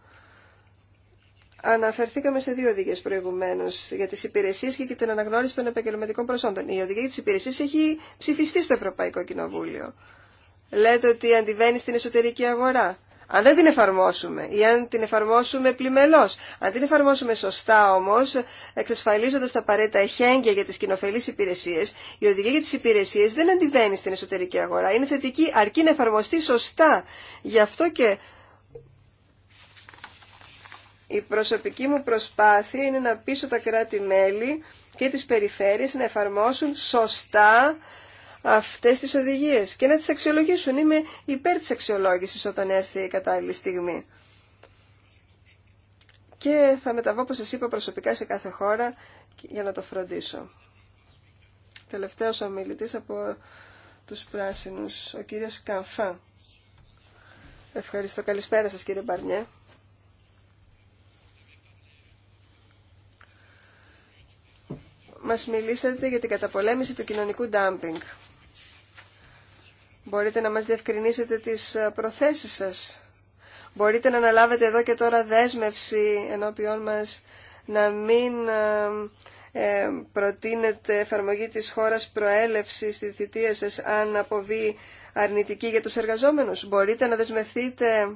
Αναφερθήκαμε σε δύο οδηγίε προηγουμένω για τι υπηρεσίε και για την αναγνώριση των επαγγελματικών προσόντων. Η οδηγία για υπηρεσία έχει ψηφιστεί στο Ευρωπαϊκό Κοινοβούλιο. Λέτε ότι αντιβαίνει στην εσωτερική αγορά. Αν δεν την εφαρμόσουμε ή αν την εφαρμόσουμε πλημελώ. Αν την εφαρμόσουμε σωστά όμω, εξασφαλίζοντα τα απαραίτητα εχέγγυα για τι κοινοφελεί υπηρεσίε, η οδηγία για τι υπηρεσίε δεν αντιβαίνει στην εσωτερική αγορά. Είναι θετική αρκεί να εφαρμοστεί σωστά. Γι' αυτό και η προσωπική μου προσπάθεια είναι να πείσω τα κράτη-μέλη και τις περιφέρειες να εφαρμόσουν σωστά αυτές τις οδηγίες και να τις αξιολογήσουν. Είμαι υπέρ της αξιολόγησης όταν έρθει η κατάλληλη στιγμή. Και θα μεταβώ, όπως σας είπα, προσωπικά σε κάθε χώρα για να το φροντίσω. Τελευταίος ομιλητής από τους πράσινους, ο κύριος Καμφά. Ευχαριστώ. Καλησπέρα σας κύριε Μπαρνιέ. μας μιλήσατε για την καταπολέμηση του κοινωνικού ντάμπινγκ. Μπορείτε να μας διευκρινίσετε τις ε, προθέσεις σας. Μπορείτε να αναλάβετε εδώ και τώρα δέσμευση ενώπιόν μας να μην ε, ε προτείνετε εφαρμογή της χώρας προέλευση στη θητεία σας αν αποβεί αρνητική για τους εργαζόμενους. Μπορείτε να δεσμευθείτε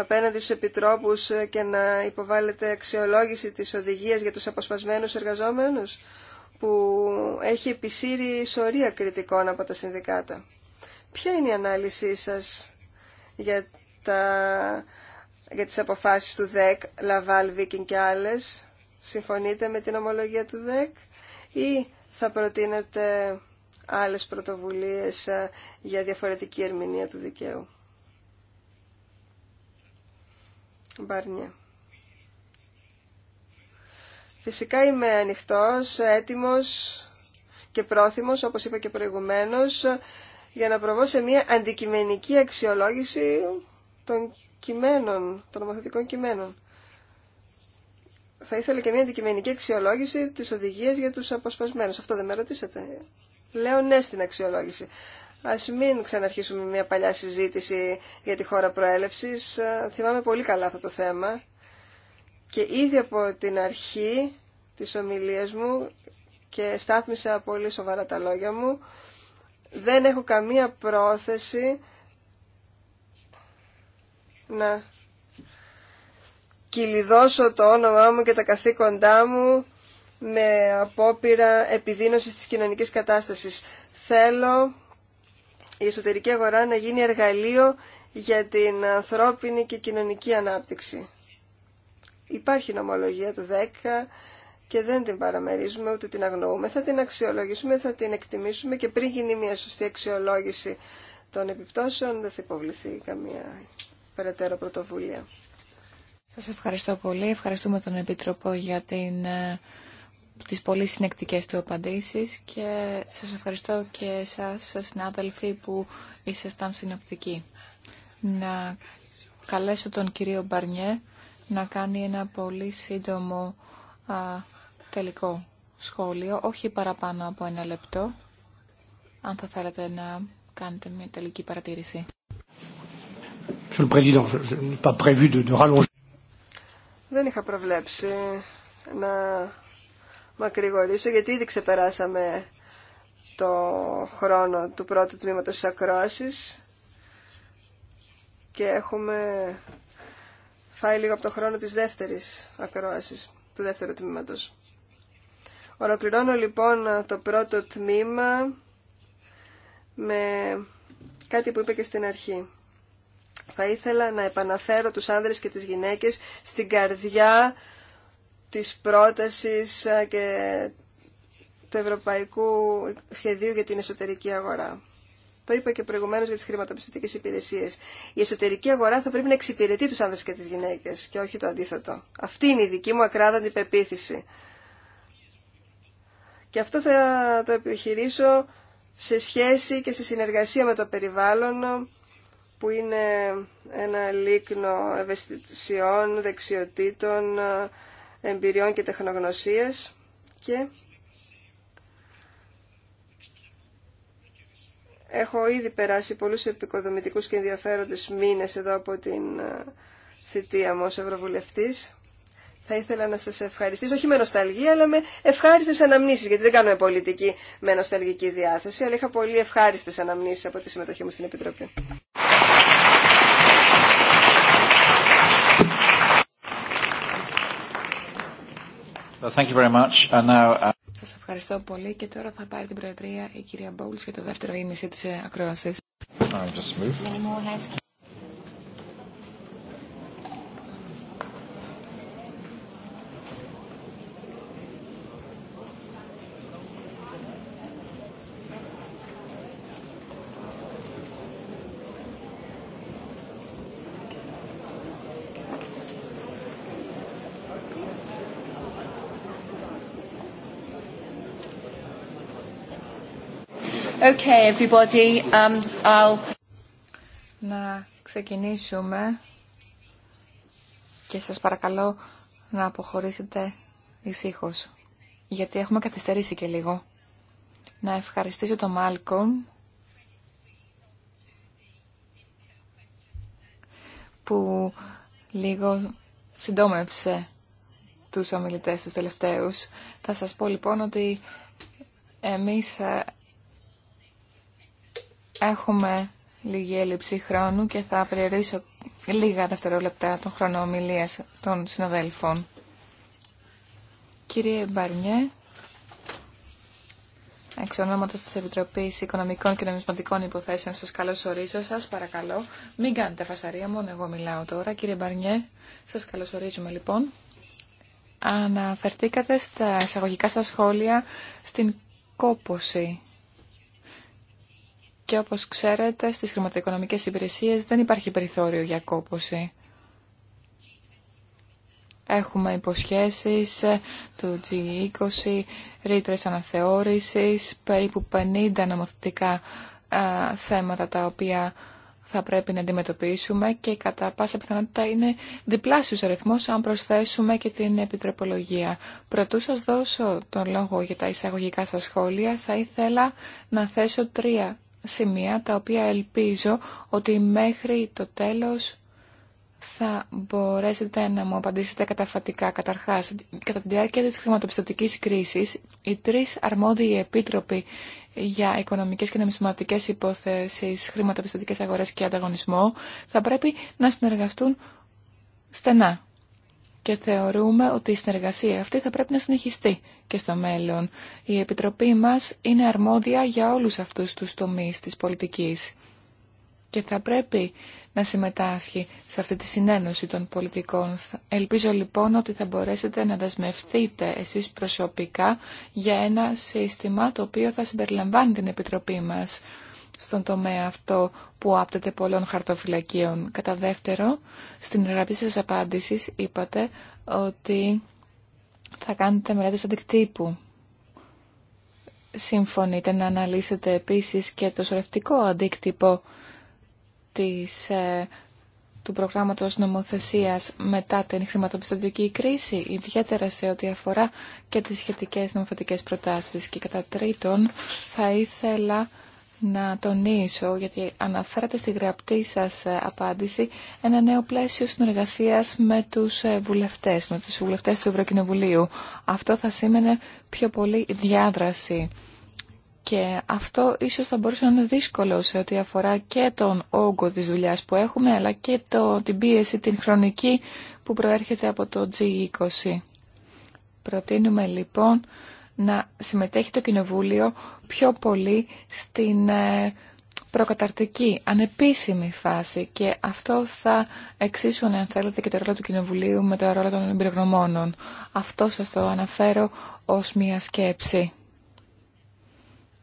απέναντι στους επιτρόπους ε, και να υποβάλλετε αξιολόγηση της οδηγίας για τους αποσπασμένους εργαζόμενους που έχει επισύρει σωρία κριτικών από τα συνδικάτα. Ποια είναι η ανάλυση σας για, τα, για τις αποφάσεις του ΔΕΚ, Λαβάλ, Βίκιν και άλλες. Συμφωνείτε με την ομολογία του ΔΕΚ ή θα προτείνετε άλλες πρωτοβουλίες ε, για διαφορετική ερμηνεία του δικαίου. Μπαρνιέ. Φυσικά είμαι ανοιχτός, έτοιμος και πρόθυμος, όπως είπα και προηγουμένως, για να προβώ σε μια αντικειμενική αξιολόγηση των κειμένων, των νομοθετικών κειμένων. Θα ήθελα και μια αντικειμενική αξιολόγηση τη οδηγία για τους αποσπασμένους. Αυτό δεν με ρωτήσατε. Λέω ναι στην αξιολόγηση. Α μην ξαναρχίσουμε μια παλιά συζήτηση για τη χώρα προέλευση. Θυμάμαι πολύ καλά αυτό το θέμα και ήδη από την αρχή της ομιλία μου και στάθμισα πολύ σοβαρά τα λόγια μου, δεν έχω καμία πρόθεση να κυλιδώσω το όνομά μου και τα καθήκοντά μου με απόπειρα επιδείνωσης της κοινωνικής κατάστασης. Θέλω η εσωτερική αγορά να γίνει εργαλείο για την ανθρώπινη και κοινωνική ανάπτυξη. Υπάρχει νομολογία του 10 και δεν την παραμερίζουμε ούτε την αγνοούμε. Θα την αξιολογήσουμε, θα την εκτιμήσουμε και πριν γίνει μια σωστή αξιολόγηση των επιπτώσεων δεν θα υποβληθεί καμία περαιτέρω πρωτοβουλία. Σας ευχαριστώ πολύ. Ευχαριστούμε τον Επίτροπο για την ε, τις πολύ συνεκτικές του απαντήσεις και σας ευχαριστώ και εσάς συνάδελφοι που ήσασταν συνοπτικοί. Να καλέσω τον κύριο Μπαρνιέ να κάνει ένα πολύ σύντομο τελικό σχόλιο, όχι παραπάνω από ένα λεπτό, αν θα θέλετε να κάνετε μια τελική παρατήρηση. Δεν είχα προβλέψει να μακρηγορήσω γιατί ήδη ξεπεράσαμε το χρόνο του πρώτου τμήματος της ακρόασης και έχουμε φάει λίγο από το χρόνο της δεύτερης ακρόασης, του δεύτερου τμήματος. Ολοκληρώνω λοιπόν το πρώτο τμήμα με κάτι που είπε και στην αρχή. Θα ήθελα να επαναφέρω τους άνδρες και τις γυναίκες στην καρδιά της πρότασης ε, και του Ευρωπαϊκού Σχεδίου για την Εσωτερική Αγορά. Το είπα και προηγουμένω για τι χρηματοπιστωτικέ υπηρεσίε. Η εσωτερική αγορά θα πρέπει να εξυπηρετεί του άνδρε και τι γυναίκε και όχι το αντίθετο. Αυτή είναι η δική μου ακράδαντη πεποίθηση. Και αυτό θα το επιχειρήσω σε σχέση και σε συνεργασία με το περιβάλλον που είναι ένα λίκνο ευαισθησιών, δεξιοτήτων, εμπειριών και τεχνογνωσίες και έχω ήδη περάσει πολλούς επικοδομητικούς και ενδιαφέροντες μήνες εδώ από την ε, θητεία μου ως Ευρωβουλευτής. Θα ήθελα να σας ευχαριστήσω, όχι με νοσταλγία, αλλά με ευχάριστες αναμνήσεις, γιατί δεν κάνουμε πολιτική με νοσταλγική διάθεση, αλλά είχα πολύ ευχάριστες αναμνήσεις από τη συμμετοχή μου στην Επιτροπή. Thank uh, Σας ευχαριστώ πολύ και τώρα θα πάρει την Προεδρία η κυρία Μπόουλς για το δεύτερο ήμιση της ε, ακρόασης. Okay, everybody. Um, Να ξεκινήσουμε και σας παρακαλώ να αποχωρήσετε ησύχως, γιατί έχουμε καθυστερήσει και λίγο. Να ευχαριστήσω τον Μάλκομ που λίγο συντόμευσε τους ομιλητές τους τελευταίους. Θα σας πω λοιπόν ότι εμείς ε, Έχουμε λίγη έλλειψη χρόνου και θα περιορίσω λίγα δευτερόλεπτα τον χρόνο ομιλία των συναδέλφων. Κύριε Μπαρνιέ, εξ ονόματος της Επιτροπής Οικονομικών και Νομισματικών Υποθέσεων, σας καλωσορίζω σας, παρακαλώ. Μην κάνετε φασαρία, μόνο εγώ μιλάω τώρα. Κύριε Μπαρνιέ, σας καλωσορίζουμε λοιπόν. Αναφερθήκατε στα εισαγωγικά σας σχόλια στην κόποση... Και όπως ξέρετε, στις χρηματοοικονομικές υπηρεσίες δεν υπάρχει περιθώριο για κόπωση. Έχουμε υποσχέσεις του G20, ρήτρες αναθεώρησης, περίπου 50 νομοθετικά θέματα τα οποία θα πρέπει να αντιμετωπίσουμε και κατά πάσα πιθανότητα είναι διπλάσιος αριθμό αν προσθέσουμε και την επιτροπολογία. Πρωτού σας δώσω τον λόγο για τα εισαγωγικά σας σχόλια, θα ήθελα να θέσω τρία σημεία τα οποία ελπίζω ότι μέχρι το τέλος θα μπορέσετε να μου απαντήσετε καταφατικά. Καταρχάς, κατά τη διάρκεια της χρηματοπιστωτικής κρίσης, οι τρεις αρμόδιοι επίτροποι για οικονομικές και νομισματικές υποθέσεις, χρηματοπιστωτικές αγορές και ανταγωνισμό, θα πρέπει να συνεργαστούν στενά. Και θεωρούμε ότι η συνεργασία αυτή θα πρέπει να συνεχιστεί και στο μέλλον. Η Επιτροπή μας είναι αρμόδια για όλους αυτούς τους τομείς της πολιτικής και θα πρέπει να συμμετάσχει σε αυτή τη συνένωση των πολιτικών. Ελπίζω λοιπόν ότι θα μπορέσετε να δεσμευτείτε εσείς προσωπικά για ένα σύστημα το οποίο θα συμπεριλαμβάνει την Επιτροπή μας στον τομέα αυτό που άπτεται πολλών χαρτοφυλακίων. Κατά δεύτερο, στην ερώτηση σας απάντηση είπατε ότι θα κάνετε μελέτες αντικτύπου. Συμφωνείτε να αναλύσετε επίσης και το σωρευτικό αντίκτυπο της, ε, του προγράμματος νομοθεσίας μετά την χρηματοπιστωτική κρίση, ιδιαίτερα σε ό,τι αφορά και τις σχετικές νομοθετικές προτάσεις. Και κατά τρίτον, θα ήθελα να τονίσω, γιατί αναφέρατε στη γραπτή σας ε, απάντηση, ένα νέο πλαίσιο συνεργασίας με τους ε, βουλευτές, με τους βουλευτές του Ευρωκοινοβουλίου. Αυτό θα σήμαινε πιο πολύ διάδραση. Και αυτό ίσως θα μπορούσε να είναι δύσκολο σε ό,τι αφορά και τον όγκο της δουλειάς που έχουμε, αλλά και το, την πίεση, την χρονική που προέρχεται από το G20. Προτείνουμε λοιπόν να συμμετέχει το Κοινοβούλιο πιο πολύ στην ε, προκαταρτική, ανεπίσημη φάση και αυτό θα εξίσωνε αν θέλετε και το ρόλο του Κοινοβουλίου με το ρόλο των εμπειρογνωμόνων. Αυτό σας το αναφέρω ως μία σκέψη.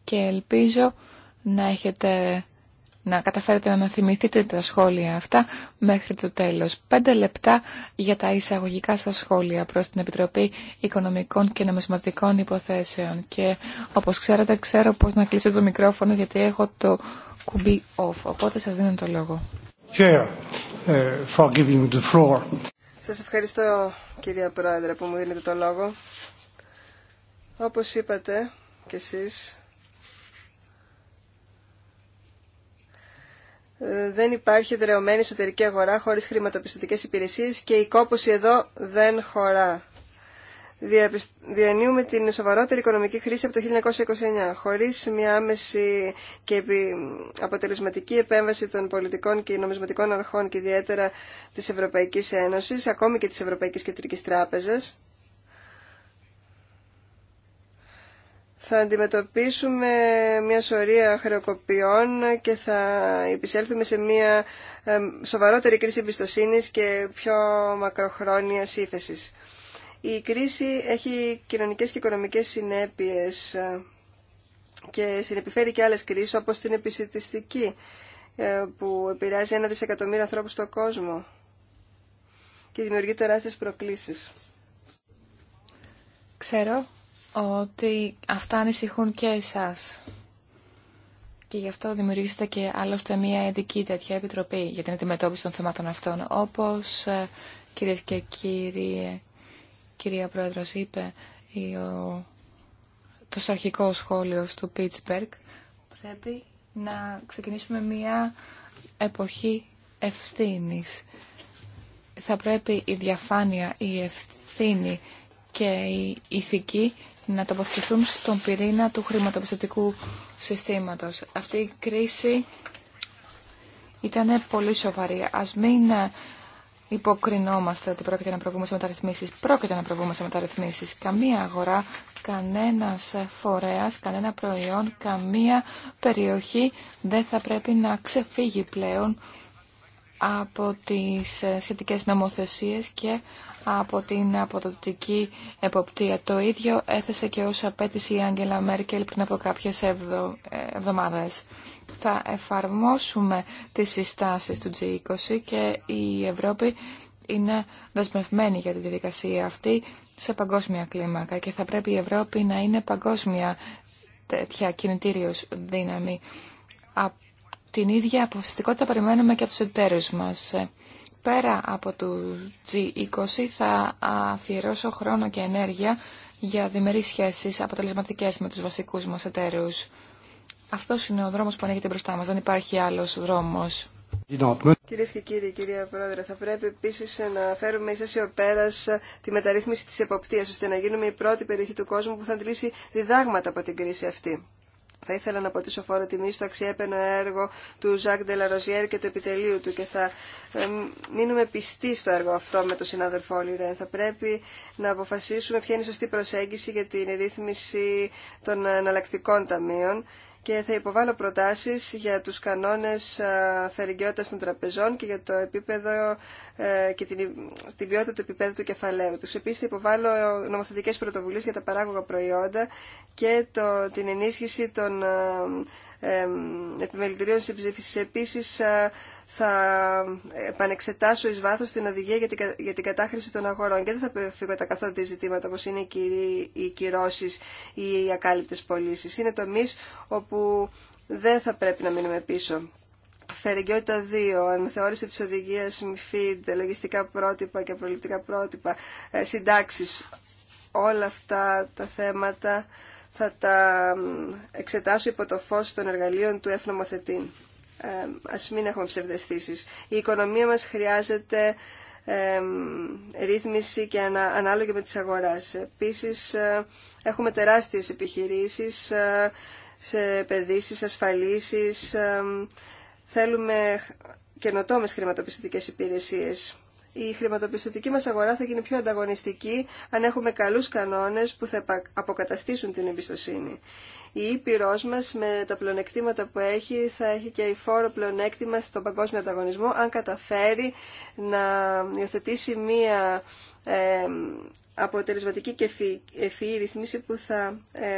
Και ελπίζω να έχετε να καταφέρετε να θυμηθείτε τα σχόλια αυτά μέχρι το τέλος. Πέντε λεπτά για τα εισαγωγικά σας σχόλια προς την Επιτροπή Οικονομικών και Νομισματικών Υποθέσεων. Και όπως ξέρετε, ξέρω πώς να κλείσω το μικρόφωνο γιατί έχω το κουμπί off. Οπότε σας δίνω το λόγο. Chair, uh, for giving the floor. Σας ευχαριστώ κυρία Πρόεδρε που μου δίνετε το λόγο. Όπως είπατε κι εσείς, δεν υπάρχει δρεωμένη εσωτερική αγορά χωρίς χρηματοπιστωτικές υπηρεσίες και η κόπωση εδώ δεν χωρά. Διανύουμε την σοβαρότερη οικονομική χρήση από το 1929. Χωρίς μια άμεση και αποτελεσματική επέμβαση των πολιτικών και νομισματικών αρχών και ιδιαίτερα της Ευρωπαϊκής Ένωσης, ακόμη και της Ευρωπαϊκής Κεντρικής Τράπεζας, θα αντιμετωπίσουμε μια σωρία χρεοκοπιών και θα επισέλθουμε σε μια ε, σοβαρότερη κρίση εμπιστοσύνη και πιο μακροχρόνια ύφεση. Η κρίση έχει κοινωνικές και οικονομικές συνέπειες ε, και συνεπιφέρει και άλλες κρίσεις όπως την επισητιστική ε, που επηρεάζει ένα δισεκατομμύριο ανθρώπους στον κόσμο και δημιουργεί τεράστιες προκλήσεις. Ξέρω ότι αυτά ανησυχούν και εσάς. Και γι' αυτό δημιουργήσατε και άλλωστε μια ειδική τέτοια επιτροπή για την αντιμετώπιση των θεμάτων αυτών. Όπως ε, κυρίες και κύριε, κυρία Πρόεδρος είπε, ο, το αρχικό σχόλιο του Πίτσπερκ, πρέπει να ξεκινήσουμε μια εποχή ευθύνης. Θα πρέπει η διαφάνεια, η ευθύνη και η ηθική να τοποθετηθούν στον πυρήνα του χρηματοπιστωτικού συστήματος. Αυτή η κρίση ήταν πολύ σοβαρή. Ας μην ε, υποκρινόμαστε ότι πρόκειται να προβούμε σε μεταρρυθμίσεις. Πρόκειται να προβούμε σε μεταρρυθμίσεις. Καμία αγορά, κανένας φορέας, κανένα προϊόν, καμία περιοχή δεν θα πρέπει να ξεφύγει πλέον από τις ε, σχετικές νομοθεσίες και από την αποδοτική εποπτεία. Το ίδιο έθεσε και ως απέτηση η Άγγελα Μέρκελ πριν από κάποιες εβδο, ε, εβδομάδες. Θα εφαρμόσουμε τις συστάσεις του G20 και η Ευρώπη είναι δεσμευμένη για τη διαδικασία αυτή σε παγκόσμια κλίμακα και θα πρέπει η Ευρώπη να είναι παγκόσμια τέτοια κινητήριος δύναμη. Από την ίδια αποφασιστικότητα περιμένουμε και από τους εταίρους μας πέρα από το G20 θα αφιερώσω χρόνο και ενέργεια για διμερείς σχέσεις αποτελεσματικές με τους βασικούς μας εταίρους. Αυτός είναι ο δρόμος που ανοίγεται μπροστά μας. Δεν υπάρχει άλλος δρόμος. Κυρίε και κύριοι, κυρία Πρόεδρε, θα πρέπει επίση να φέρουμε ει αίσιο πέρα ε, τη μεταρρύθμιση τη εποπτεία, ώστε να γίνουμε η πρώτη περιοχή του κόσμου που θα αντλήσει διδάγματα από την κρίση αυτή. Θα ήθελα να ότι φόρο τιμή στο αξιέπαινο έργο του Ζακ Ντελαροζιέρ και του επιτελείου του και θα ε, μείνουμε πιστοί στο έργο αυτό με τον συνάδελφο Λιρέν. Θα πρέπει να αποφασίσουμε ποια είναι η σωστή προσέγγιση για την ρύθμιση των εναλλακτικών ταμείων και θα υποβάλω προτάσεις για τους κανόνες ε, φερικιότητας των τραπεζών και για το επίπεδο ε, και την ποιότητα του επίπεδου του κεφαλαίου τους. Επίσης θα υποβάλω νομοθετικές πρωτοβουλίες για τα παράγωγα προϊόντα και το, την ενίσχυση των ε, επιμελητηρίων ψήφισης. Επίσης θα επανεξετάσω εις βάθος την οδηγία για την, κατάχρηση των αγορών και δεν θα φύγω τα καθόδη ζητήματα όπως είναι οι κυρώσεις ή οι ακάλυπτες πωλήσει. Είναι τομεί όπου δεν θα πρέπει να μείνουμε πίσω. Φερεγγιότητα 2, αναθεώρηση της οδηγίας MIFID, λογιστικά πρότυπα και προληπτικά πρότυπα, ε, συντάξεις, όλα αυτά τα θέματα θα τα εξετάσω υπό το φως των εργαλείων του εφνομοθετή. Ε, ας μην έχουμε ψευδεστήσεις. Η οικονομία μας χρειάζεται ε, ρύθμιση και ανάλογη με τις αγοράς. Επίσης, ε, έχουμε τεράστιες επιχειρήσεις ε, σε παιδίσεις, ασφαλίσεις. Ε, θέλουμε καινοτόμες χρηματοπιστωτικές υπηρεσίες η χρηματοπιστωτική μας αγορά θα γίνει πιο ανταγωνιστική αν έχουμε καλούς κανόνες που θα αποκαταστήσουν την εμπιστοσύνη. Η Ήπειρός μας με τα πλεονεκτήματα που έχει θα έχει και η φόρο πλεονέκτημα στον παγκόσμιο ανταγωνισμό αν καταφέρει να υιοθετήσει μία αποτελεσματική και ευφυή ρυθμίση που θα ε,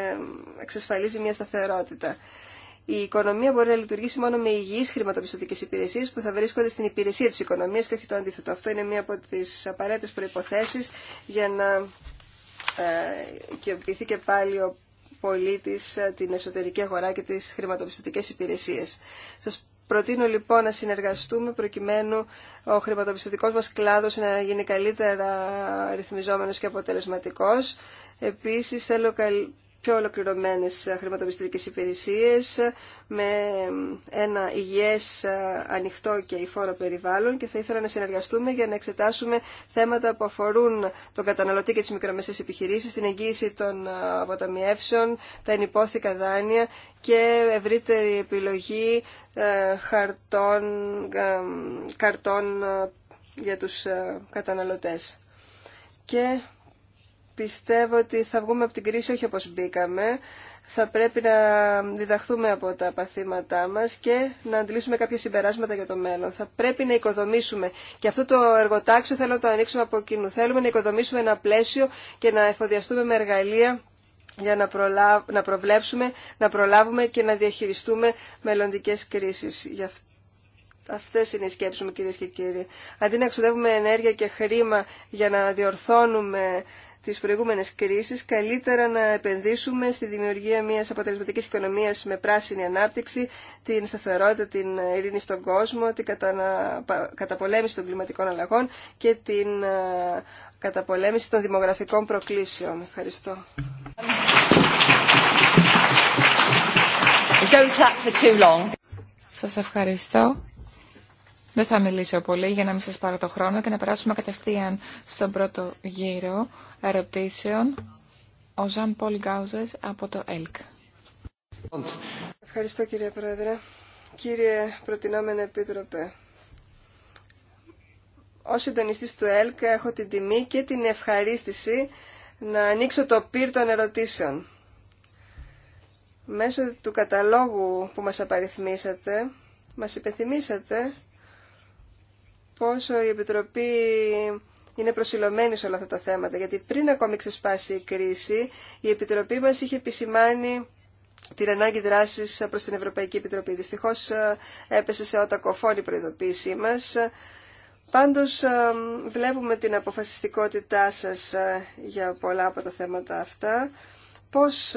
εξασφαλίζει μια σταθερότητα η οικονομία μπορεί να λειτουργήσει μόνο με υγιεί χρηματοπιστωτικέ υπηρεσίε που θα βρίσκονται στην υπηρεσία τη οικονομία και όχι το αντίθετο. Αυτό είναι μία από τι απαραίτητε προποθέσει για να οικειοποιηθεί ε, και πάλι ο πολίτη ε, την εσωτερική αγορά και τι χρηματοπιστωτικέ υπηρεσίε. Σα προτείνω λοιπόν να συνεργαστούμε προκειμένου ο χρηματοπιστωτικό μα κλάδο να γίνει καλύτερα ρυθμιζόμενο και αποτελεσματικό. Επίση, θέλω πιο ολοκληρωμένες χρηματοπιστωτικές υπηρεσίες με ένα υγιές, ανοιχτό και υφόρο περιβάλλον και θα ήθελα να συνεργαστούμε για να εξετάσουμε θέματα που αφορούν τον καταναλωτή και τις μικρομεσαίες επιχειρήσεις, την εγγύηση των αποταμιεύσεων, τα ενυπόθηκα δάνεια και ευρύτερη επιλογή χαρτών, καρτών για τους καταναλωτές. Και πιστεύω ότι θα βγούμε από την κρίση όχι όπως μπήκαμε. Θα πρέπει να διδαχθούμε από τα παθήματά μας και να αντιλήσουμε κάποια συμπεράσματα για το μέλλον. Θα πρέπει να οικοδομήσουμε και αυτό το εργοτάξιο θέλω να το ανοίξουμε από κοινού. Θέλουμε να οικοδομήσουμε ένα πλαίσιο και να εφοδιαστούμε με εργαλεία για να, να προβλέψουμε, να προλάβουμε και να διαχειριστούμε μελλοντικές κρίσεις. Γι' Αυτέ είναι οι σκέψεις μου, κυρίε και κύριοι. Αντί να εξοδεύουμε ενέργεια και χρήμα για να διορθώνουμε τις προηγούμενες κρίσεις, καλύτερα να επενδύσουμε στη δημιουργία μιας αποτελεσματικής οικονομίας με πράσινη ανάπτυξη, την σταθερότητα, την ειρήνη στον κόσμο, την καταπολέμηση των κλιματικών αλλαγών και την ε, καταπολέμηση των δημογραφικών προκλήσεων. Ευχαριστώ. Σας ευχαριστώ. Δεν θα μιλήσω πολύ για να μην σας πάρω το χρόνο και να περάσουμε κατευθείαν στον πρώτο γύρο ερωτήσεων ο Ζαν Πολ από το ΕΛΚ. Ευχαριστώ κύριε Πρόεδρε. Κύριε Προτινόμενο Επίτροπε, ως συντονιστής του ΕΛΚ έχω την τιμή και την ευχαρίστηση να ανοίξω το πυρ των ερωτήσεων. Μέσω του καταλόγου που μας απαριθμίσατε, μας υπενθυμίσατε πόσο η Επιτροπή είναι προσιλωμένη σε όλα αυτά τα θέματα. Γιατί πριν ακόμη ξεσπάσει η κρίση, η Επιτροπή μα είχε επισημάνει την ανάγκη δράση προ την Ευρωπαϊκή Επιτροπή. Δυστυχώ ε, έπεσε σε ότα κοφώνει η προειδοποίησή μα. Πάντω, ε, βλέπουμε την αποφασιστικότητά σα ε, για πολλά από τα θέματα αυτά. Πώς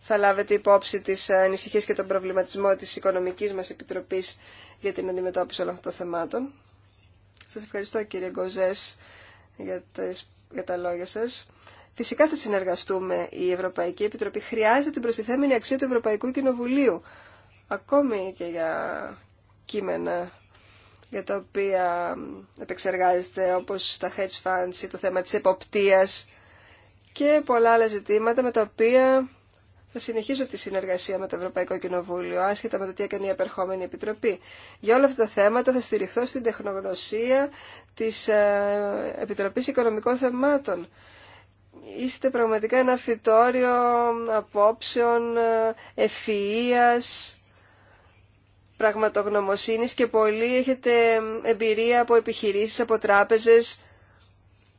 θα λάβετε υπόψη τι ανησυχίε και τον προβληματισμό τη οικονομική μα επιτροπή για την αντιμετώπιση όλων αυτών των θεμάτων. Σας ευχαριστώ κύριε Γκοζές για, για τα λόγια σας. Φυσικά θα συνεργαστούμε. Η Ευρωπαϊκή Επιτροπή χρειάζεται την προστιθέμενη αξία του Ευρωπαϊκού Κοινοβουλίου. Ακόμη και για κείμενα για τα οποία επεξεργάζεται όπως τα hedge funds ή το θέμα της εποπτείας και πολλά άλλα ζητήματα με τα οποία θα συνεχίσω τη συνεργασία με το Ευρωπαϊκό Κοινοβούλιο, άσχετα με το τι έκανε η απερχόμενη Επιτροπή. Για όλα αυτά τα θέματα θα στηριχθώ στην τεχνογνωσία της ε, Επιτροπής Οικονομικών Θεμάτων. Είστε πραγματικά ένα φυτόριο απόψεων, ε, ευφυΐας, πραγματογνωμοσύνης και πολλοί έχετε εμπειρία από επιχειρήσεις, από τράπεζες,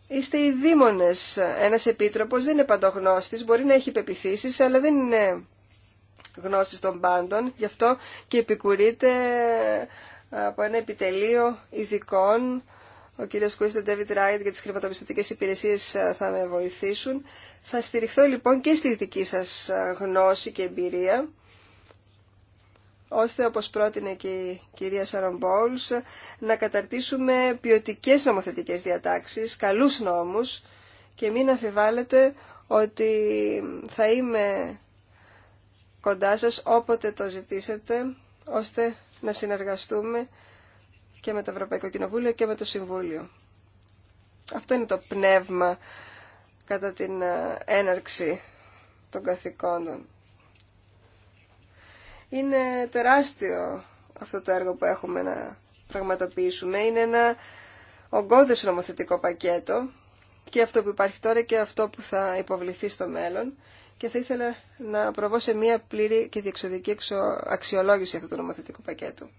Είστε οι δήμονες. Ένας επίτροπος δεν είναι παντογνώστης, μπορεί να έχει πεπιθήσεις, αλλά δεν είναι γνώστης των πάντων. Γι' αυτό και επικουρείται ε, από ένα επιτελείο ειδικών. Ο κύριος Κουίστον Ντέβιτ Ράιντ για τις χρηματοπιστωτικές υπηρεσίες ε, θα με βοηθήσουν. Θα στηριχθώ λοιπόν και στη δική σας ε, γνώση και εμπειρία ώστε όπως πρότεινε και η κυρία Σαρον να καταρτήσουμε ποιοτικέ νομοθετικές διατάξεις, καλούς νόμους και μην αφιβάλλετε ότι θα είμαι κοντά σας όποτε το ζητήσετε ώστε να συνεργαστούμε και με το Ευρωπαϊκό Κοινοβούλιο και με το Συμβούλιο. Αυτό είναι το πνεύμα κατά την ε, έναρξη των καθηκόντων. Είναι τεράστιο αυτό το έργο που έχουμε να πραγματοποιήσουμε. Είναι ένα ογκώδες νομοθετικό πακέτο και αυτό που υπάρχει τώρα και αυτό που θα υποβληθεί στο μέλλον και θα ήθελα να προβώ σε μια πλήρη και διεξοδική αξιολόγηση αυτού του νομοθετικού πακέτου.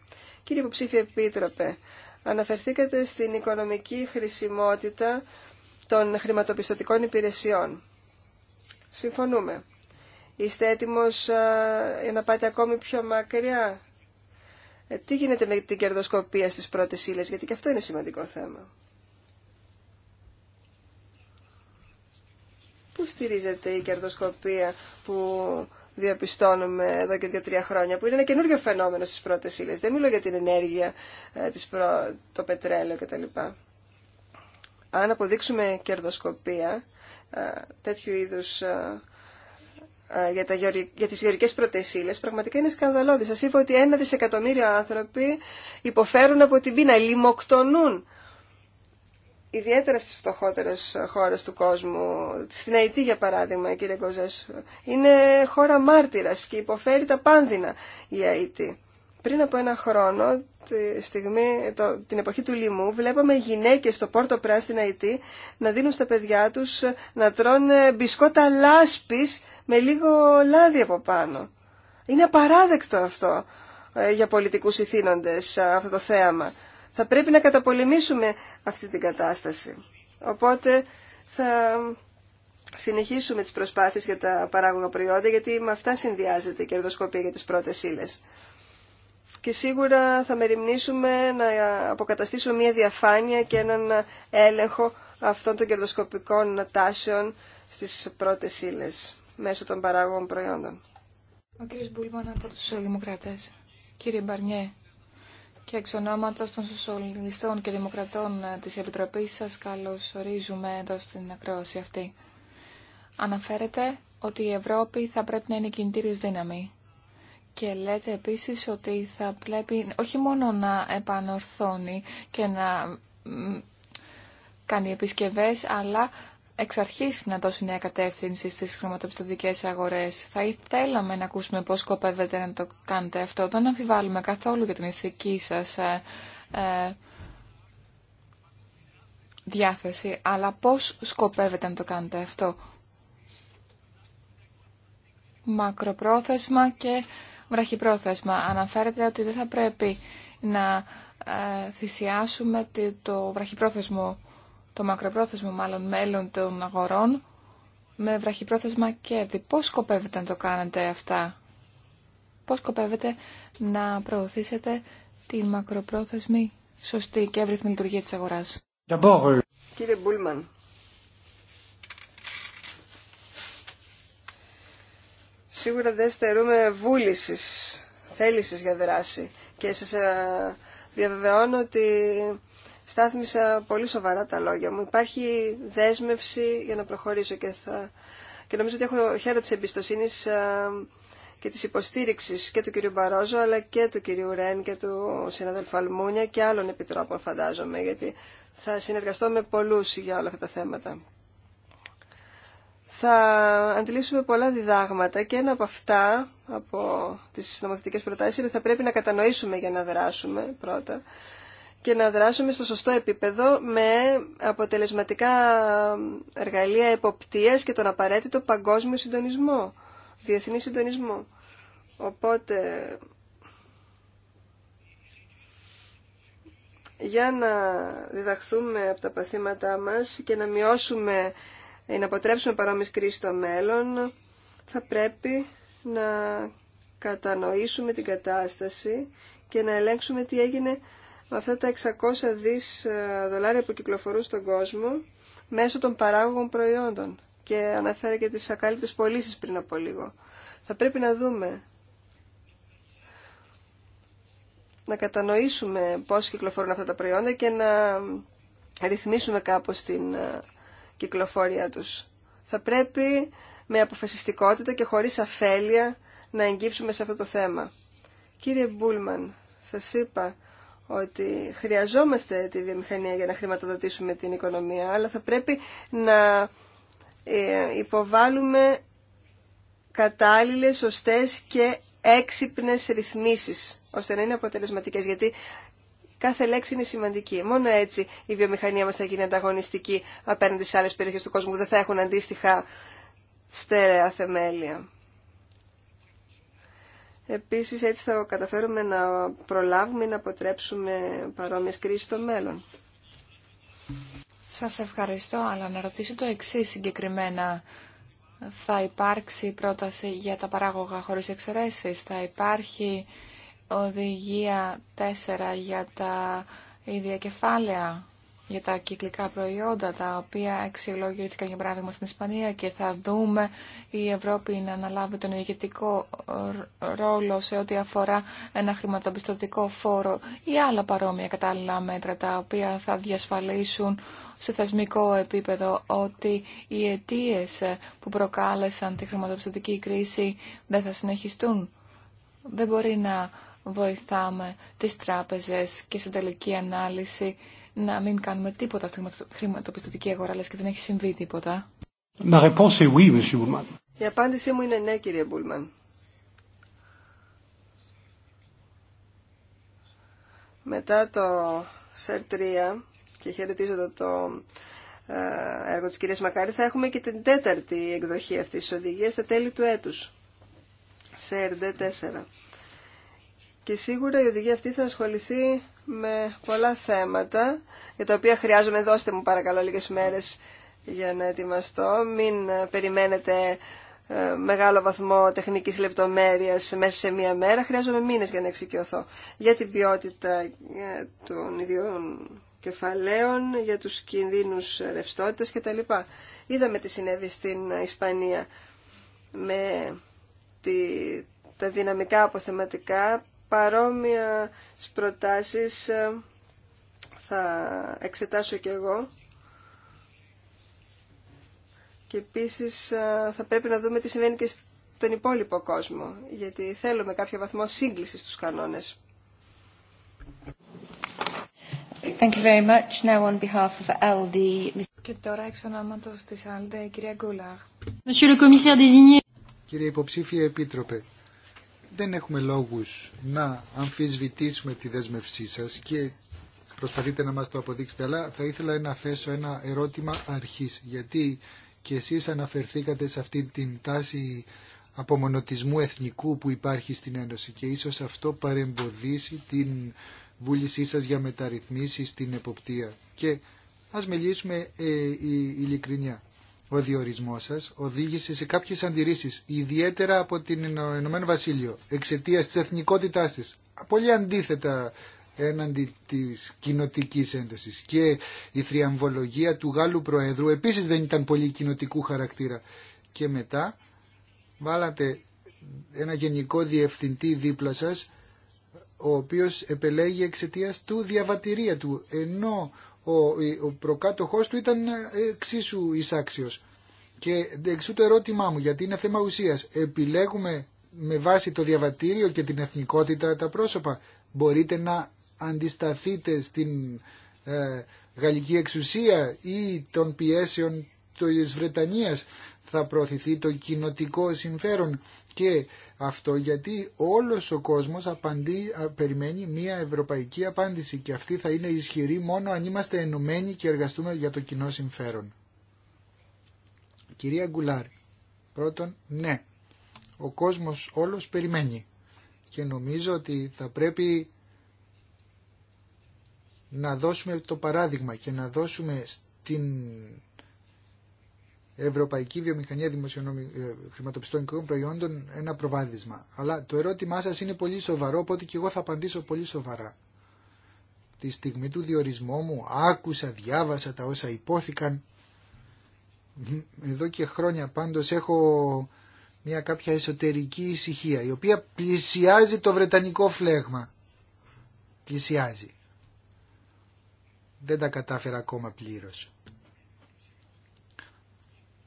Κύριε Υποψήφιε Επίτροπε, αναφερθήκατε στην οικονομική χρησιμότητα των χρηματοπιστωτικών υπηρεσιών. Συμφωνούμε. Είστε έτοιμος να πάτε ακόμη πιο μακριά. Ε, τι γίνεται με την κερδοσκοπία στις πρώτες ύλες, γιατί και αυτό είναι σημαντικό θέμα. Πού στηρίζεται η κερδοσκοπία που διαπιστώνουμε εδώ και δύο-τρία χρόνια, που είναι ένα καινούριο φαινόμενο στις πρώτες ύλες. Δεν μιλώ για την ενέργεια, ε, το πετρέλαιο κτλ. Αν αποδείξουμε κερδοσκοπία ε, τέτοιου είδους ε, για, τα, για τις γεωργικές πρωτεσίλες πραγματικά είναι σκανδαλώδη. Σας είπα ότι ένα δισεκατομμύριο άνθρωποι υποφέρουν από την πείνα, λιμοκτονούν. Ιδιαίτερα στις φτωχότερες χώρες του κόσμου, στην Αϊτή για παράδειγμα, κύριε Κοζές, είναι χώρα μάρτυρας και υποφέρει τα πάνδυνα η Αϊτή. Πριν από ένα χρόνο, τη στιγμή, την εποχή του λοιμού, βλέπαμε γυναίκες στο Πόρτο Πρά στην Αϊτή να δίνουν στα παιδιά τους να τρώνε μπισκότα λάσπης με λίγο λάδι από πάνω. Είναι απαράδεκτο αυτό ε, για πολιτικούς ηθήνοντες ε, αυτό το θέαμα. Θα πρέπει να καταπολεμήσουμε αυτή την κατάσταση. Οπότε θα συνεχίσουμε τις προσπάθειες για τα παράγωγα προϊόντα γιατί με αυτά συνδυάζεται η κερδοσκοπία για τις πρώτες ύλες και σίγουρα θα μεριμνήσουμε να αποκαταστήσουμε μια διαφάνεια και έναν έλεγχο αυτών των κερδοσκοπικών τάσεων στις πρώτες ύλε μέσω των παράγων προϊόντων. Ο κ. Μπούλμαν από τους Δημοκρατές. Κύριε Μπαρνιέ, και εξ ονόματος των Σοσιαλιστών και Δημοκρατών ε, της Επιτροπής σας ορίζουμε εδώ στην ακρόαση αυτή. Αναφέρεται ότι η Ευρώπη θα πρέπει να είναι κινητήριος δύναμη και λέτε επίσης ότι θα πρέπει όχι μόνο να επανορθώνει και να κάνει επισκευές, αλλά εξ αρχής να δώσει νέα κατεύθυνση στις χρηματοπιστωτικές αγορές. Θα ήθελαμε να ακούσουμε πώς σκοπεύετε να το κάνετε αυτό. Δεν αμφιβάλλουμε καθόλου για την ηθική σας ε, ε, διάθεση, αλλά πώς σκοπεύετε να το κάνετε αυτό. Μακροπρόθεσμα και βραχυπρόθεσμα. Αναφέρεται ότι δεν θα πρέπει να ε, θυσιάσουμε το βραχυπρόθεσμο, το μακροπρόθεσμο μάλλον μέλλον των αγορών με βραχυπρόθεσμα κέρδη. Πώς σκοπεύετε να το κάνετε αυτά. Πώς σκοπεύετε να προωθήσετε τη μακροπρόθεσμη σωστή και εύρυθμη λειτουργία της αγοράς. Κύριε Μπούλμαν, Σίγουρα δεν στερούμε βούλησης, θέλησης για δράση και σας ε, διαβεβαιώνω ότι στάθμισα πολύ σοβαρά τα λόγια μου. Υπάρχει δέσμευση για να προχωρήσω και, θα... και νομίζω ότι έχω χαίρο της εμπιστοσύνης ε, και της υποστήριξης και του κυρίου Μπαρόζο αλλά και του κυρίου Ρεν και του συναδέλφου Αλμούνια και άλλων επιτρόπων φαντάζομαι γιατί θα συνεργαστώ με πολλούς για όλα αυτά τα θέματα θα αντιλήσουμε πολλά διδάγματα και ένα από αυτά, από τις νομοθετικές προτάσεις, είναι θα πρέπει να κατανοήσουμε για να δράσουμε πρώτα και να δράσουμε στο σωστό επίπεδο με αποτελεσματικά εργαλεία εποπτείας και τον απαραίτητο παγκόσμιο συντονισμό, διεθνή συντονισμό. Οπότε, για να διδαχθούμε από τα παθήματά μας και να μειώσουμε ε, να αποτρέψουμε παρόμοιες κρίσεις στο μέλλον, θα πρέπει να κατανοήσουμε την κατάσταση και να ελέγξουμε τι έγινε με αυτά τα 600 δις ε, δολάρια που κυκλοφορούν στον κόσμο μέσω των παράγωγων προϊόντων. Και αναφέρει και τις ακάλυπτες πωλήσει πριν από λίγο. Θα πρέπει να δούμε, να κατανοήσουμε πώς κυκλοφορούν αυτά τα προϊόντα και να ρυθμίσουμε κάπως την ε, κυκλοφορία τους. Θα πρέπει με αποφασιστικότητα και χωρίς αφέλεια να εγγύψουμε σε αυτό το θέμα. Κύριε Μπούλμαν, σας είπα ότι χρειαζόμαστε τη βιομηχανία για να χρηματοδοτήσουμε την οικονομία, αλλά θα πρέπει να ε, υποβάλουμε κατάλληλες, σωστές και έξυπνες ρυθμίσεις, ώστε να είναι αποτελεσματικές, γιατί Κάθε λέξη είναι σημαντική. Μόνο έτσι η βιομηχανία μας θα γίνει ανταγωνιστική απέναντι σε άλλες περιοχές του κόσμου που δεν θα έχουν αντίστοιχα στέρεα θεμέλια. Επίσης έτσι θα καταφέρουμε να προλάβουμε ή να αποτρέψουμε παρόμοιες κρίσεις στο μέλλον. Σας ευχαριστώ, αλλά να ρωτήσω το εξή συγκεκριμένα. Θα υπάρξει πρόταση για τα παράγωγα χωρίς εξαιρέσεις, θα υπάρχει οδηγία 4 για τα ίδια κεφάλαια, για τα κυκλικά προϊόντα, τα οποία αξιολόγηθηκαν για παράδειγμα στην Ισπανία και θα δούμε η Ευρώπη να αναλάβει τον ηγετικό ρόλο σε ό,τι αφορά ένα χρηματοπιστωτικό φόρο ή άλλα παρόμοια κατάλληλα μέτρα, τα οποία θα διασφαλίσουν σε θεσμικό επίπεδο ότι οι αιτίε που προκάλεσαν τη χρηματοπιστωτική κρίση δεν θα συνεχιστούν. Δεν μπορεί να βοηθάμε τις τράπεζες και στην τελική ανάλυση να μην κάνουμε τίποτα στην χρηματοπιστωτική αγορά, λες και δεν έχει συμβεί τίποτα. Η απάντησή μου είναι ναι, κύριε Μπούλμαν. Μετά το ΣΕΡ 3 και χαιρετίζω το ε, έργο της κυρίας Μακάρη, θα έχουμε και την τέταρτη εκδοχή αυτής της οδηγίας στα τέλη του έτους. ΣΕΡ 4 και σίγουρα η οδηγία αυτή θα ασχοληθεί με πολλά θέματα, για τα οποία χρειάζομαι, δώστε μου παρακαλώ λίγες μέρες για να ετοιμαστώ. Μην ε, περιμένετε ε, μεγάλο βαθμό τεχνικής λεπτομέρειας μέσα σε μία μέρα. Χρειάζομαι μήνες για να εξοικειωθώ. Για την ποιότητα ε, των ιδιών κεφαλαίων, για τους κινδύνους ρευστότητας κτλ. Είδαμε τι συνέβη στην Ισπανία με τη, τα δυναμικά αποθεματικά παρόμοια προτάσεις ε, θα εξετάσω και εγώ. Και επίσης ε, θα πρέπει να δούμε τι συμβαίνει και στον υπόλοιπο κόσμο, γιατί θέλουμε κάποιο βαθμό σύγκλησης στους κανόνες. Thank you very much. Now on behalf of LD... Και τώρα εξ Κύριε υποψήφιε επίτροπε, δεν έχουμε λόγους να αμφισβητήσουμε τη δέσμευσή σας και προσπαθείτε να μας το αποδείξετε, αλλά θα ήθελα να θέσω ένα ερώτημα αρχής, γιατί και εσείς αναφερθήκατε σε αυτή την τάση απομονωτισμού εθνικού που υπάρχει στην Ένωση και ίσως αυτό παρεμποδίσει την βούλησή σας για μεταρρυθμίσεις στην εποπτεία. Και ας μιλήσουμε ε, η, ειλικρινιά ο διορισμό σας οδήγησε σε κάποιε αντιρρήσεις, ιδιαίτερα από την Ηνωμένο Βασίλειο, εξαιτία τη Εθνικότητά τη. Πολύ αντίθετα έναντι της κοινοτική ένταση. Και η θριαμβολογία του Γάλλου Προέδρου επίσης δεν ήταν πολύ κοινοτικού χαρακτήρα. Και μετά βάλατε ένα γενικό διευθυντή δίπλα σα, ο οποίος επελέγει εξαιτία του διαβατηρία του, ενώ ο προκάτοχός του ήταν ε, εξίσου εισάξιος. Και εξού το ερώτημά μου, γιατί είναι θέμα ουσίας. Επιλέγουμε με βάση το διαβατήριο και την εθνικότητα τα πρόσωπα. Μπορείτε να αντισταθείτε στην ε, γαλλική εξουσία ή των πιέσεων της Βρετανίας. Θα προωθηθεί το κοινοτικό συμφέρον και αυτό γιατί όλος ο κόσμος απαντεί, περιμένει μια ευρωπαϊκή απάντηση και αυτή θα είναι ισχυρή μόνο αν είμαστε ενωμένοι και εργαστούμε για το κοινό συμφέρον. Κυρία Γκουλάρη, πρώτον, ναι, ο κόσμος όλος περιμένει και νομίζω ότι θα πρέπει να δώσουμε το παράδειγμα και να δώσουμε στην ευρωπαϊκή βιομηχανία ε, και προϊόντων ένα προβάδισμα. Αλλά το ερώτημά σας είναι πολύ σοβαρό, οπότε και εγώ θα απαντήσω πολύ σοβαρά. Τη στιγμή του διορισμού μου άκουσα, διάβασα τα όσα υπόθηκαν. Εδώ και χρόνια πάντω έχω μια κάποια εσωτερική ησυχία, η οποία πλησιάζει το βρετανικό φλέγμα. Πλησιάζει. Δεν τα κατάφερα ακόμα πλήρως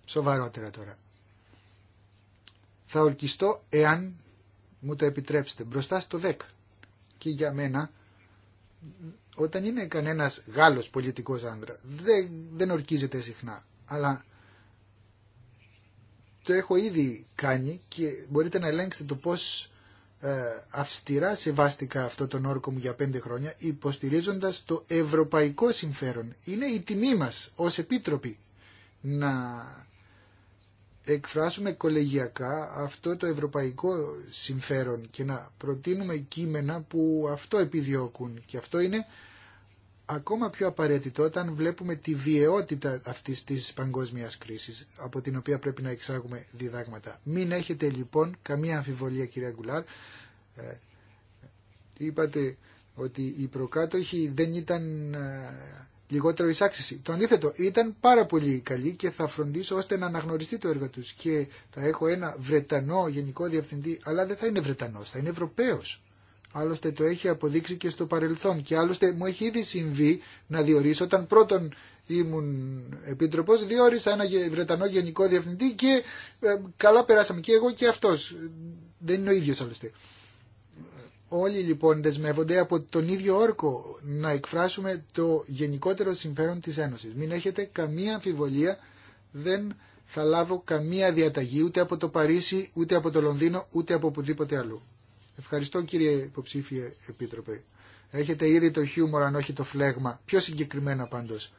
σοβαρότερα τώρα. Θα ορκιστώ εάν μου το επιτρέψετε μπροστά στο 10. Και για μένα όταν είναι κανένας Γάλλος πολιτικός άντρα δεν, δεν ορκίζεται συχνά. Αλλά το έχω ήδη κάνει και μπορείτε να ελέγξετε το πώς ε, αυστηρά σεβάστηκα αυτό τον όρκο μου για πέντε χρόνια υποστηρίζοντας το ευρωπαϊκό συμφέρον. Είναι η τιμή μας ως επίτροποι να εκφράσουμε κολεγιακά αυτό το ευρωπαϊκό συμφέρον και να προτείνουμε κείμενα που αυτό επιδιώκουν. Και αυτό είναι ακόμα πιο απαραίτητο όταν βλέπουμε τη βιαιότητα αυτής της παγκόσμιας κρίσης από την οποία πρέπει να εξάγουμε διδάγματα. Μην έχετε λοιπόν καμία αμφιβολία κύριε Αγκουλάρ. Ε, είπατε ότι οι προκάτοχοι δεν ήταν ε, λιγότερο εισάξιση. Το αντίθετο, ήταν πάρα πολύ καλή και θα φροντίσω ώστε να αναγνωριστεί το έργο του. Και θα έχω ένα Βρετανό γενικό διευθυντή, αλλά δεν θα είναι Βρετανός, θα είναι Ευρωπαίος. Άλλωστε το έχει αποδείξει και στο παρελθόν και άλλωστε μου έχει ήδη συμβεί να διορίσω όταν πρώτον ήμουν επίτροπο, διόρισα ένα Βρετανό γενικό διευθυντή και ε, καλά περάσαμε και εγώ και αυτό. Δεν είναι ο ίδιο άλλωστε. Όλοι λοιπόν δεσμεύονται από τον ίδιο όρκο να εκφράσουμε το γενικότερο συμφέρον της Ένωσης. Μην έχετε καμία αμφιβολία, δεν θα λάβω καμία διαταγή ούτε από το Παρίσι, ούτε από το Λονδίνο, ούτε από οπουδήποτε αλλού. Ευχαριστώ κύριε υποψήφιε επίτροπε. Έχετε ήδη το χιούμορ αν όχι το φλέγμα. Πιο συγκεκριμένα πάντως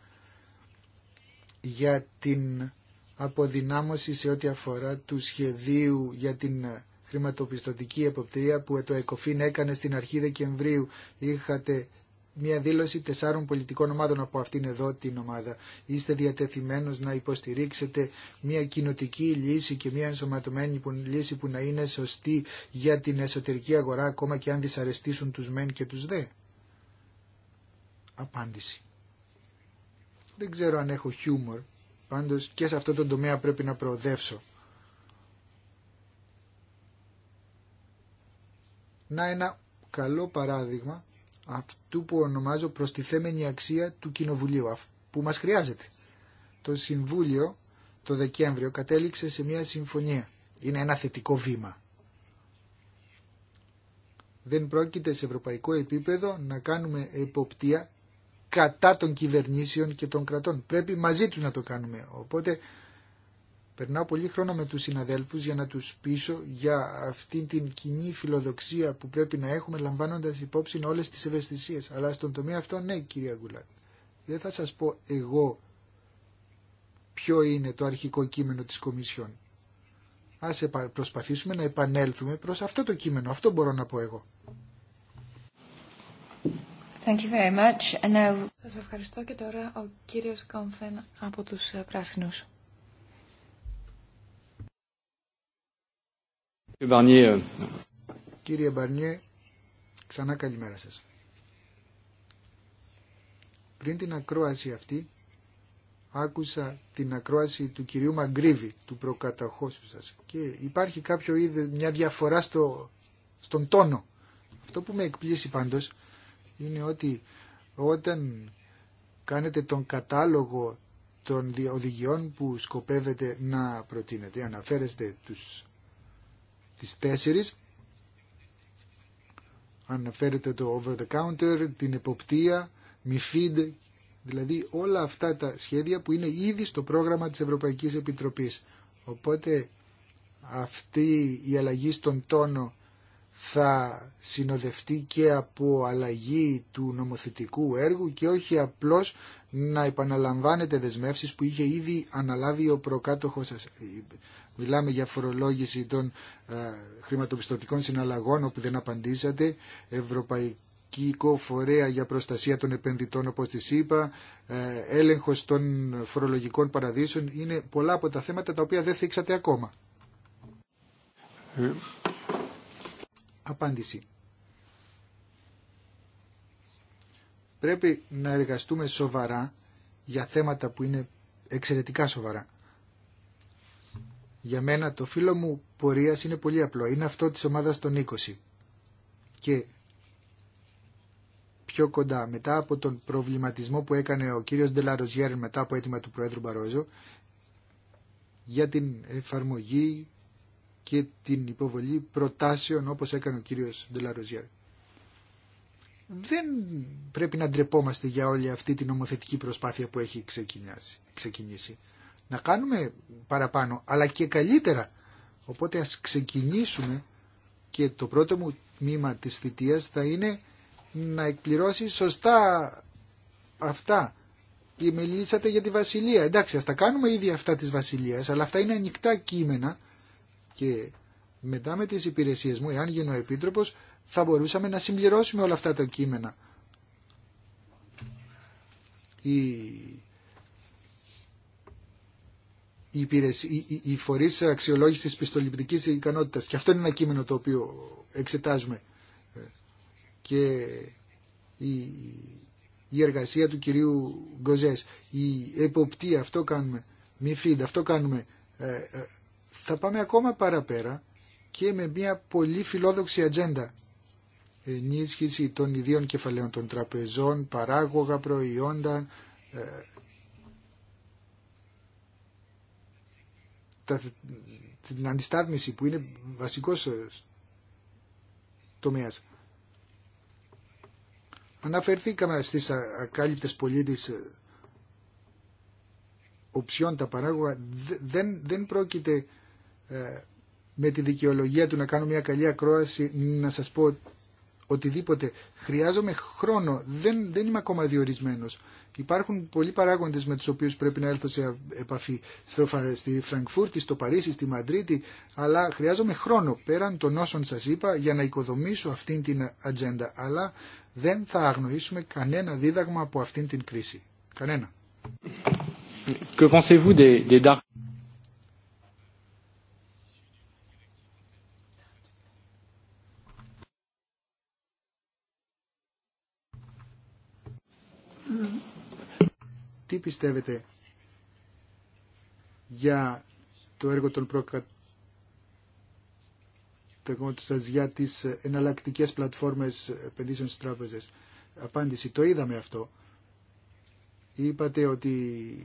για την αποδυνάμωση σε ό,τι αφορά του σχεδίου για την χρηματοπιστωτική εποπτεία που το ΕΚΟΦΗΝ έκανε στην αρχή Δεκεμβρίου. Είχατε μια δήλωση τεσσάρων πολιτικών ομάδων από αυτήν εδώ την ομάδα. Είστε διατεθειμένος να υποστηρίξετε μια κοινοτική λύση και μια ενσωματωμένη λύση που να είναι σωστή για την εσωτερική αγορά ακόμα και αν δυσαρεστήσουν τους μεν και τους δε. Απάντηση. Δεν ξέρω αν έχω χιούμορ, πάντως και σε αυτό το τομέα πρέπει να προοδεύσω. να ένα καλό παράδειγμα αυτού που ονομάζω προστιθέμενη αξία του Κοινοβουλίου που μας χρειάζεται. Το Συμβούλιο το Δεκέμβριο κατέληξε σε μια συμφωνία. Είναι ένα θετικό βήμα. Δεν πρόκειται σε ευρωπαϊκό επίπεδο να κάνουμε εποπτεία κατά των κυβερνήσεων και των κρατών. Πρέπει μαζί τους να το κάνουμε. Οπότε Περνάω πολύ χρόνο με τους συναδέλφους για να τους πείσω για αυτήν την κοινή φιλοδοξία που πρέπει να έχουμε λαμβάνοντας υπόψη όλες τις ευαισθησίες. Αλλά στον τομέα αυτό ναι κυρία Γκουλάκ. Δεν θα σας πω εγώ ποιο είναι το αρχικό κείμενο της Κομισιόν. Ας προσπαθήσουμε να επανέλθουμε προς αυτό το κείμενο. Αυτό μπορώ να πω εγώ. Thank Σας ευχαριστώ και τώρα ο κύριος Κόμφεν από τους ε, Πράσινους. Euh. Κύριε Μπαρνιέ, ξανά καλημέρα σας. Πριν την ακρόαση αυτή, άκουσα την ακρόαση του κυρίου Μαγκρίβη, του προκαταχώσου σας. Και υπάρχει κάποιο είδε μια διαφορά στο, στον τόνο. Αυτό που με εκπλήσει πάντως είναι ότι όταν κάνετε τον κατάλογο των οδηγιών που σκοπεύετε να προτείνετε, αναφέρεστε τους τις τέσσερις, αναφέρεται το over the counter, την εποπτεία, μη feed, δηλαδή όλα αυτά τα σχέδια που είναι ήδη στο πρόγραμμα της Ευρωπαϊκής Επιτροπής. Οπότε αυτή η αλλαγή στον τόνο θα συνοδευτεί και από αλλαγή του νομοθετικού έργου και όχι απλώς να επαναλαμβάνετε δεσμεύσεις που είχε ήδη αναλάβει ο προκάτοχος σας. Μιλάμε για φορολόγηση των ε, χρηματοπιστωτικών συναλλαγών όπου δεν απαντήσατε, Ευρωπαϊκή φορέα για προστασία των επενδυτών όπως της είπα, ε, έλεγχος των φορολογικών παραδείσων. Είναι πολλά από τα θέματα τα οποία δεν θίξατε ακόμα. Απάντηση. Πρέπει να εργαστούμε σοβαρά για θέματα που είναι εξαιρετικά σοβαρά. Για μένα το φίλο μου πορεία είναι πολύ απλό. Είναι αυτό της ομάδας των 20. Και πιο κοντά, μετά από τον προβληματισμό που έκανε ο κύριος Ντελαροζιέρ μετά από αίτημα του Προέδρου Μπαρόζο, για την εφαρμογή και την υποβολή προτάσεων όπως έκανε ο κύριος Ντελαροζιέρ. Δεν πρέπει να ντρεπόμαστε για όλη αυτή την νομοθετική προσπάθεια που έχει ξεκινήσει να κάνουμε παραπάνω, αλλά και καλύτερα. Οπότε ας ξεκινήσουμε και το πρώτο μου τμήμα της θητείας θα είναι να εκπληρώσει σωστά αυτά. μιλήσατε για τη Βασιλεία. Εντάξει, ας τα κάνουμε ήδη αυτά της Βασιλείας, αλλά αυτά είναι ανοιχτά κείμενα και μετά με τις υπηρεσίες μου, εάν γίνω επίτροπος, θα μπορούσαμε να συμπληρώσουμε όλα αυτά τα κείμενα. Η η οι, οι φορείς αξιολόγησης της πιστοληπτικής ικανότητας. Και αυτό είναι ένα κείμενο το οποίο εξετάζουμε. Ε, και η, εργασία του κυρίου Γκοζές, η εποπτεία, αυτό κάνουμε, μη φίδ, αυτό κάνουμε. Ε, ε, θα πάμε ακόμα παραπέρα και με μια πολύ φιλόδοξη ατζέντα. Ενίσχυση των ιδίων κεφαλαίων των τραπεζών, παράγωγα προϊόντα, την αντιστάθμιση που είναι βασικός ε, τομέας. Αναφερθήκαμε στις ακάλυπτες πολίτες ε, οψιών τα παράγωγα. Δεν, δεν πρόκειται ε, με τη δικαιολογία του να κάνω μια καλή ακρόαση να σας πω οτιδήποτε. Χρειάζομαι χρόνο. Δεν, δεν είμαι ακόμα διορισμένος. Υπάρχουν πολλοί παράγοντες με τους οποίους πρέπει να έρθω σε επαφή στη Φραγκφούρτη, στο Παρίσι, στη Μαντρίτη, αλλά χρειάζομαι χρόνο πέραν των όσων σας είπα για να οικοδομήσω αυτήν την ατζέντα, αλλά δεν θα αγνοήσουμε κανένα δίδαγμα από αυτήν την κρίση. Κανένα. τι πιστεύετε για το έργο των προκαταγών σας για τις εναλλακτικές πλατφόρμες επενδύσεων στις τράπεζες. Απάντηση, το είδαμε αυτό. Είπατε ότι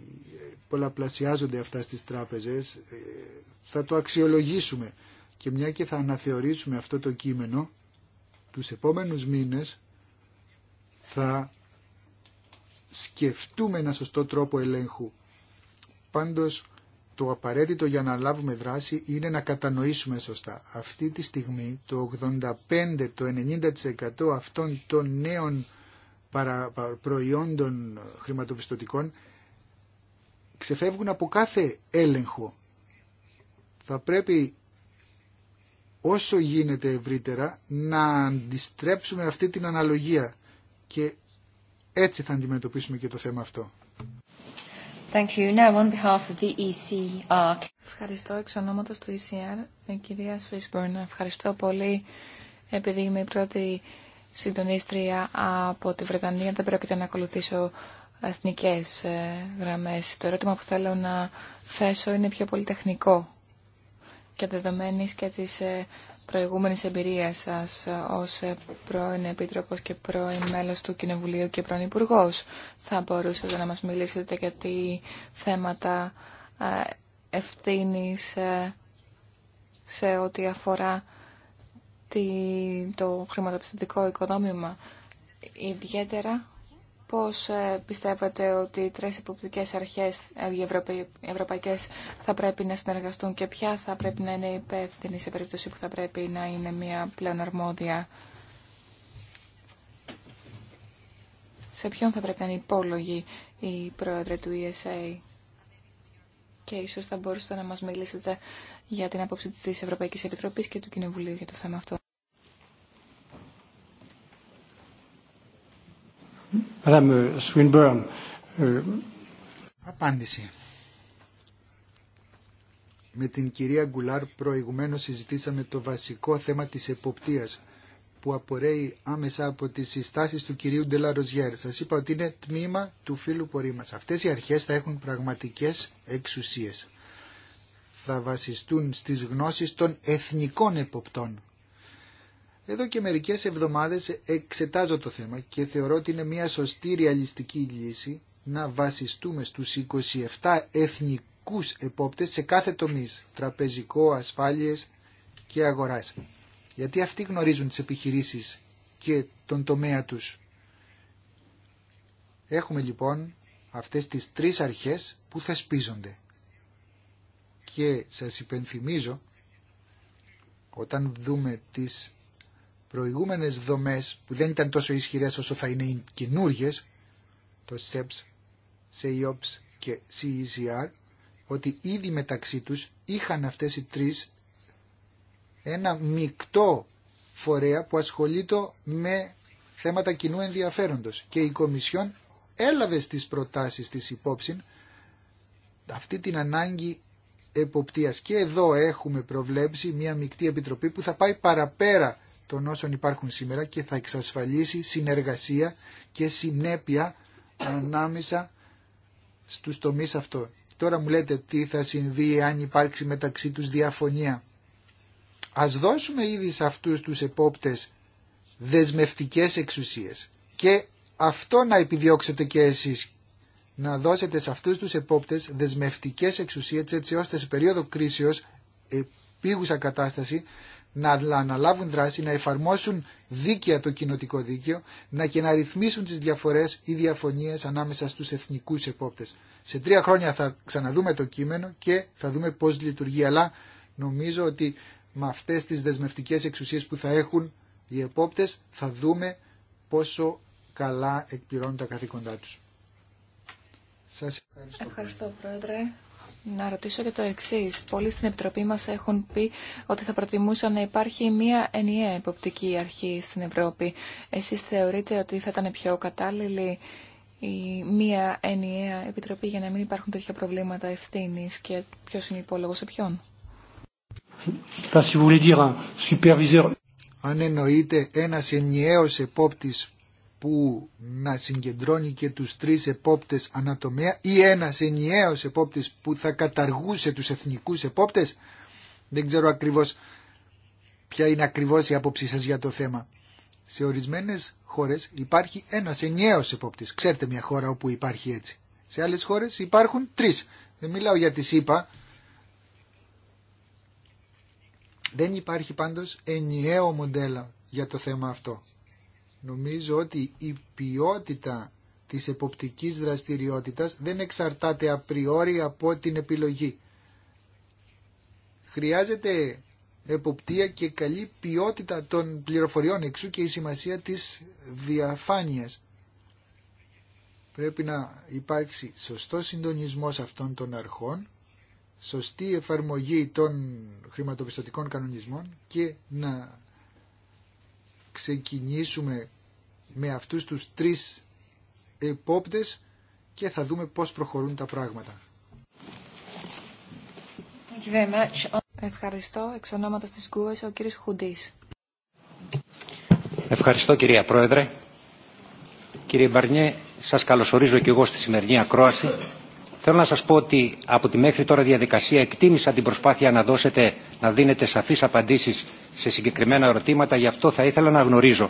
πολλαπλασιάζονται αυτά στις τράπεζες. Ε, θα το αξιολογήσουμε και μια και θα αναθεωρήσουμε αυτό το κείμενο τους επόμενους μήνες θα σκεφτούμε ένα σωστό τρόπο ελέγχου. Πάντως, το απαραίτητο για να λάβουμε δράση είναι να κατανοήσουμε σωστά. Αυτή τη στιγμή το 85, το 90% αυτών των νέων προϊόντων χρηματοπιστωτικών ξεφεύγουν από κάθε έλεγχο. Θα πρέπει όσο γίνεται ευρύτερα να αντιστρέψουμε αυτή την αναλογία και έτσι θα αντιμετωπίσουμε και το θέμα αυτό. Thank you. Now, on of the ECR. Ευχαριστώ εξ ονόματος του ECR, η κυρία Σφίσμπορν. Ευχαριστώ πολύ, επειδή είμαι η πρώτη συντονίστρια από τη Βρετανία, δεν πρόκειται να ακολουθήσω εθνικές ε, γραμμές. Το ερώτημα που θέλω να θέσω είναι πιο πολύ τεχνικό και δεδομένης και της ε, προηγούμενης εμπειρίας σας ως πρώην Επίτροπος και πρώην μέλος του Κοινοβουλίου και πρώην Υπουργός. Θα μπορούσατε να μας μιλήσετε για τι θέματα ε, ευθύνης ε, σε ό,τι αφορά το χρηματοπιστωτικό οικοδόμημα. Ιδιαίτερα Πώς ε, πιστεύετε ότι οι τρεις υποπτικές αρχές, ε, ευρωπαϊκές, θα πρέπει να συνεργαστούν και ποια θα πρέπει να είναι υπεύθυνη σε περίπτωση που θα πρέπει να είναι μια πλέον αρμόδια. Σε ποιον θα πρέπει να είναι υπόλογη η πρόεδρε του ESA. Και ίσως θα μπορούσατε να μας μιλήσετε για την άποψη της Ευρωπαϊκής Επιτροπής και του Κοινοβουλίου για το θέμα αυτό. Euh, euh, Απάντηση. Με την κυρία Γκουλάρ προηγουμένως συζητήσαμε το βασικό θέμα της εποπτείας που απορρέει άμεσα από τις συστάσεις του κυρίου Ντελαροζιέρ. Σας είπα ότι είναι τμήμα του φίλου πορεί μας. Αυτές οι αρχές θα έχουν πραγματικές εξουσίες. Θα βασιστούν στις γνώσεις των εθνικών εποπτών εδώ και μερικές εβδομάδες εξετάζω το θέμα και θεωρώ ότι είναι μια σωστή ρεαλιστική λύση να βασιστούμε στους 27 εθνικούς επόπτες σε κάθε τομείς, τραπεζικό, ασφάλειες και αγοράς. Γιατί αυτοί γνωρίζουν τις επιχειρήσεις και τον τομέα τους. Έχουμε λοιπόν αυτές τις τρεις αρχές που θα σπίζονται. Και σας υπενθυμίζω, όταν δούμε τις Προηγούμενε δομέ που δεν ήταν τόσο ισχυρές όσο θα είναι οι καινούργιες, το SEPS, ΣΕΙΟΠΣ και CECR, ότι ήδη μεταξύ τους είχαν αυτές οι τρεις ένα μεικτό φορέα που ασχολείται με θέματα κοινού ενδιαφέροντος και η Κομισιόν έλαβε στις προτάσεις της υπόψη αυτή την ανάγκη εποπτείας και εδώ έχουμε προβλέψει μια μεικτή επιτροπή που θα πάει παραπέρα των όσων υπάρχουν σήμερα και θα εξασφαλίσει συνεργασία και συνέπεια ανάμεσα στους τομείς αυτό. Τώρα μου λέτε τι θα συμβεί αν υπάρξει μεταξύ τους διαφωνία. Ας δώσουμε ήδη σε αυτούς τους επόπτες δεσμευτικές εξουσίες και αυτό να επιδιώξετε και εσείς να δώσετε σε αυτούς τους επόπτες δεσμευτικές εξουσίες έτσι ώστε σε περίοδο κρίσεως επίγουσα κατάσταση να αναλάβουν δράση, να εφαρμόσουν δίκαια το κοινοτικό δίκαιο να και να ρυθμίσουν τις διαφορές ή διαφωνίες ανάμεσα στους εθνικούς επόπτες. Σε τρία χρόνια θα ξαναδούμε το κείμενο και θα δούμε πώς λειτουργεί, αλλά νομίζω ότι με αυτές τις δεσμευτικές εξουσίες που θα έχουν οι επόπτες θα δούμε πόσο καλά εκπληρώνουν τα καθήκοντά τους. Σας ευχαριστώ. Ευχαριστώ, Πρόεδρε να ρωτήσω και το εξή. Πολλοί στην Επιτροπή μα έχουν πει ότι θα προτιμούσαν να υπάρχει μια ενιαία υποπτική αρχή στην Ευρώπη. Εσεί θεωρείτε ότι θα ήταν πιο κατάλληλη η μία ενιαία επιτροπή για να μην υπάρχουν τέτοια προβλήματα ευθύνη και ποιο είναι υπόλογο σε ποιον. Ε, Αν εννοείται ένα ενιαίο επόπτη που να συγκεντρώνει και τους τρεις επόπτες ανατομέα ή ένας ενιαίος επόπτης που θα καταργούσε τους εθνικούς επόπτες. Δεν ξέρω ακριβώς ποια είναι ακριβώς η άποψή σας για το θέμα. Σε ορισμένες χώρες υπάρχει ένας ενιαίος επόπτης. Ξέρετε μια χώρα όπου υπάρχει έτσι. Σε άλλες χώρες υπάρχουν τρεις. Δεν μιλάω για τη ΣΥΠΑ. Δεν υπάρχει πάντως ενιαίο μοντέλο για το θέμα αυτό. Νομίζω ότι η ποιότητα της εποπτικής δραστηριότητας δεν εξαρτάται απριόρι από την επιλογή. Χρειάζεται εποπτεία και καλή ποιότητα των πληροφοριών εξού και η σημασία της διαφάνειας. Πρέπει να υπάρξει σωστό συντονισμός αυτών των αρχών, σωστή εφαρμογή των χρηματοπιστωτικών κανονισμών και να ξεκινήσουμε με αυτούς τους τρεις υπόπτες και θα δούμε πώς προχωρούν τα πράγματα. Ευχαριστώ. Εξ ονόματος της Κούβας, ο κύριος Χουντής. Ευχαριστώ κυρία Πρόεδρε. Κύριε Μπαρνιέ, σας καλωσορίζω και εγώ στη σημερινή ακρόαση. Θέλω να σας πω ότι από τη μέχρι τώρα διαδικασία εκτίμησα την προσπάθεια να δώσετε, να δίνετε σαφείς απαντήσεις σε συγκεκριμένα ερωτήματα. Γι' αυτό θα ήθελα να γνωρίζω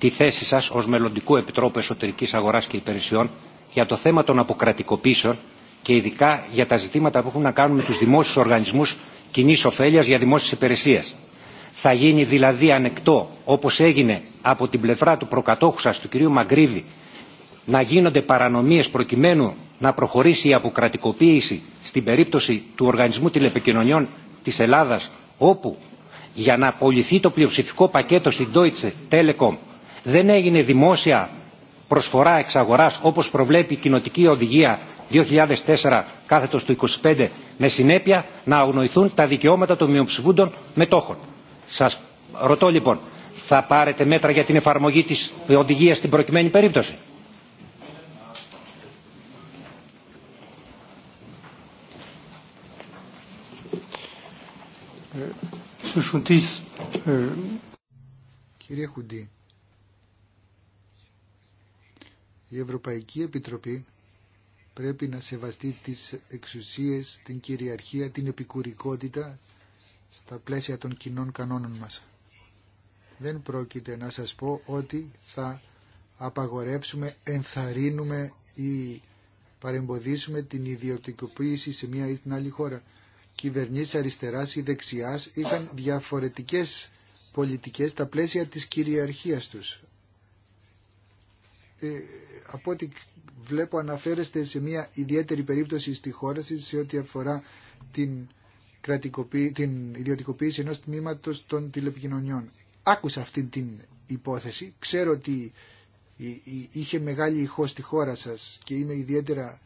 τη θέση σας ως μελλοντικού Επιτρόπου Εσωτερικής Αγοράς και Υπηρεσιών για το θέμα των αποκρατικοποίησεων και ειδικά για τα ζητήματα που έχουν να κάνουν με τους δημόσιους οργανισμούς κοινή ωφέλεια για δημόσιες υπηρεσίες. Θα γίνει δηλαδή ανεκτό, όπως έγινε από την πλευρά του προκατόχου σας, του κ. Μαγκρίβη, να γίνονται παρανομίες προκειμένου να προχωρήσει η αποκρατικοποίηση στην περίπτωση του Οργανισμού Τηλεπικοινωνιών της Ελλάδας, όπου για να απολυθεί το πλειοψηφικό πακέτο στην Deutsche Telekom δεν έγινε δημόσια προσφορά εξ όπως προβλέπει η κοινοτική οδηγία 2004 κάθετος του 25 με συνέπεια να αγνοηθούν τα δικαιώματα των μειοψηφούντων μετόχων. Σας ρωτώ λοιπόν, θα πάρετε μέτρα για την εφαρμογή της οδηγίας στην προκειμένη περίπτωση. Ε, ε, Κύριε Χουντή, Η Ευρωπαϊκή Επιτροπή πρέπει να σεβαστεί τις εξουσίες, την κυριαρχία, την επικουρικότητα στα πλαίσια των κοινών κανόνων μας. Δεν πρόκειται να σας πω ότι θα απαγορεύσουμε, ενθαρρύνουμε ή παρεμποδίσουμε την ιδιωτικοποίηση σε μία ή την άλλη χώρα. Κυβερνήσεις αριστεράς ή δεξιάς είχαν διαφορετικές πολιτικές στα πλαίσια της κυριαρχίας τους από ό,τι βλέπω αναφέρεστε σε μια ιδιαίτερη περίπτωση στη χώρα σας σε ό,τι αφορά την, την ιδιωτικοποίηση ενός τμήματος των τηλεπικοινωνιών. Άκουσα αυτή την υπόθεση. Ξέρω ότι είχε μεγάλη ηχό στη χώρα σας και είμαι ιδιαίτερα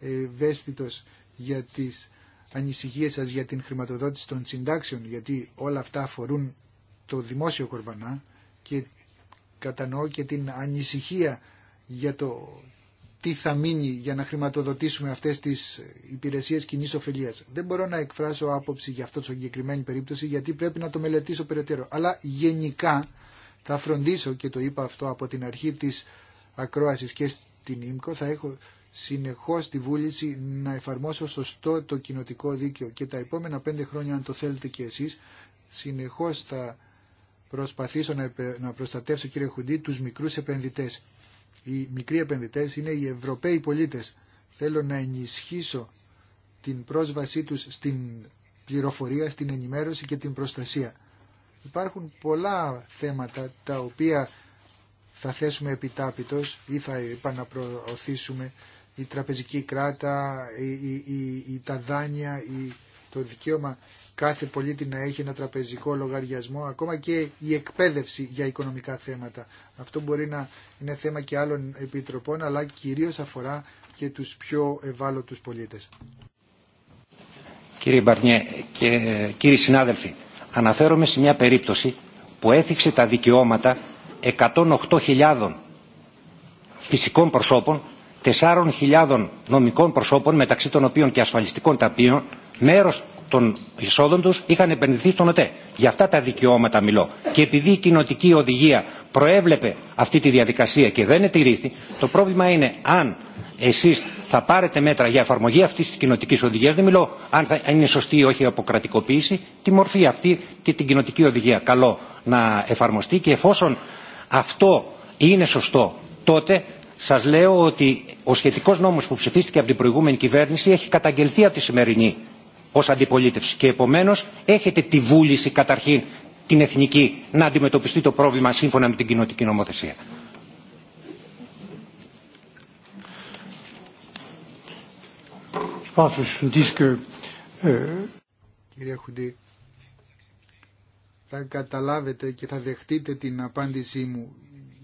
ευαίσθητος για τις ανησυχίες σας για την χρηματοδότηση των συντάξεων γιατί όλα αυτά αφορούν το δημόσιο κορβανά και κατανοώ και την ανησυχία για το τι θα μείνει για να χρηματοδοτήσουμε αυτέ τι υπηρεσίε κοινή ωφελία. Δεν μπορώ να εκφράσω άποψη για αυτό το συγκεκριμένη περίπτωση γιατί πρέπει να το μελετήσω περαιτέρω. Αλλά γενικά θα φροντίσω και το είπα αυτό από την αρχή τη ακρόαση και στην ΙΜΚΟ θα έχω συνεχώ τη βούληση να εφαρμόσω σωστό το κοινοτικό δίκαιο και τα επόμενα πέντε χρόνια αν το θέλετε και εσεί. συνεχώς θα προσπαθήσω να προστατεύσω κύριε Χουντή τους μικρούς επενδυτές οι μικροί επενδυτές είναι οι Ευρωπαίοι πολίτες. Θέλω να ενισχύσω την πρόσβασή τους στην πληροφορία, στην ενημέρωση και την προστασία. Υπάρχουν πολλά θέματα τα οποία θα θέσουμε επιτάπητος ή θα επαναπροωθήσουμε η τραπεζική κράτα, η, τα δάνεια, το δικαίωμα κάθε πολίτη να έχει ένα τραπεζικό λογαριασμό, ακόμα και η εκπαίδευση για οικονομικά θέματα. Αυτό μπορεί να είναι θέμα και άλλων επιτροπών, αλλά κυρίως αφορά και τους πιο ευάλωτους πολίτες. Κύριε Μπαρνιέ και ε, κύριοι συνάδελφοι, αναφέρομαι σε μια περίπτωση που έθιξε τα δικαιώματα 108.000 φυσικών προσώπων, 4.000 νομικών προσώπων, μεταξύ των οποίων και ασφαλιστικών ταπείων, Μέρο των εισόδων του είχαν επενδυθεί στον ΟΤΕ. Για αυτά τα δικαιώματα μιλώ. Και επειδή η κοινοτική οδηγία προέβλεπε αυτή τη διαδικασία και δεν ετηρήθη, το πρόβλημα είναι αν εσεί θα πάρετε μέτρα για εφαρμογή αυτή τη κοινοτική οδηγία δεν μιλώ αν θα είναι σωστή ή όχι η αποκρατικοποίηση, τη μορφή αυτή και την κοινοτική οδηγία. Καλό να εφαρμοστεί και εφόσον αυτό είναι σωστό, τότε σα λέω ότι ο σχετικό νόμο που ψηφίστηκε από την προηγούμενη κυβέρνηση έχει καταγγελθεί από τη σημερινή ως αντιπολίτευση. Και επομένως έχετε τη βούληση καταρχήν την εθνική να αντιμετωπιστεί το πρόβλημα σύμφωνα με την κοινοτική νομοθεσία. Euh, Κυρία Χουντή, θα καταλάβετε και θα δεχτείτε την απάντησή μου,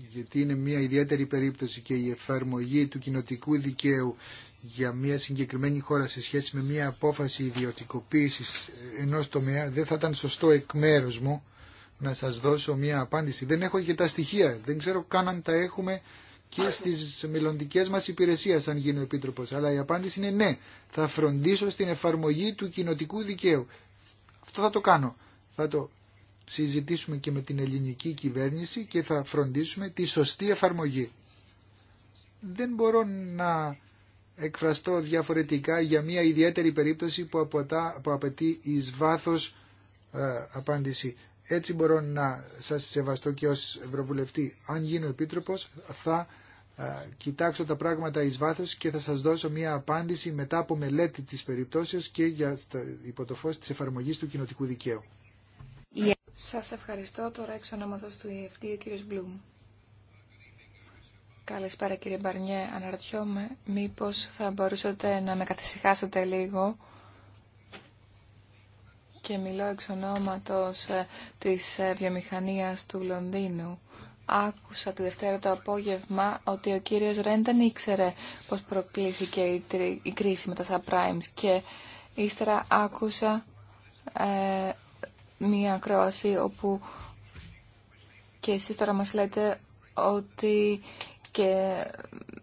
γιατί είναι μια ιδιαίτερη περίπτωση και η εφαρμογή του κοινοτικού δικαίου για μια συγκεκριμένη χώρα σε σχέση με μια απόφαση ιδιωτικοποίησης ενός τομέα δεν θα ήταν σωστό εκ μέρους μου να σας δώσω μια απάντηση. Δεν έχω και τα στοιχεία, δεν ξέρω καν αν τα έχουμε και στις μελλοντικέ μας υπηρεσίες αν γίνω ο Επίτροπος. Αλλά η απάντηση είναι ναι, θα φροντίσω στην εφαρμογή του κοινοτικού δικαίου. Αυτό θα το κάνω. Θα το συζητήσουμε και με την ελληνική κυβέρνηση και θα φροντίσουμε τη σωστή εφαρμογή. Δεν μπορώ να εκφραστώ διαφορετικά για μια ιδιαίτερη περίπτωση που, αποτά, που απαιτεί εις βάθος ε, απάντηση. Έτσι μπορώ να σας σεβαστώ και ως Ευρωβουλευτή. Αν γίνω επίτροπος θα ε, κοιτάξω τα πράγματα εις βάθος και θα σας δώσω μια απάντηση μετά από μελέτη της περιπτώσεως και για υπό το φως της εφαρμογής του κοινοτικού δικαίου. Yeah. Σας ευχαριστώ τώρα εξ του ΕΕ, ο κύριος Μπλουμ. Καλησπέρα κύριε Μπαρνιέ. Αναρωτιόμαι μήπως θα μπορούσατε να με καθησυχάσετε λίγο και μιλώ εξ ονόματος ε, της ε, βιομηχανίας του Λονδίνου. Άκουσα τη Δευτέρα το απόγευμα ότι ο κύριος Ρέν δεν ήξερε πως προκλήθηκε η κρίση με τα subprimes και ύστερα άκουσα ε, μία ακρόαση όπου και εσείς τώρα μας λέτε ότι και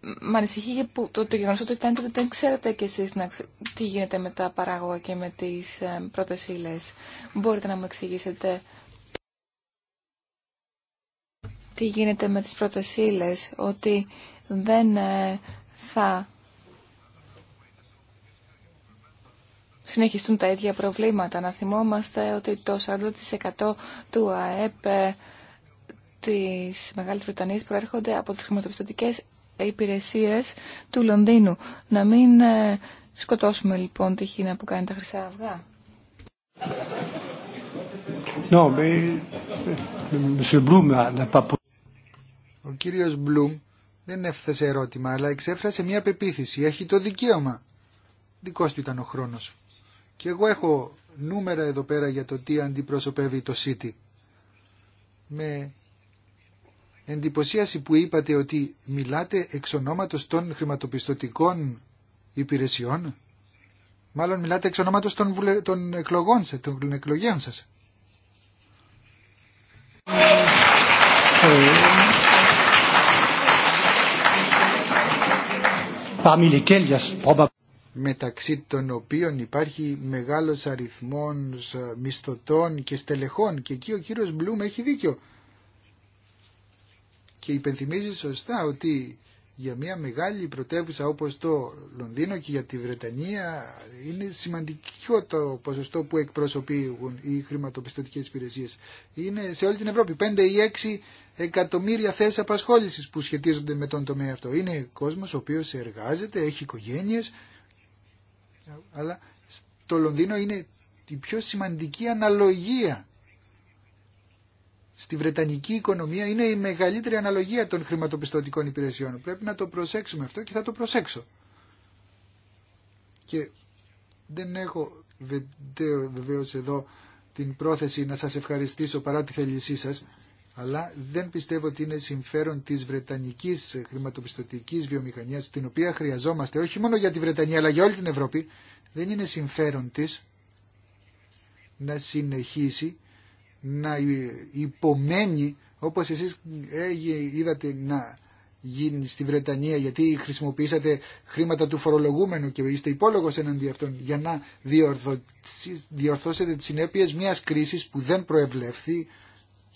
με ανησυχεί που το, το γεγονό ότι φαίνεται ότι δεν ξέρετε κι εσεί τι γίνεται με τα παράγωγα και με τι ε, πρώτε ύλε. Μπορείτε να μου εξηγήσετε τι γίνεται με τις πρώτε ύλε, ότι δεν ε, θα συνεχιστούν τα ίδια προβλήματα. Να θυμόμαστε ότι το 40% του ΑΕΠ ε, της Μεγάλης Βρετανίας προέρχονται από τις χρηματοπιστωτικές υπηρεσίες του Λονδίνου. Να μην ε, σκοτώσουμε λοιπόν τη Χίνα που κάνει τα χρυσά αυγά. Ο κύριος Μπλουμ δεν έφθασε ερώτημα, αλλά εξέφρασε μια πεποίθηση. Έχει το δικαίωμα. Δικός του ήταν ο χρόνος. Και εγώ έχω νούμερα εδώ πέρα για το τι αντιπροσωπεύει το ΣΥΤΙ. Με εντυπωσίαση που είπατε ότι μιλάτε εξ ονόματος των χρηματοπιστωτικών υπηρεσιών. Μάλλον μιλάτε εξ ονόματος των, βουλε... των εκλογών σας, των εκλογέων σας. μεταξύ των οποίων υπάρχει μεγάλος αριθμός μισθωτών και στελεχών και εκεί ο κύριος Μπλουμ έχει δίκιο και υπενθυμίζει σωστά ότι για μια μεγάλη πρωτεύουσα όπως το Λονδίνο και για τη Βρετανία είναι σημαντικό το ποσοστό που εκπροσωπούν οι χρηματοπιστωτικές υπηρεσίες. Είναι σε όλη την Ευρώπη 5 ή 6 εκατομμύρια θέσεις απασχόλησης που σχετίζονται με τον τομέα αυτό. Είναι κόσμος ο οποίος εργάζεται, έχει οικογένειες, αλλά το Λονδίνο είναι η πιο σημαντική αναλογία στη Βρετανική οικονομία είναι η μεγαλύτερη αναλογία των χρηματοπιστωτικών υπηρεσιών. Πρέπει να το προσέξουμε αυτό και θα το προσέξω. Και δεν έχω βεβαίω εδώ την πρόθεση να σας ευχαριστήσω παρά τη θέλησή σας, αλλά δεν πιστεύω ότι είναι συμφέρον της Βρετανικής χρηματοπιστωτικής βιομηχανίας, την οποία χρειαζόμαστε όχι μόνο για τη Βρετανία αλλά για όλη την Ευρώπη, δεν είναι συμφέρον της να συνεχίσει να υπομένει όπως εσείς είδατε να γίνει στη Βρετανία γιατί χρησιμοποιήσατε χρήματα του φορολογούμενου και είστε υπόλογος εναντί αυτών για να διορθώσετε τις συνέπειες μιας κρίσης που δεν προεβλέφθη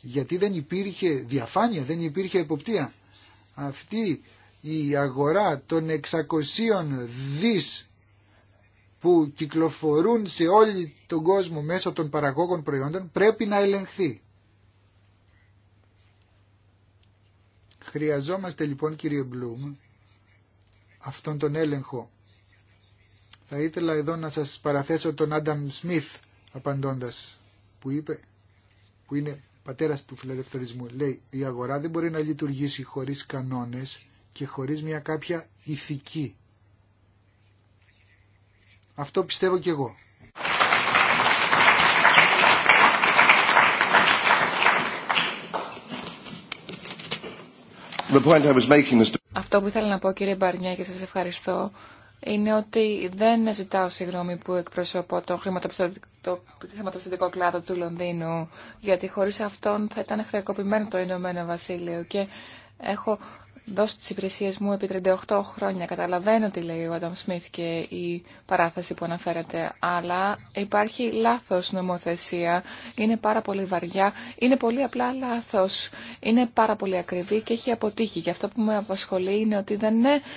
γιατί δεν υπήρχε διαφάνεια, δεν υπήρχε εποπτεία. Αυτή η αγορά των 600 δις που κυκλοφορούν σε όλη τον κόσμο μέσω των παραγόγων προϊόντων πρέπει να ελεγχθεί. Χρειαζόμαστε λοιπόν κύριε Μπλουμ αυτόν τον έλεγχο. Θα ήθελα εδώ να σας παραθέσω τον Άνταμ Σμιθ απαντώντας που είπε που είναι πατέρας του φιλελευθερισμού. Λέει η αγορά δεν μπορεί να λειτουργήσει χωρίς κανόνες και χωρίς μια κάποια ηθική αυτό πιστεύω και εγώ. The point I was making Mr. Αυτό που ήθελα να πω κύριε Μπαρνιά και σας ευχαριστώ είναι ότι δεν ζητάω συγγνώμη που εκπροσωπώ το χρηματοπιστωτικό κλάδο του Λονδίνου γιατί χωρίς αυτόν θα ήταν χρεοκοπημένο το Ηνωμένο Βασίλειο και έχω δώσω τις υπηρεσίες μου επί 38 χρόνια. Καταλαβαίνω τι λέει ο Adam Σμιθ και η παράθεση που αναφέρατε, αλλά υπάρχει λάθος νομοθεσία, είναι πάρα πολύ βαριά, είναι πολύ απλά λάθος, είναι πάρα πολύ ακριβή και έχει αποτύχει. Και αυτό που με απασχολεί είναι ότι δεν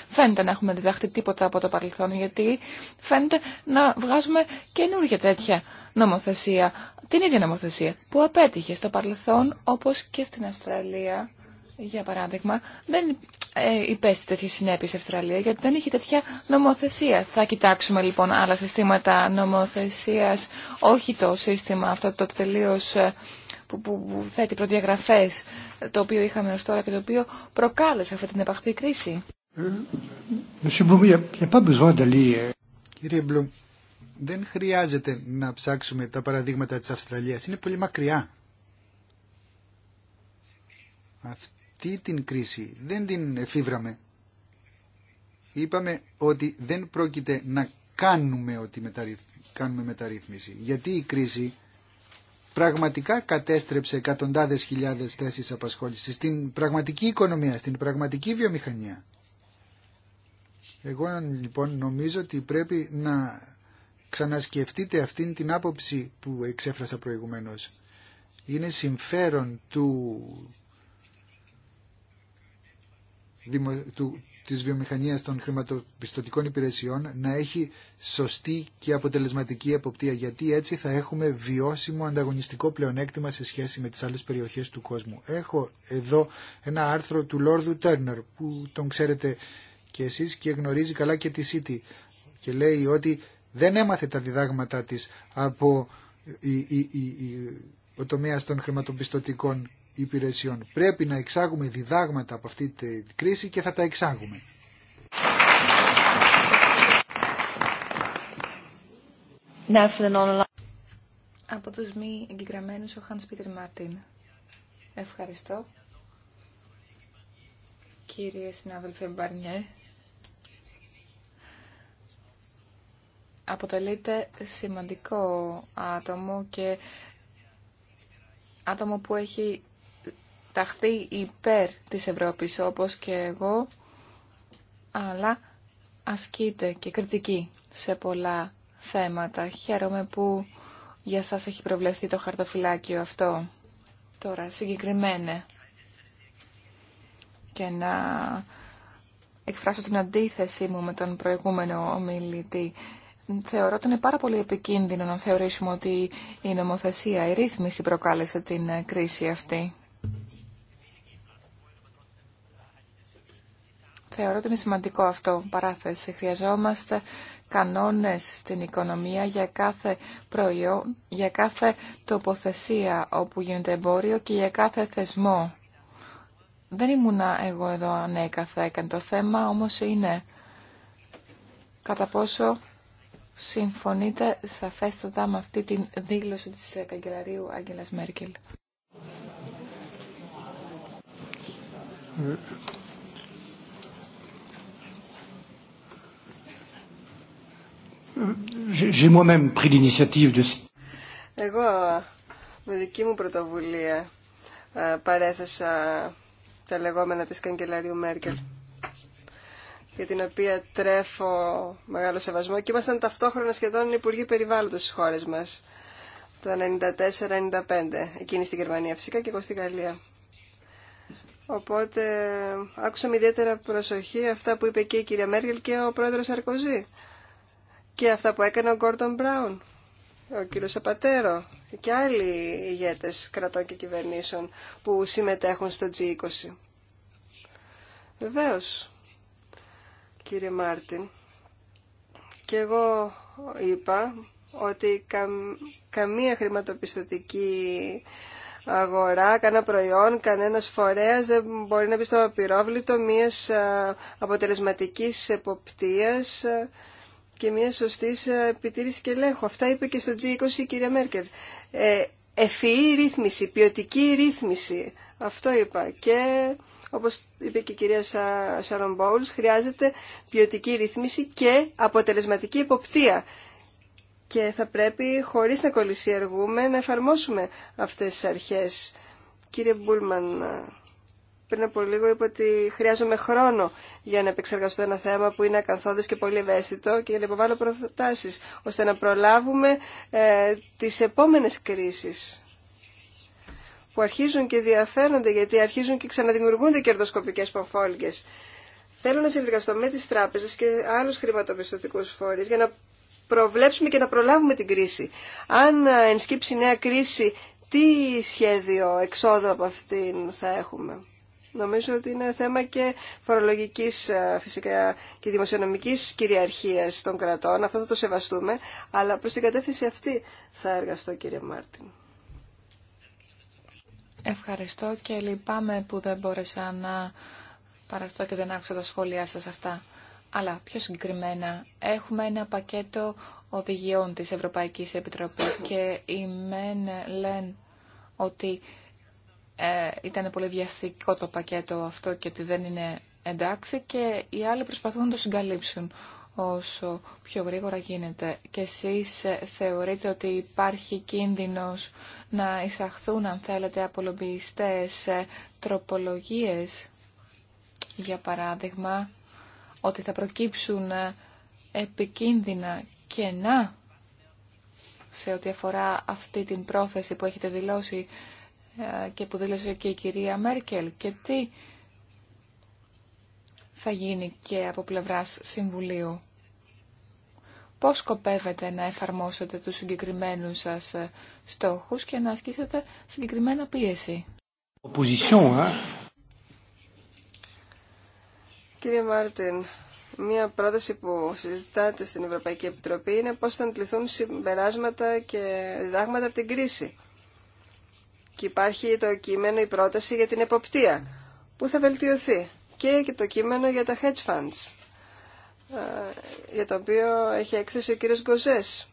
φαίνεται να έχουμε διδαχτεί τίποτα από το παρελθόν, γιατί φαίνεται να βγάζουμε καινούργια τέτοια νομοθεσία, την ίδια νομοθεσία που απέτυχε στο παρελθόν όπως και στην Αυστραλία για παράδειγμα, δεν ε, υπέστη τέτοιε συνέπειε η Αυστραλία γιατί δεν είχε τέτοια νομοθεσία. Θα κοιτάξουμε λοιπόν άλλα συστήματα νομοθεσία, όχι το σύστημα αυτό το τελείω ε, που, που, θέτει προδιαγραφέ, το οποίο είχαμε ω τώρα και το οποίο προκάλεσε αυτή την επαχτή κρίση. Ε, κύριε Μπλουμ, δεν χρειάζεται να ψάξουμε τα παραδείγματα της Αυστραλίας. Είναι πολύ μακριά την κρίση δεν την εφήβραμε. Είπαμε ότι δεν πρόκειται να κάνουμε, ότι μεταρρυθ... κάνουμε μεταρρύθμιση. Γιατί η κρίση πραγματικά κατέστρεψε εκατοντάδες χιλιάδες θέσεις απασχόλησης στην πραγματική οικονομία, στην πραγματική βιομηχανία. Εγώ λοιπόν νομίζω ότι πρέπει να ξανασκεφτείτε αυτήν την άποψη που εξέφρασα προηγουμένως. Είναι συμφέρον του της βιομηχανίας των χρηματοπιστωτικών υπηρεσιών να έχει σωστή και αποτελεσματική εποπτεία γιατί έτσι θα έχουμε βιώσιμο ανταγωνιστικό πλεονέκτημα σε σχέση με τις άλλες περιοχές του κόσμου. Έχω εδώ ένα άρθρο του Λόρδου Τέρνερ που τον ξέρετε και εσείς και γνωρίζει καλά και τη Σίτη και λέει ότι δεν έμαθε τα διδάγματα της από η, η, η, των χρηματοπιστωτικών υπηρεσιών. Πρέπει να εξάγουμε διδάγματα από αυτή την κρίση και θα τα εξάγουμε. Από τους μη εγγεγραμμένους ο Χάνς Πίτερ Μάρτιν. Ευχαριστώ. Κύριε συνάδελφε Μπαρνιέ, αποτελείται σημαντικό άτομο και άτομο που έχει ταχθεί υπέρ της Ευρώπης όπως και εγώ, αλλά ασκείται και κριτική σε πολλά θέματα. Χαίρομαι που για σας έχει προβλεφθεί το χαρτοφυλάκιο αυτό τώρα συγκεκριμένα και να εκφράσω την αντίθεσή μου με τον προηγούμενο ομιλητή. Θεωρώ ότι είναι πάρα πολύ επικίνδυνο να θεωρήσουμε ότι η νομοθεσία, η ρύθμιση προκάλεσε την κρίση αυτή. Θεωρώ ότι είναι σημαντικό αυτό παράθεση. Χρειαζόμαστε κανόνες στην οικονομία για κάθε προϊόν, για κάθε τοποθεσία όπου γίνεται εμπόριο και για κάθε θεσμό. Δεν ήμουνα εγώ εδώ έκανε Το θέμα όμως είναι κατά πόσο συμφωνείτε σαφέστατα με αυτή την δήλωση της καγκελαρίου Άγγελας Μέρκελ. j'ai Εγώ με δική μου πρωτοβουλία ε, παρέθεσα τα λεγόμενα της καγκελαρίου Μέρκελ για την οποία τρέφω μεγάλο σεβασμό και ήμασταν ταυτόχρονα σχεδόν υπουργοί περιβάλλοντος στις χώρες μας το 94-95 εκείνη στην Γερμανία φυσικά και εγώ στην Γαλλία οπότε άκουσα με ιδιαίτερα προσοχή αυτά που είπε και η κυρία Μέρκελ και ο πρόεδρος Αρκοζή και αυτά που έκανε ο Γκόρντον Μπράουν, ο κύριο Σαπατέρο και άλλοι ηγέτες κρατών και κυβερνήσεων που συμμετέχουν στο G20. Βεβαίως, κύριε Μάρτιν, και εγώ είπα ότι καμία χρηματοπιστωτική αγορά, κανένα προϊόν, κανένας φορέας δεν μπορεί να μπει στο απειρόβλητο μιας ε, αποτελεσματικής εποπτείας ε, και μια σωστή επιτήρηση και ελέγχου. Αυτά είπε και στο G20 η κυρία Μέρκελ. Ε, ρύθμιση, ποιοτική ρύθμιση. Αυτό είπα. Και όπως είπε και η κυρία Σαρον χρειάζεται ποιοτική ρύθμιση και αποτελεσματική υποπτία. Και θα πρέπει, χωρίς να κολλησιεργούμε, να εφαρμόσουμε αυτές τις αρχές. Κύριε Μπούλμαν, πριν από λίγο είπα ότι χρειάζομαι χρόνο για να επεξεργαστώ ένα θέμα που είναι ακαθόδες και πολύ ευαίσθητο και για να υποβάλω προτάσεις, ώστε να προλάβουμε ε, τις επόμενες κρίσεις που αρχίζουν και διαφαίνονται γιατί αρχίζουν και ξαναδημιουργούνται κερδοσκοπικές ποφόλγες. Θέλω να συνεργαστώ με τις τράπεζες και άλλους χρηματοπιστωτικούς φορείς για να προβλέψουμε και να προλάβουμε την κρίση. Αν ενσκύψει νέα κρίση, τι σχέδιο εξόδου από αυτήν θα έχουμε. Νομίζω ότι είναι θέμα και φορολογικής ε, φυσικά και δημοσιονομικής κυριαρχίας των κρατών. Αυτό θα το σεβαστούμε. Αλλά προς την κατεύθυνση αυτή θα εργαστώ κύριε Μάρτιν. Ευχαριστώ και λυπάμαι που δεν μπόρεσα να παραστώ και δεν άκουσα τα σχόλιά σας αυτά. Αλλά πιο συγκεκριμένα έχουμε ένα πακέτο οδηγιών της Ευρωπαϊκής Επιτροπής και οι μεν λένε ότι ε, ήταν πολύ βιαστικό το πακέτο αυτό και ότι δεν είναι εντάξει και οι άλλοι προσπαθούν να το συγκαλύψουν όσο πιο γρήγορα γίνεται. Και εσείς ε, θεωρείτε ότι υπάρχει κίνδυνος να εισαχθούν, αν θέλετε, απολομπιστές ε, τροπολογίες, για παράδειγμα, ότι θα προκύψουν ε, επικίνδυνα κενά σε ό,τι αφορά αυτή την πρόθεση που έχετε δηλώσει και που δήλωσε και η κυρία Μέρκελ και τι θα γίνει και από πλευράς Συμβουλίου. Πώς σκοπεύετε να εφαρμόσετε τους συγκεκριμένους σας ε, στόχους και να ασκήσετε συγκεκριμένα πίεση. Κύριε Μάρτιν, μία πρόταση που συζητάτε στην Ευρωπαϊκή Επιτροπή είναι πώς θα αντιληθούν συμπεράσματα και διδάγματα από την κρίση. Και υπάρχει το κείμενο, η πρόταση για την εποπτεία, που θα βελτιωθεί. Και το κείμενο για τα hedge funds, ε, για το οποίο έχει έκθεση ο κύριος Γκοζές.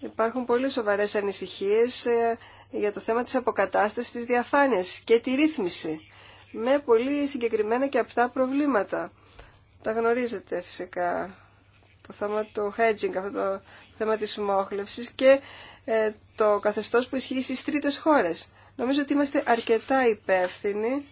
Υπάρχουν πολύ σοβαρές ανησυχίες ε, για το θέμα της αποκατάστασης της διαφάνειας και τη ρύθμιση με πολύ συγκεκριμένα και απτά προβλήματα. Τα γνωρίζετε φυσικά. Το θέμα του hedging, αυτό το θέμα της μόχλευσης και ε, το καθεστώς που ισχύει στις τρίτες χώρες. Νομίζω ότι είμαστε αρκετά υπεύθυνοι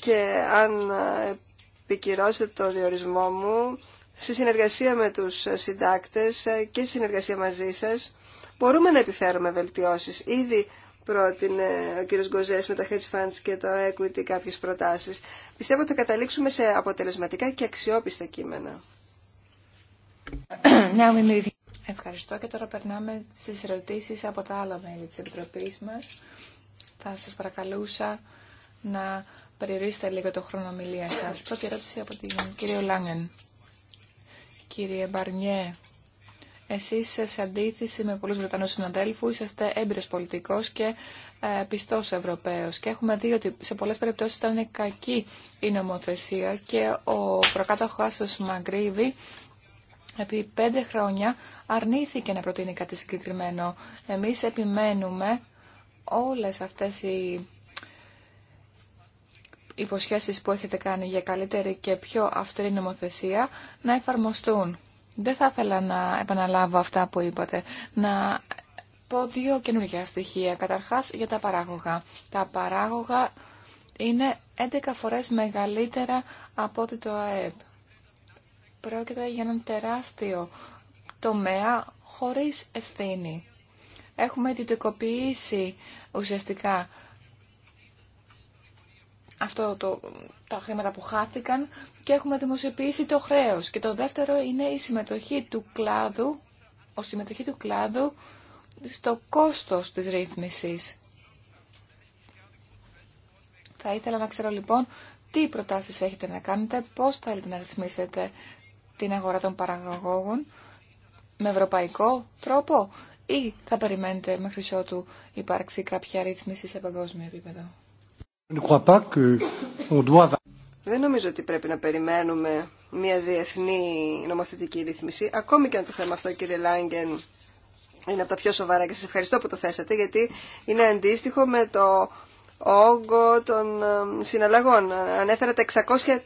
και αν ε, επικυρώσετε το διορισμό μου, σε συνεργασία με τους συντάκτες ε, και σε συνεργασία μαζί σας, μπορούμε να επιφέρουμε βελτιώσεις. Ήδη πρότεινε ο κ. Γκοζές με τα hedge funds και το equity κάποιες προτάσεις. Πιστεύω ότι θα καταλήξουμε σε αποτελεσματικά και αξιόπιστα κείμενα. Ευχαριστώ και τώρα περνάμε στις ερωτήσεις από τα άλλα μέλη της Επιτροπής μας. Θα σας παρακαλούσα να περιορίσετε λίγο το χρόνο μιλία σας. Πρώτη ερώτηση από την κυρία Λάγκεν. Κύριε Μπαρνιέ, εσείς σε αντίθεση με πολλούς Βρετανούς συναδέλφους είσαστε έμπειρος πολιτικός και ε, πιστός Ευρωπαίος και έχουμε δει ότι σε πολλές περιπτώσεις ήταν κακή η νομοθεσία και ο προκάτοχος Μαγκρίβη επί πέντε χρόνια αρνήθηκε να προτείνει κάτι συγκεκριμένο. Εμείς επιμένουμε όλες αυτές οι υποσχέσεις που έχετε κάνει για καλύτερη και πιο αυστηρή νομοθεσία να εφαρμοστούν. Δεν θα ήθελα να επαναλάβω αυτά που είπατε. Να πω δύο καινούργια στοιχεία. Καταρχάς για τα παράγωγα. Τα παράγωγα είναι 11 φορές μεγαλύτερα από ό,τι το ΑΕΠ πρόκειται για έναν τεράστιο τομέα χωρίς ευθύνη. Έχουμε διδοκοποιήσει ουσιαστικά αυτό το, τα χρήματα που χάθηκαν και έχουμε δημοσιοποιήσει το χρέος. Και το δεύτερο είναι η συμμετοχή του κλάδου, ο συμμετοχή του κλάδου στο κόστος της ρύθμισης. Θα ήθελα να ξέρω λοιπόν τι προτάσεις έχετε να κάνετε, πώς θέλετε να ρυθμίσετε την αγορά των παραγωγών με ευρωπαϊκό τρόπο ή θα περιμένετε μέχρι ότου υπάρξει κάποια ρύθμιση σε παγκόσμιο επίπεδο. Δεν νομίζω ότι πρέπει να περιμένουμε μια διεθνή νομοθετική ρύθμιση, ακόμη και αν το θέμα αυτό, κύριε Λάγκεν, είναι από τα πιο σοβαρά και σας ευχαριστώ που το θέσατε, γιατί είναι αντίστοιχο με το όγκο των ε, συναλλαγών. Ανέφερα τα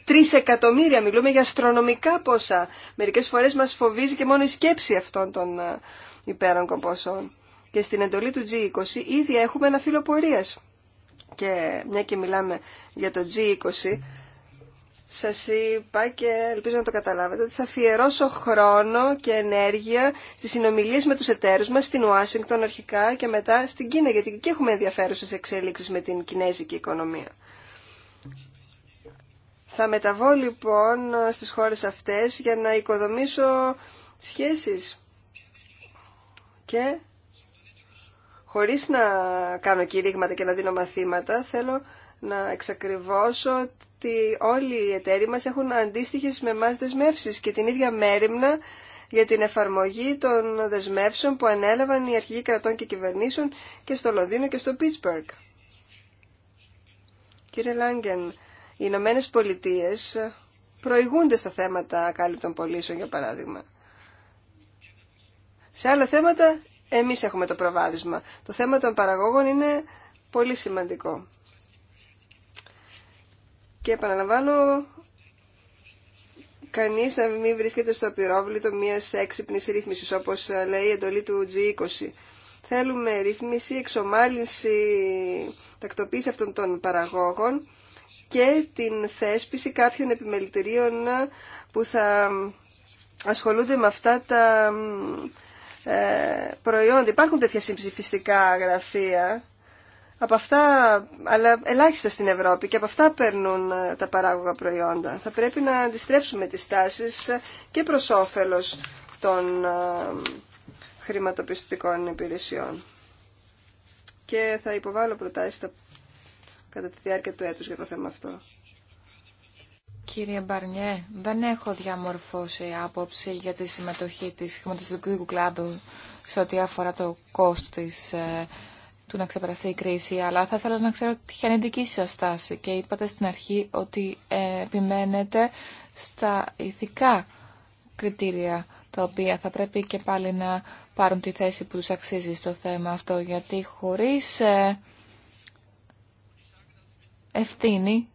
603 εκατομμύρια. Μιλούμε για αστρονομικά ποσά. Μερικές φορές μας φοβίζει και μόνο η σκέψη αυτών των ε, υπέρογκων ποσών. Και στην εντολή του G20 ήδη έχουμε ένα φύλλο Και μια και μιλάμε για το G20, σας είπα και ελπίζω να το καταλάβετε ότι θα αφιερώσω χρόνο και ενέργεια στις συνομιλίε με τους εταίρου μα στην Ουάσιγκτον αρχικά και μετά στην Κίνα γιατί και έχουμε ενδιαφέρουσε εξέλιξεις με την κινέζικη οικονομία. Θα μεταβώ λοιπόν στις χώρες αυτές για να οικοδομήσω σχέσεις και χωρίς να κάνω κηρύγματα και να δίνω μαθήματα θέλω να εξακριβώσω ότι όλοι οι εταίροι μας έχουν αντίστοιχες με εμάς δεσμεύσεις και την ίδια μέρημνα για την εφαρμογή των δεσμεύσεων που ανέλαβαν οι αρχηγοί κρατών και κυβερνήσεων και στο Λονδίνο και στο Πίτσμπεργκ. Κύριε Λάγκεν, οι Ηνωμένε Πολιτείε προηγούνται στα θέματα ακάλυπτων πολίσεων, για παράδειγμα. Σε άλλα θέματα, εμείς έχουμε το προβάδισμα. Το θέμα των παραγόγων είναι πολύ σημαντικό. Και επαναλαμβάνω, κανεί να μην βρίσκεται στο πυρόβλητο μια έξυπνη ρύθμιση, όπως ε, λέει η εντολή του G20. Θέλουμε ρύθμιση, εξομάλυνση, τακτοποίηση αυτών των παραγόγων και την θέσπιση κάποιων επιμελητηρίων ε, που θα ασχολούνται με αυτά τα ε, προϊόντα. Υπάρχουν τέτοια συμψηφιστικά γραφεία από αυτά, αλλά ελάχιστα στην Ευρώπη και από αυτά παίρνουν ε, τα παράγωγα προϊόντα. Θα πρέπει να αντιστρέψουμε τις τάσεις ε, και προς όφελος των ε, χρηματοπιστωτικών υπηρεσιών. Και θα υποβάλω προτάσεις κατά τη διάρκεια του έτους για το θέμα αυτό. Κύριε Μπαρνιέ, δεν έχω διαμορφώσει άποψη για τη συμμετοχή της χρηματοπιστωτικού κλάδου σε ό,τι αφορά το κόστος της του να ξεπεραστεί η κρίση, αλλά θα ήθελα να ξέρω τι είναι η στάση και είπατε στην αρχή ότι ε, επιμένετε στα ηθικά κριτήρια τα οποία θα πρέπει και πάλι να πάρουν τη θέση που τους αξίζει στο θέμα αυτό, γιατί χωρίς ε, ευθύνη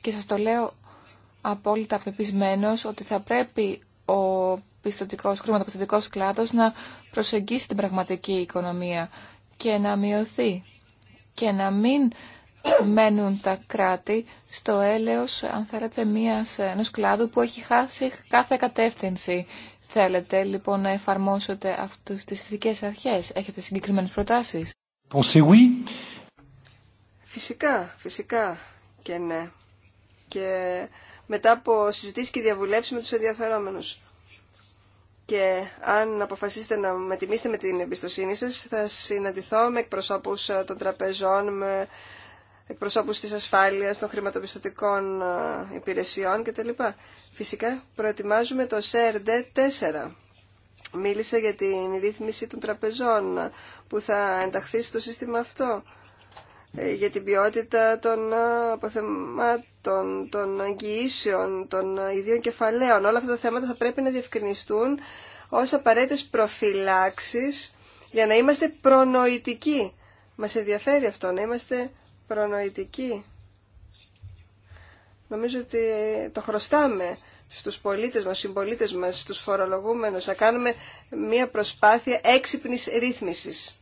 και σας το λέω απόλυτα πεπισμένος ότι θα πρέπει ο πιστοτικός, χρηματοπιστωτικός κλάδος να προσεγγίσει την πραγματική οικονομία και να μειωθεί και να μην μένουν τα κράτη στο έλεος, αν θέλετε, μιας, ενός κλάδου που έχει χάσει κάθε κατεύθυνση. Θέλετε λοιπόν να εφαρμόσετε αυτούς τις θετικές αρχές. Έχετε συγκεκριμένες προτάσεις. Φυσικά, φυσικά και ναι. Και μετά από συζητήσεις και διαβουλεύσεις με τους ενδιαφερόμενους και αν αποφασίσετε να με τιμήσετε με την εμπιστοσύνη σας, θα συναντηθώ με εκπροσώπους ε, των τραπεζών, με εκπροσώπους της ασφάλειας, των χρηματοπιστωτικών ε, υπηρεσιών κτλ. Φυσικά, προετοιμάζουμε το ΣΕΡΔΕ 4 Μίλησε για την ρύθμιση των τραπεζών που θα ενταχθεί στο σύστημα αυτό. Ε, για την ποιότητα των ε, αποθεμάτων, των εγγυήσεων, των ε, ιδίων κεφαλαίων. Όλα αυτά τα θέματα θα πρέπει να διευκρινιστούν ως απαραίτητες προφυλάξεις για να είμαστε προνοητικοί. Μας ενδιαφέρει αυτό, να είμαστε προνοητικοί. Νομίζω ότι το χρωστάμε στους πολίτες μας, στους συμπολίτες μας, στους φορολογούμενους, να κάνουμε μια προσπάθεια έξυπνης ρύθμισης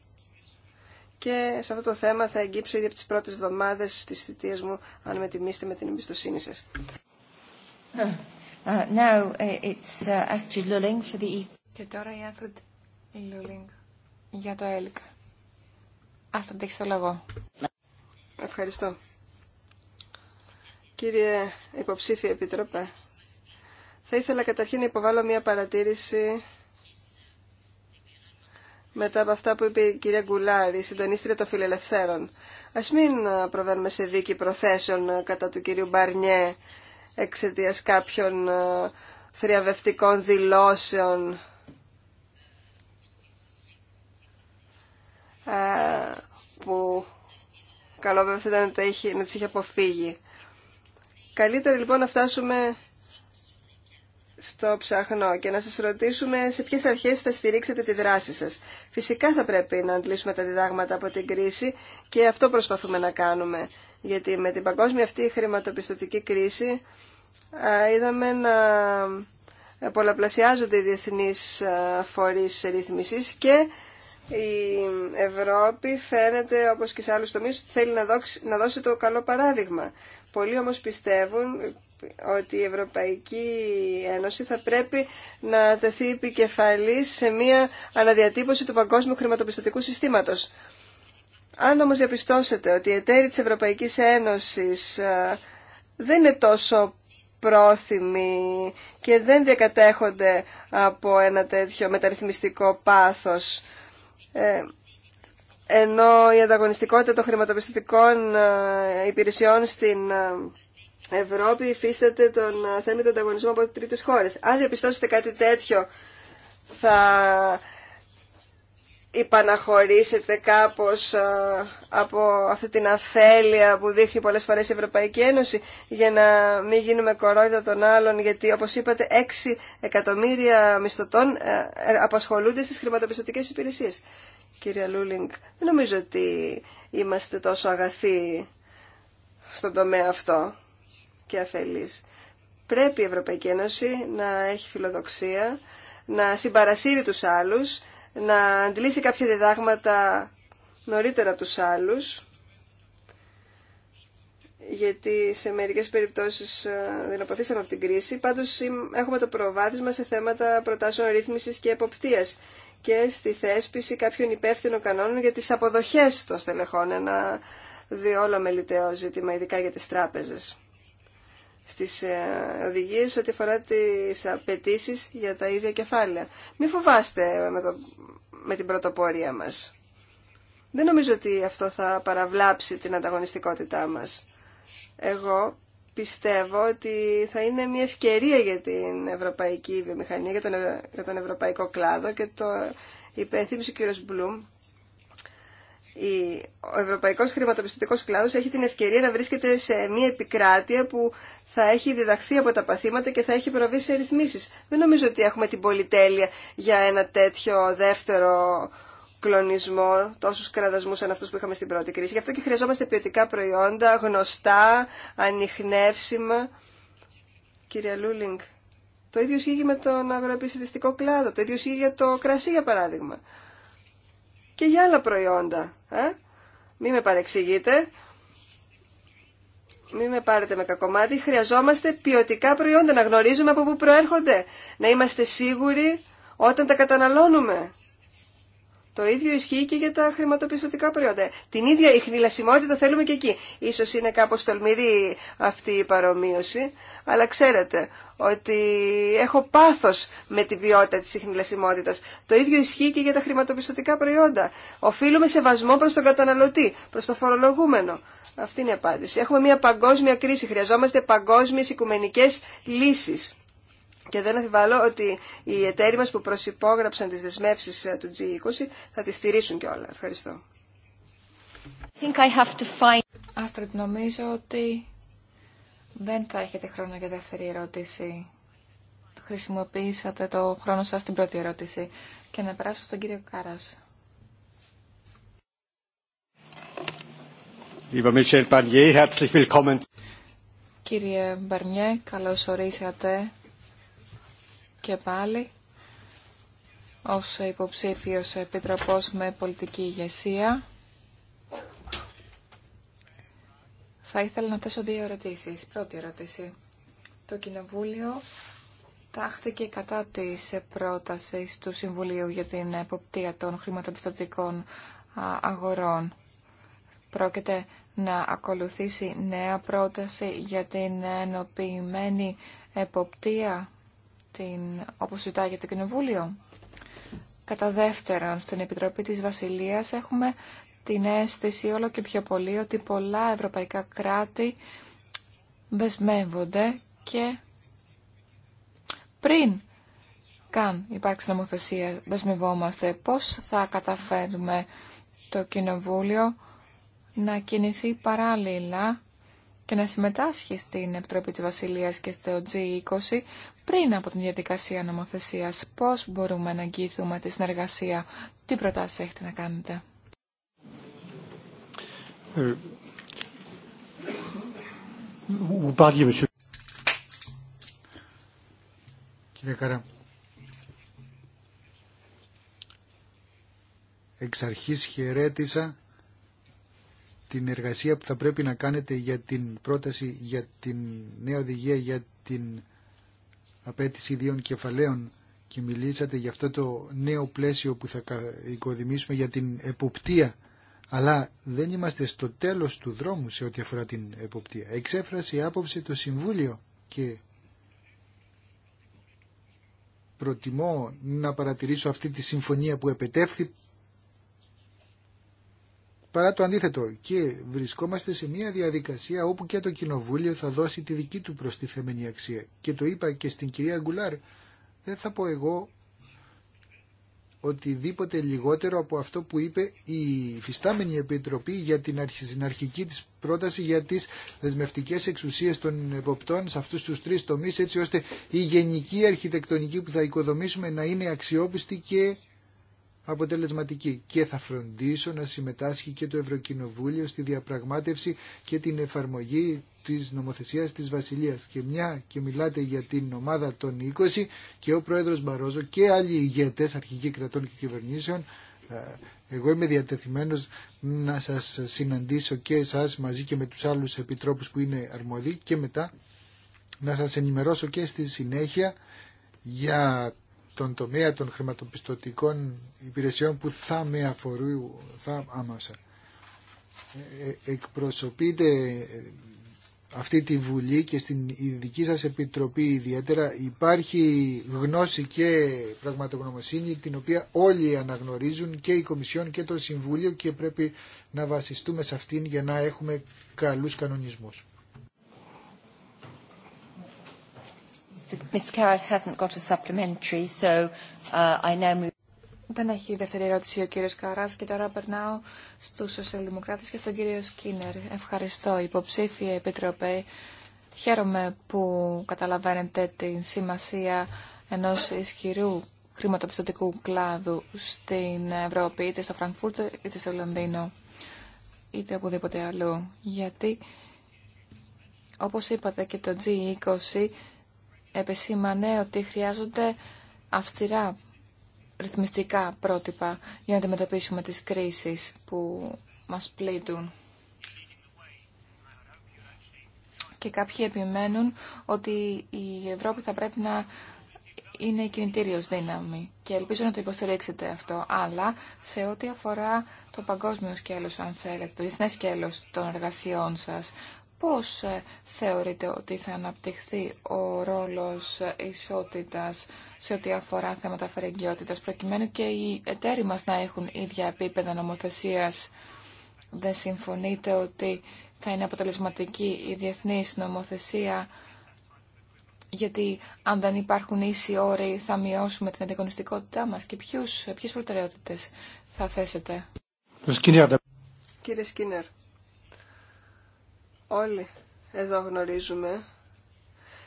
και σε αυτό το θέμα θα εγγύψω ήδη από τις πρώτες εβδομάδες στις θητείες μου, αν με τιμήσετε με την εμπιστοσύνη σας. Ε, ε, ε, e. Και τώρα η Lulling για το ΕΛΚ. Astrid, έχεις το λόγο. Ευχαριστώ. Κύριε υποψήφιε επιτροπέ, θα ήθελα καταρχήν να υποβάλω μια παρατήρηση μετά από αυτά που είπε η κυρία Γκουλάρη, η συντονίστρια των φιλελευθέρων. Ας μην προβαίνουμε σε δίκη προθέσεων κατά του κυρίου Μπαρνιέ εξαιτία κάποιων θριαβευτικών δηλώσεων που καλό βέβαια ήταν να τις είχε αποφύγει. Καλύτερα λοιπόν να φτάσουμε στο ψαχνό και να σας ρωτήσουμε σε ποιες αρχές θα στηρίξετε τη δράση σας. Φυσικά θα πρέπει να αντλήσουμε τα διδάγματα από την κρίση και αυτό προσπαθούμε να κάνουμε. Γιατί με την παγκόσμια αυτή χρηματοπιστωτική κρίση είδαμε να πολλαπλασιάζονται οι διεθνείς φορείς ρύθμισης και η Ευρώπη φαίνεται, όπως και σε άλλους τομείς, θέλει να δώσει, το καλό παράδειγμα. Πολλοί όμως πιστεύουν, ότι η Ευρωπαϊκή Ένωση θα πρέπει να τεθεί επικεφαλή σε μια αναδιατύπωση του παγκόσμιου χρηματοπιστωτικού συστήματος. Αν όμως διαπιστώσετε ότι οι εταίροι της Ευρωπαϊκής Ένωσης δεν είναι τόσο πρόθυμοι και δεν διακατέχονται από ένα τέτοιο μεταρρυθμιστικό πάθος, ε, ενώ η ανταγωνιστικότητα των χρηματοπιστωτικών ε, υπηρεσιών στην ε, Ευρώπη υφίσταται τον ε, θέμα ανταγωνισμό από τρίτες χώρες. Αν διαπιστώσετε κάτι τέτοιο θα υπαναχωρήσετε κάπως ε, από αυτή την αφέλεια που δείχνει πολλές φορές η Ευρωπαϊκή Ένωση για να μην γίνουμε κορόιδα των άλλων γιατί όπως είπατε 6 εκατομμύρια μισθωτών ε, απασχολούνται στις χρηματοπιστωτικές υπηρεσίες. Κύριε Λούλινγκ, δεν νομίζω ότι είμαστε τόσο αγαθοί στον τομέα αυτό και αφελής. Πρέπει η Ευρωπαϊκή Ένωση να έχει φιλοδοξία, να συμπαρασύρει τους άλλους, να αντιλήσει κάποια διδάγματα νωρίτερα τους άλλους, γιατί σε μερικές περιπτώσεις ε, δεν αποθήσαμε από την κρίση. Πάντως έχουμε το προβάδισμα σε θέματα προτάσεων ρύθμισης και εποπτείας και στη θέσπιση κάποιων υπεύθυνων κανόνων για τις αποδοχές των στελεχών, ένα διόλο μελιτέο ζήτημα, ειδικά για τις τράπεζες στις ε, οδηγίες ό,τι αφορά τις απαιτήσει για τα ίδια κεφάλαια. μη φοβάστε με, το, με την πρωτοπορία μας. Δεν νομίζω ότι αυτό θα παραβλάψει την ανταγωνιστικότητά μας. Εγώ πιστεύω ότι θα είναι μια ευκαιρία για την ευρωπαϊκή βιομηχανία, για τον, ε, για ευρωπαϊκό κλάδο και το υπενθύμισε ο κύριος Μπλουμ ο Ευρωπαϊκό χρηματοπιστωτικό Κλάδο έχει την ευκαιρία να βρίσκεται σε μια επικράτεια που θα έχει διδαχθεί από τα παθήματα και θα έχει προβεί σε ρυθμίσεις. Δεν νομίζω ότι έχουμε την πολυτέλεια για ένα τέτοιο δεύτερο κλονισμό, τόσου κραδασμούς σαν αυτού που είχαμε στην πρώτη κρίση. Γι' αυτό και χρειαζόμαστε ποιοτικά προϊόντα, γνωστά, ανοιχνεύσιμα. Κυρία Λούλινγκ, το ίδιο ισχύει με τον αγροεπιστημιστικό κλάδο, το ίδιο ισχύει για το κρασί για παράδειγμα και για άλλα προϊόντα. Ε? Μην με παρεξηγείτε, μην με πάρετε με κακομάτι. Χρειαζόμαστε ποιοτικά προϊόντα, να γνωρίζουμε από πού προέρχονται, να είμαστε σίγουροι όταν τα καταναλώνουμε. Το ίδιο ισχύει και για τα χρηματοπιστωτικά προϊόντα. Την ίδια ηχνηλασιμότητα θέλουμε και εκεί. Ίσως είναι κάπως τολμηρή αυτή η παρομοίωση, αλλά ξέρετε ότι έχω πάθος με τη ποιότητα της συχνηλασιμότητας. Το ίδιο ισχύει και για τα χρηματοπιστωτικά προϊόντα. Οφείλουμε σεβασμό προς τον καταναλωτή, προς το φορολογούμενο. Αυτή είναι η απάντηση. Έχουμε μια παγκόσμια κρίση. Χρειαζόμαστε παγκόσμιες οικουμενικές λύσεις. Και δεν αφιβάλλω ότι οι εταίροι μας που προσυπόγραψαν τις δεσμεύσεις ε, του G20 θα τις στηρίσουν κιόλα. Ευχαριστώ. νομίζω ότι δεν θα έχετε χρόνο για δεύτερη ερώτηση. Χρησιμοποιήσατε το χρόνο σας στην πρώτη ερώτηση. Και να περάσω στον κύριο Κάρας. Κύριε Μπαρνιέ, καλώς ορίσατε και πάλι ως υποψήφιος επιτροπός με πολιτική ηγεσία. Θα ήθελα να θέσω δύο ερωτήσεις. Πρώτη ερώτηση. Το Κοινοβούλιο τάχθηκε κατά της πρόταση του Συμβουλίου για την εποπτεία των χρηματοπιστωτικών αγορών. Πρόκειται να ακολουθήσει νέα πρόταση για την ενοποιημένη εποπτεία την, όπως ζητάει για το Κοινοβούλιο. Κατά δεύτερον, στην Επιτροπή της Βασιλείας έχουμε την αίσθηση όλο και πιο πολύ ότι πολλά ευρωπαϊκά κράτη δεσμεύονται και πριν καν υπάρξει νομοθεσία δεσμευόμαστε πώς θα καταφέρουμε το Κοινοβούλιο να κινηθεί παράλληλα και να συμμετάσχει στην Επιτροπή της Βασιλείας και στο G20 πριν από την διαδικασία νομοθεσίας. Πώς μπορούμε να αγγίθουμε τη συνεργασία. Τι προτάσεις έχετε να κάνετε. Euh, Κύριε Καρά, εξ αρχής χαιρέτησα την εργασία που θα πρέπει να κάνετε για την πρόταση για την νέα οδηγία για την απέτηση δύο κεφαλαίων και μιλήσατε για αυτό το νέο πλαίσιο που θα οικοδημήσουμε για την εποπτεία αλλά δεν είμαστε στο τέλος του δρόμου σε ό,τι αφορά την εποπτεία. Εξέφρασε άποψη το Συμβούλιο και προτιμώ να παρατηρήσω αυτή τη συμφωνία που επετεύχθη παρά το αντίθετο. Και βρισκόμαστε σε μια διαδικασία όπου και το Κοινοβούλιο θα δώσει τη δική του προστιθέμενη αξία. Και το είπα και στην κυρία Γκουλάρ, δεν θα πω εγώ οτιδήποτε λιγότερο από αυτό που είπε η φυστάμενη Επιτροπή για την αρχική της πρόταση για τις δεσμευτικές εξουσίες των εποπτών σε αυτούς τους τρεις τομείς έτσι ώστε η γενική αρχιτεκτονική που θα οικοδομήσουμε να είναι αξιόπιστη και αποτελεσματική και θα φροντίσω να συμμετάσχει και το Ευρωκοινοβούλιο στη διαπραγμάτευση και την εφαρμογή της νομοθεσίας της Βασιλείας και μια και μιλάτε για την ομάδα των 20 και ο Πρόεδρος Μπαρόζο και άλλοι ηγέτες αρχηγοί κρατών και κυβερνήσεων ε, εγώ είμαι διατεθειμένος να σας συναντήσω και εσάς μαζί και με τους άλλους επιτρόπους που είναι αρμόδιοι και μετά να σας ενημερώσω και στη συνέχεια για τον τομέα των χρηματοπιστωτικών υπηρεσιών που θα με αφορούν θα άμασα. Ε, ε, Εκπροσωπείτε αυτή τη Βουλή και στην δική σας Επιτροπή ιδιαίτερα υπάρχει γνώση και πραγματογνωμοσύνη την οποία όλοι αναγνωρίζουν και η Κομισιόν και το Συμβούλιο και πρέπει να βασιστούμε σε αυτήν για να έχουμε καλούς κανονισμούς. Uh, δεν έχει δεύτερη ερώτηση ο κύριος Καράς και τώρα περνάω στους σοσιαλδημοκράτες και στον κύριο Σκίνερ. Ευχαριστώ, υποψήφια επιτροπέ. Χαίρομαι που καταλαβαίνετε την σημασία ενός ισχυρού χρηματοπιστωτικού κλάδου στην Ευρώπη, είτε στο Φραγκφούρτο είτε στο Λονδίνο, είτε οπουδήποτε αλλού. Γιατί, όπως είπατε και το G20, επισήμανε ότι χρειάζονται αυστηρά ρυθμιστικά πρότυπα για να αντιμετωπίσουμε τις κρίσεις που μας πλήττουν. Και κάποιοι επιμένουν ότι η Ευρώπη θα πρέπει να είναι η δύναμη και ελπίζω να το υποστηρίξετε αυτό. Αλλά σε ό,τι αφορά το παγκόσμιο σκέλος, αν θέλετε, το διεθνές σκέλος των εργασιών σας, πώς ε, θεωρείτε ότι θα αναπτυχθεί ο ρόλος ε, ισότητας σε ό,τι αφορά θέματα φερεγγιότητας, προκειμένου και οι εταίροι μας να έχουν ίδια επίπεδα νομοθεσίας. Δεν συμφωνείτε ότι θα είναι αποτελεσματική η διεθνής νομοθεσία, γιατί αν δεν υπάρχουν ίσοι όροι θα μειώσουμε την ανταγωνιστικότητά μας και ποιους, ε, ποιες προτεραιότητες θα θέσετε. Κύριε Σκίνερ όλοι εδώ γνωρίζουμε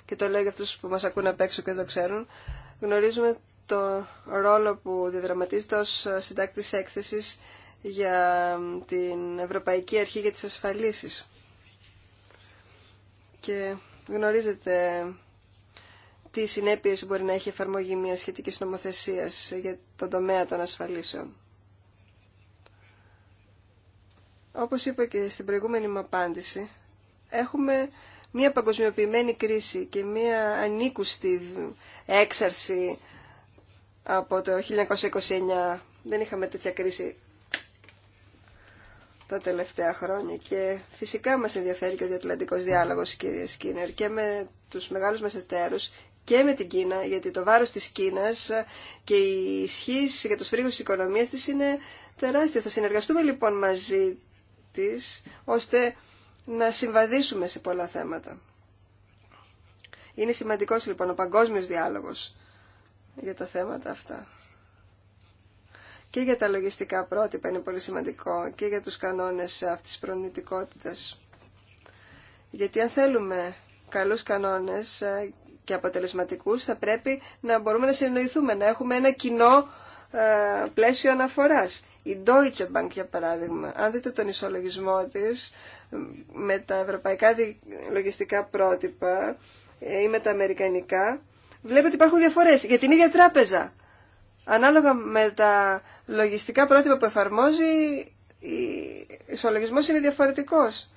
και το λέω για αυτούς που μας ακούν απ' έξω και εδώ ξέρουν γνωρίζουμε το ρόλο που διδραματίζεται ως συντάκτης έκθεσης για την Ευρωπαϊκή Αρχή για τις Ασφαλίσεις. Και γνωρίζετε τι συνέπειες μπορεί να έχει εφαρμογή μια σχετική νομοθεσία για τον τομέα των ασφαλίσεων. Όπως είπα και στην προηγούμενη μου απάντηση, έχουμε μια παγκοσμιοποιημένη κρίση και μια ανίκουστη έξαρση από το 1929. Δεν είχαμε τέτοια κρίση τα τελευταία χρόνια και φυσικά μας ενδιαφέρει και ο διατλαντικός διάλογος κύριε Σκίνερ και με τους μεγάλους μας εταίρους και με την Κίνα γιατί το βάρος της Κίνας και η ισχύ για τους φρύγους της οικονομίας της είναι τεράστια. Θα συνεργαστούμε λοιπόν μαζί της ώστε να συμβαδίσουμε σε πολλά θέματα. Είναι σημαντικός λοιπόν ο παγκόσμιος διάλογος για τα θέματα αυτά. Και για τα λογιστικά πρότυπα είναι πολύ σημαντικό και για τους κανόνες αυτής της προνητικότητας. Γιατί αν θέλουμε καλούς κανόνες και αποτελεσματικούς θα πρέπει να μπορούμε να συνεννοηθούμε, να έχουμε ένα κοινό ε, πλαίσιο αναφοράς. Η Deutsche Bank, για παράδειγμα, αν δείτε τον ισολογισμό της με τα ευρωπαϊκά λογιστικά πρότυπα ε, ή με τα αμερικανικά, βλέπετε ότι υπάρχουν διαφορές για την ίδια τράπεζα. Ανάλογα με τα λογιστικά πρότυπα που εφαρμόζει, ο ισολογισμός είναι διαφορετικός.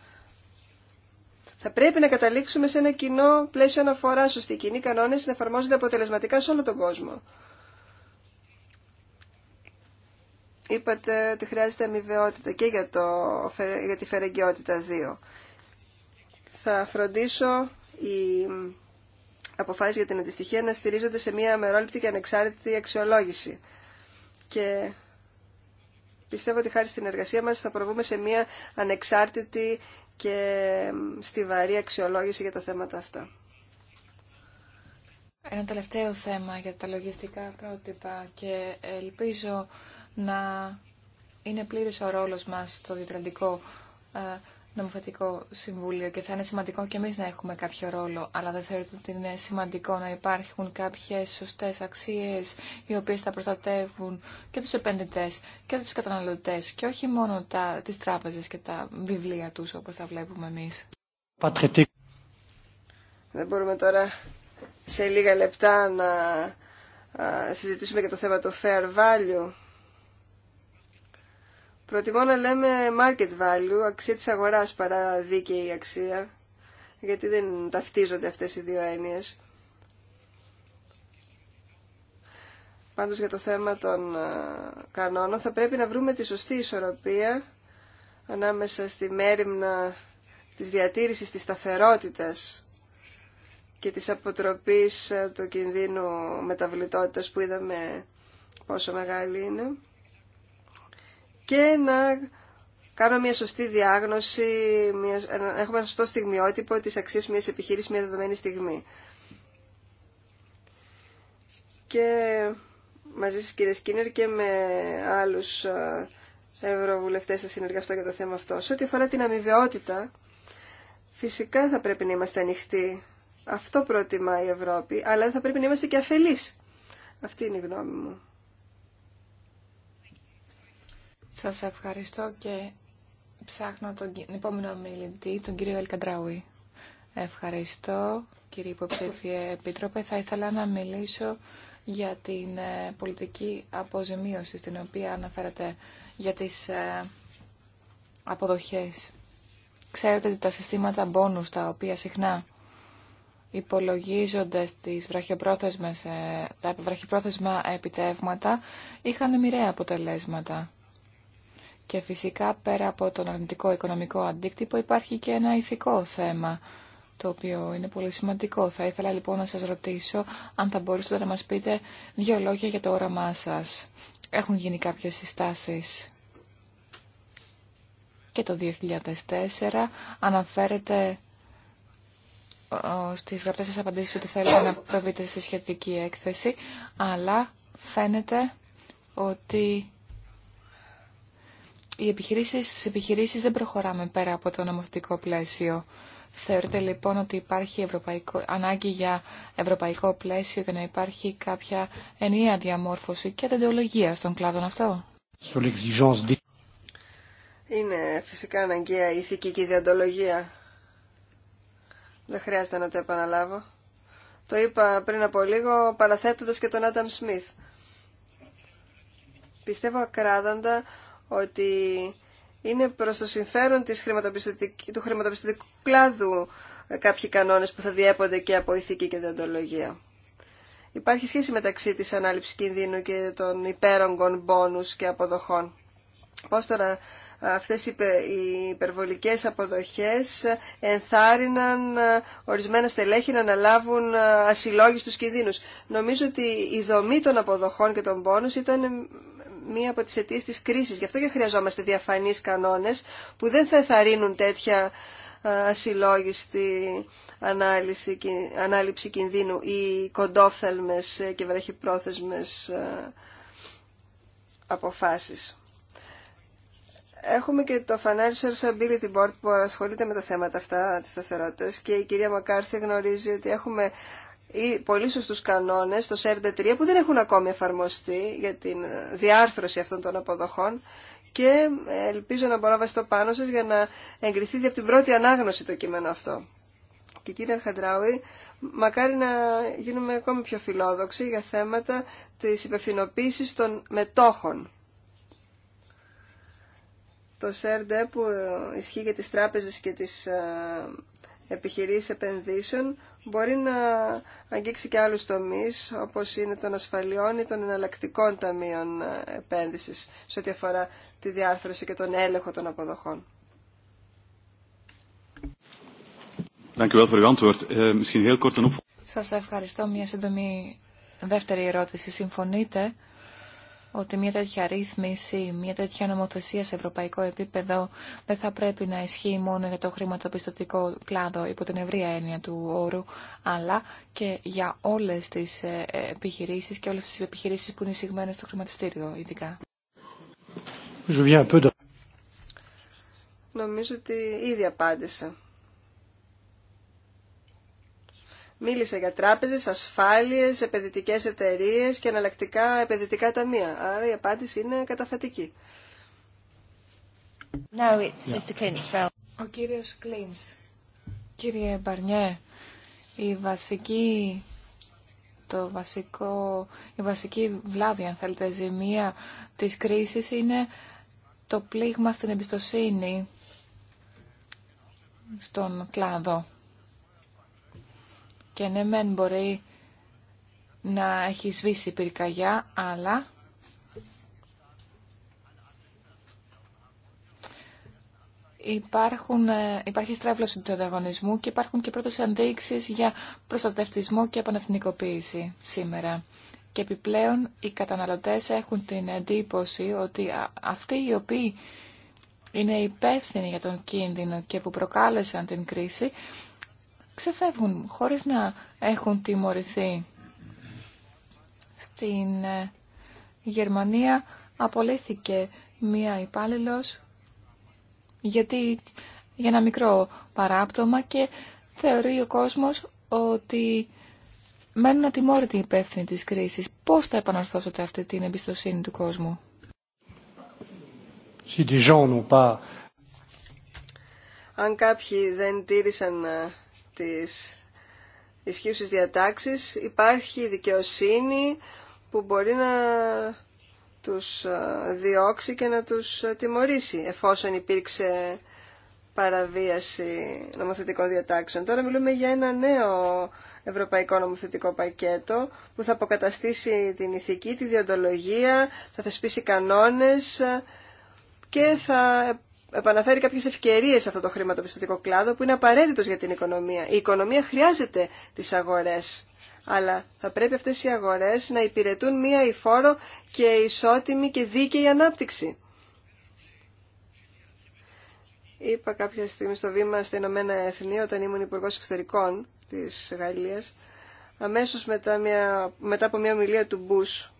Θα πρέπει να καταλήξουμε σε ένα κοινό πλαίσιο αναφορά ώστε οι κοινοί κανόνε να εφαρμόζονται αποτελεσματικά σε όλο τον κόσμο. είπατε ότι χρειάζεται αμοιβαιότητα και για, το, για τη φερεγγιότητα 2. Θα φροντίσω οι αποφάσεις για την αντιστοιχία να στηρίζονται σε μια αμερόληπτη και ανεξάρτητη αξιολόγηση. Και πιστεύω ότι χάρη στην εργασία μας θα προβούμε σε μια ανεξάρτητη και στιβαρή αξιολόγηση για τα θέματα αυτά. Ένα τελευταίο θέμα για τα λογιστικά πρότυπα και ελπίζω να είναι πλήρης ο ρόλος μας στο Διετραντικό ε, Νομοθετικό Συμβούλιο και θα είναι σημαντικό και εμείς να έχουμε κάποιο ρόλο, αλλά δεν θεωρείτε ότι είναι σημαντικό να υπάρχουν κάποιες σωστές αξίες οι οποίες θα προστατεύουν και τους επενδυτές και τους καταναλωτές και όχι μόνο τα, τις τράπεζες και τα βιβλία τους όπως τα βλέπουμε εμείς. Δεν μπορούμε τώρα σε λίγα λεπτά να συζητήσουμε για το θέμα του fair value. Προτιμώ να λέμε market value, αξία της αγοράς παρά δίκαιη αξία, γιατί δεν ταυτίζονται αυτές οι δύο έννοιες. Πάντως για το θέμα των ε, κανόνων θα πρέπει να βρούμε τη σωστή ισορροπία ανάμεσα στη μέρημνα της διατήρησης της σταθερότητας και της αποτροπής ε, του κινδύνου μεταβλητότητας που είδαμε πόσο μεγάλη είναι και να κάνω μια σωστή διάγνωση, μια, έχουμε ένα σωστό στιγμιότυπο τη αξία μια επιχείρηση μια δεδομένη στιγμή. Και μαζί στις κύριε Σκίνερ και με άλλους ε, ευρωβουλευτές θα συνεργαστώ για το θέμα αυτό. Σε ό,τι αφορά την αμοιβαιότητα, φυσικά θα πρέπει να είμαστε ανοιχτοί. Αυτό προτιμά η Ευρώπη, αλλά θα πρέπει να είμαστε και αφελείς. Αυτή είναι η γνώμη μου. Σας ευχαριστώ και ψάχνω τον επόμενο μιλητή, τον κύριο Ελκαντράουι. Ευχαριστώ, κύριε υποψήφιε επίτροπε. Θα ήθελα να μιλήσω για την ε, πολιτική αποζημίωση στην οποία αναφέρατε για τις ε, αποδοχές. Ξέρετε ότι τα συστήματα μπόνους τα οποία συχνά υπολογίζονται στις ε, τα βραχυπρόθεσμα επιτεύγματα είχαν μοιραία αποτελέσματα. Και φυσικά πέρα από τον αρνητικό οικονομικό αντίκτυπο υπάρχει και ένα ηθικό θέμα το οποίο είναι πολύ σημαντικό. Θα ήθελα λοιπόν να σας ρωτήσω αν θα μπορούσατε να μας πείτε δύο λόγια για το όραμά σας. Έχουν γίνει κάποιες συστάσεις και το 2004 αναφέρεται στις γραπτές σας απαντήσεις ότι θέλετε να προβείτε σε σχετική έκθεση, αλλά φαίνεται ότι οι επιχειρήσεις, επιχειρήσεις δεν προχωράμε πέρα από το νομοθετικό πλαίσιο. Θεωρείτε λοιπόν ότι υπάρχει ευρωπαϊκό, ανάγκη για ευρωπαϊκό πλαίσιο και να υπάρχει κάποια ενιαία διαμόρφωση και αντιολογία στον κλάδο αυτό. Είναι φυσικά αναγκαία η ηθική και η διαντολογία. Δεν χρειάζεται να το επαναλάβω. Το είπα πριν από λίγο παραθέτοντας και τον Άνταμ Σμιθ. Πιστεύω ακράδαντα ότι είναι προς το συμφέρον της χρηματοπιστωτικ... του χρηματοπιστωτικού κλάδου κάποιοι κανόνες που θα διέπονται και από ηθική και διοντολογία. Υπάρχει σχέση μεταξύ της ανάληψης κινδύνου και των υπέρογκων μπόνους και αποδοχών. Πώς τώρα αυτές οι υπερβολικές αποδοχές ενθάρρυναν ορισμένα στελέχη να αναλάβουν ασυλλόγιστους κινδύνους. Νομίζω ότι η δομή των αποδοχών και των πόνους ήταν μία από τις αιτίες της κρίσης. Γι' αυτό και χρειαζόμαστε διαφανείς κανόνες που δεν θα εθαρρύνουν τέτοια ε, ασυλλόγιστη ανάλυση, ανάληψη κινδύνου ή κοντόφθαλμες ε, και βραχυπρόθεσμες ε, αποφάσεις. Έχουμε και το Financial Stability Board που ασχολείται με τα θέματα αυτά της σταθερότητα και η κυρία Μακάρθη γνωρίζει ότι έχουμε ή πολύ σωστούς κανόνες το ΣΕΡΔΕ 3 που δεν έχουν ακόμη εφαρμοστεί για τη διάρθρωση αυτών των αποδοχών και ελπίζω να μπορώ να το πάνω σας για να εγκριθεί από την πρώτη ανάγνωση το κείμενο αυτό. Και κύριε Αρχαντράουι, μακάρι να γίνουμε ακόμη πιο φιλόδοξοι για θέματα της υπευθυνοποίηση των μετόχων. Το ΣΕΡΔΕ που ισχύει για τις τράπεζες και τις ε, επιχειρήσεις επενδύσεων μπορεί να αγγίξει και άλλους τομείς, όπως είναι των ασφαλιών ή των εναλλακτικών ταμείων ε, επένδυσης, σε ό,τι αφορά τη διάρθρωση και τον έλεγχο των αποδοχών. Σας ευχαριστώ. Μια σύντομη δεύτερη ερώτηση. Συμφωνείτε ότι μια τέτοια ρύθμιση, μια τέτοια νομοθεσία σε ευρωπαϊκό επίπεδο δεν θα πρέπει να ισχύει μόνο για το χρηματοπιστωτικό κλάδο υπό την ευρία έννοια του όρου, αλλά και για όλες τις ε, επιχειρήσεις και όλες τις επιχειρήσεις που είναι εισηγμένες στο χρηματιστήριο ειδικά. Νομίζω ότι ήδη απάντησα. Μίλησε για τράπεζες, ασφάλειες, επενδυτικές εταιρείες και εναλλακτικά επενδυτικά ταμεία. Άρα η απάντηση είναι καταφατική. it's Mr. Ο κύριος Κλίνς. Κύριε Μπαρνιέ, η βασική, το βασικό, η βασική βλάβη, αν θέλετε, ζημία της κρίσης είναι το πλήγμα στην εμπιστοσύνη στον κλάδο. Και ναι, μεν μπορεί να έχει σβήσει η πυρκαγιά, αλλά υπάρχουν, ε, υπάρχει στρέβλωση του ανταγωνισμού και υπάρχουν και πρώτες ενδείξεις για προστατευτισμό και επανεθνικοποίηση σήμερα. Και επιπλέον οι καταναλωτές έχουν την εντύπωση ότι αυτοί οι οποίοι είναι υπεύθυνοι για τον κίνδυνο και που προκάλεσαν την κρίση ξεφεύγουν χωρίς να έχουν τιμωρηθεί. Στην ε, Γερμανία απολύθηκε μία υπάλληλος γιατί για ένα μικρό παράπτωμα και θεωρεί ο κόσμος ότι μένουν ατιμόρυτοι υπεύθυνοι της κρίσης. Πώς θα επαναρθώσετε αυτή την εμπιστοσύνη του κόσμου. Αν κάποιοι δεν τήρησαν ε, της ισχύουσης διατάξης υπάρχει δικαιοσύνη που μπορεί να τους ε, διώξει και να τους ε, τιμωρήσει εφόσον υπήρξε παραβίαση νομοθετικών διατάξεων. Τώρα μιλούμε για ένα νέο ευρωπαϊκό νομοθετικό πακέτο που θα αποκαταστήσει την ηθική, τη διοντολογία, θα θεσπίσει κανόνες ε, και θα επαναφέρει κάποιες ευκαιρίε σε αυτό το χρηματοπιστωτικό κλάδο που είναι απαραίτητο για την οικονομία. Η οικονομία χρειάζεται τις αγορές, αλλά θα πρέπει αυτές οι αγορές να υπηρετούν μία υφόρο και ισότιμη και δίκαιη ανάπτυξη. Είπα κάποια στιγμή στο βήμα στα Ηνωμένα Έθνη, όταν ήμουν υπουργό Εξωτερικών της Γαλλίας, αμέσως μετά, μια, μετά στα ηνωμενα εθνη οταν ημουν υπουργο εξωτερικων τη γαλλια αμεσω μετα ομιλία του Μπούς,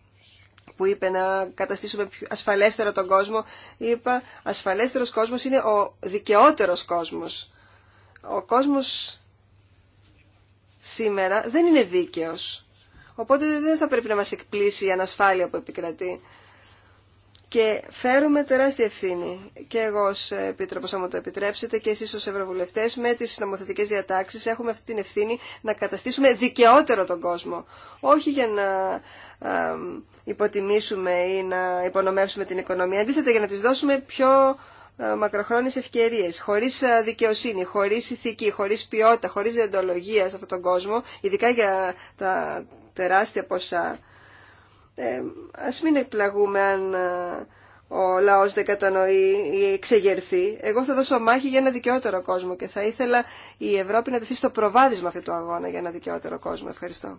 που είπε να καταστήσουμε ασφαλέστερο τον κόσμο, είπα ασφαλέστερος κόσμος είναι ο δικαιότερος κόσμος. Ο κόσμος σήμερα δεν είναι δίκαιος. Οπότε δεν θα πρέπει να μας εκπλήσει η ανασφάλεια που επικρατεί. Και φέρουμε τεράστια ευθύνη και εγώ ως Επίτροπος, αν μου το επιτρέψετε, και εσείς ως Ευρωβουλευτές, με τις νομοθετικές διατάξεις έχουμε αυτή την ευθύνη να καταστήσουμε δικαιότερο τον κόσμο. Όχι για να υποτιμήσουμε ή να υπονομεύσουμε την οικονομία, αντίθετα για να τις δώσουμε πιο ε, μακροχρόνιες ευκαιρίες, χωρίς ε, δικαιοσύνη, χωρίς ηθική, χωρίς ποιότητα, χωρίς διεντολογία σε αυτόν τον κόσμο, ειδικά για τα τεράστια ποσά ε, ας μην εκπλαγούμε αν ε, ο λαός δεν κατανοεί ή εξεγερθεί. Εγώ θα δώσω μάχη για ένα δικαιότερο κόσμο και θα ήθελα η Ευρώπη να τεθεί στο προβάδισμα αυτού του αγώνα για ένα δικαιότερο κόσμο. Ευχαριστώ.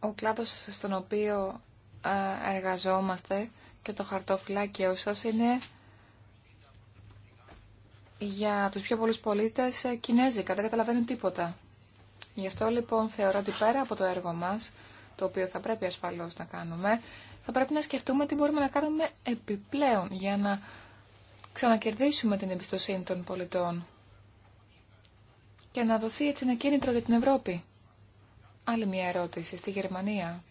Ο κλάδος στον οποίο ε, εργαζόμαστε και το χαρτοφυλάκιο σας είναι για τους πιο πολλούς πολίτες ε, κινέζικα, δεν καταλαβαίνουν τίποτα. Γι' αυτό λοιπόν θεωρώ ότι πέρα από το έργο μας, το οποίο θα πρέπει ασφαλώς να κάνουμε, θα πρέπει να σκεφτούμε τι μπορούμε να κάνουμε επιπλέον για να ξανακερδίσουμε την εμπιστοσύνη των πολιτών και να δοθεί έτσι ένα κίνητρο για την Ευρώπη. Άλλη μια ερώτηση. Στη Γερμανία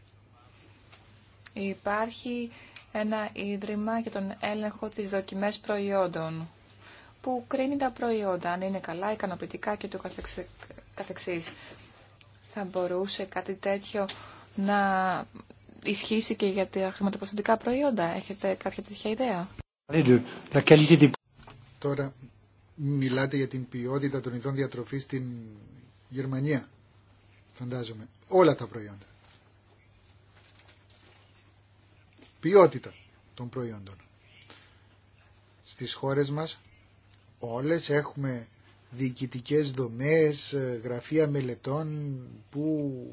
υπάρχει ένα ίδρυμα για τον έλεγχο της δοκιμές προϊόντων που κρίνει τα προϊόντα, αν είναι καλά, ικανοποιητικά και το καθεξής. Θα μπορούσε κάτι τέτοιο να ισχύσει και για τα χρηματοπιστωτικά προϊόντα. Έχετε κάποια τέτοια ιδέα. Τώρα μιλάτε για την ποιότητα των ειδών διατροφής στην Γερμανία, φαντάζομαι. Όλα τα προϊόντα. Ποιότητα των προϊόντων. Στις χώρες μας όλες. Έχουμε διοικητικές δομές, ε, γραφεία μελετών που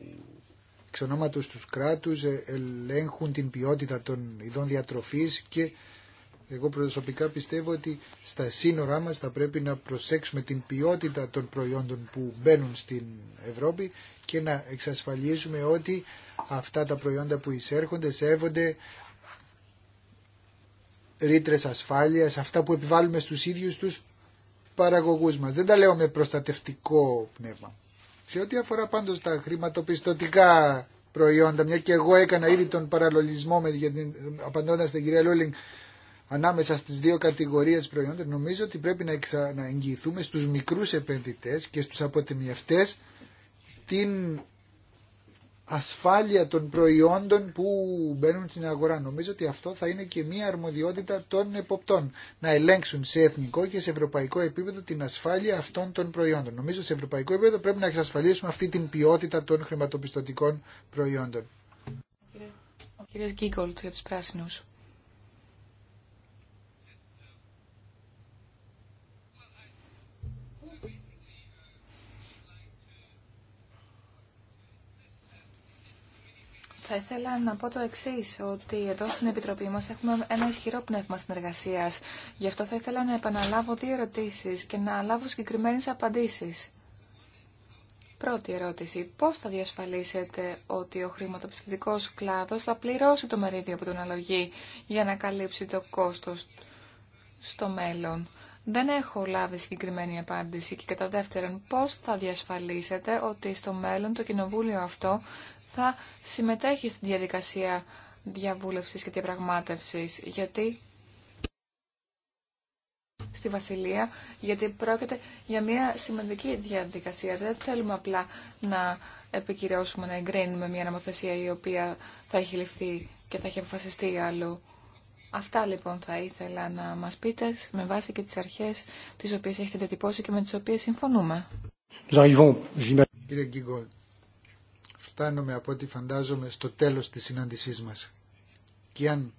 εξ ονόματος τους κράτους ε, ελέγχουν την ποιότητα των ειδών διατροφής και εγώ προσωπικά πιστεύω ότι στα σύνορά μας θα πρέπει να προσέξουμε την ποιότητα των προϊόντων που μπαίνουν στην Ευρώπη και να εξασφαλίσουμε ότι αυτά τα προϊόντα που εισέρχονται σέβονται ρήτρε ασφάλειας, αυτά που επιβάλλουμε στους ίδιους τους παραγωγούς μας. Δεν τα λέω με προστατευτικό πνεύμα. Σε ό,τι αφορά πάντως τα χρηματοπιστωτικά προϊόντα, μια και εγώ έκανα ήδη τον παραλογισμό με, για την, απαντώντας στην κυρία Λούλινγκ ανάμεσα στις δύο κατηγορίες προϊόντων, νομίζω ότι πρέπει να εγγυηθούμε στους μικρούς επενδυτές και στους αποτιμιευτές την ασφάλεια των προϊόντων που μπαίνουν στην αγορά. Νομίζω ότι αυτό θα είναι και μία αρμοδιότητα των εποπτών να ελέγξουν σε εθνικό και σε ευρωπαϊκό επίπεδο την ασφάλεια αυτών των προϊόντων. Νομίζω σε ευρωπαϊκό επίπεδο πρέπει να εξασφαλίσουμε αυτή την ποιότητα των χρηματοπιστωτικών προϊόντων. Ο κύριος Γκίγκολτ για τους θα ήθελα να πω το εξή, ότι εδώ στην Επιτροπή μα έχουμε ένα ισχυρό πνεύμα συνεργασία. Γι' αυτό θα ήθελα να επαναλάβω δύο ερωτήσει και να λάβω συγκεκριμένε απαντήσει. Πρώτη ερώτηση. Πώ θα διασφαλίσετε ότι ο χρηματοπιστωτικό κλάδο θα πληρώσει το μερίδιο που τον αλογεί για να καλύψει το κόστο στο μέλλον. Δεν έχω λάβει συγκεκριμένη απάντηση και κατά δεύτερον πώς θα διασφαλίσετε ότι στο μέλλον το κοινοβούλιο αυτό θα συμμετέχει στη διαδικασία διαβούλευσης και διαπραγμάτευσης, γιατί στη Βασιλεία, γιατί πρόκειται για μια σημαντική διαδικασία. Δεν θέλουμε απλά να επικυρώσουμε, να εγκρίνουμε μια νομοθεσία η οποία θα έχει ληφθεί και θα έχει αποφασιστεί άλλο. Αυτά λοιπόν θα ήθελα να μας πείτε με βάση και τις αρχές τις οποίες έχετε διατυπώσει και με τις οποίες συμφωνούμε φτάνουμε από ό,τι φαντάζομαι στο τέλος της συνάντησής μας. Και αν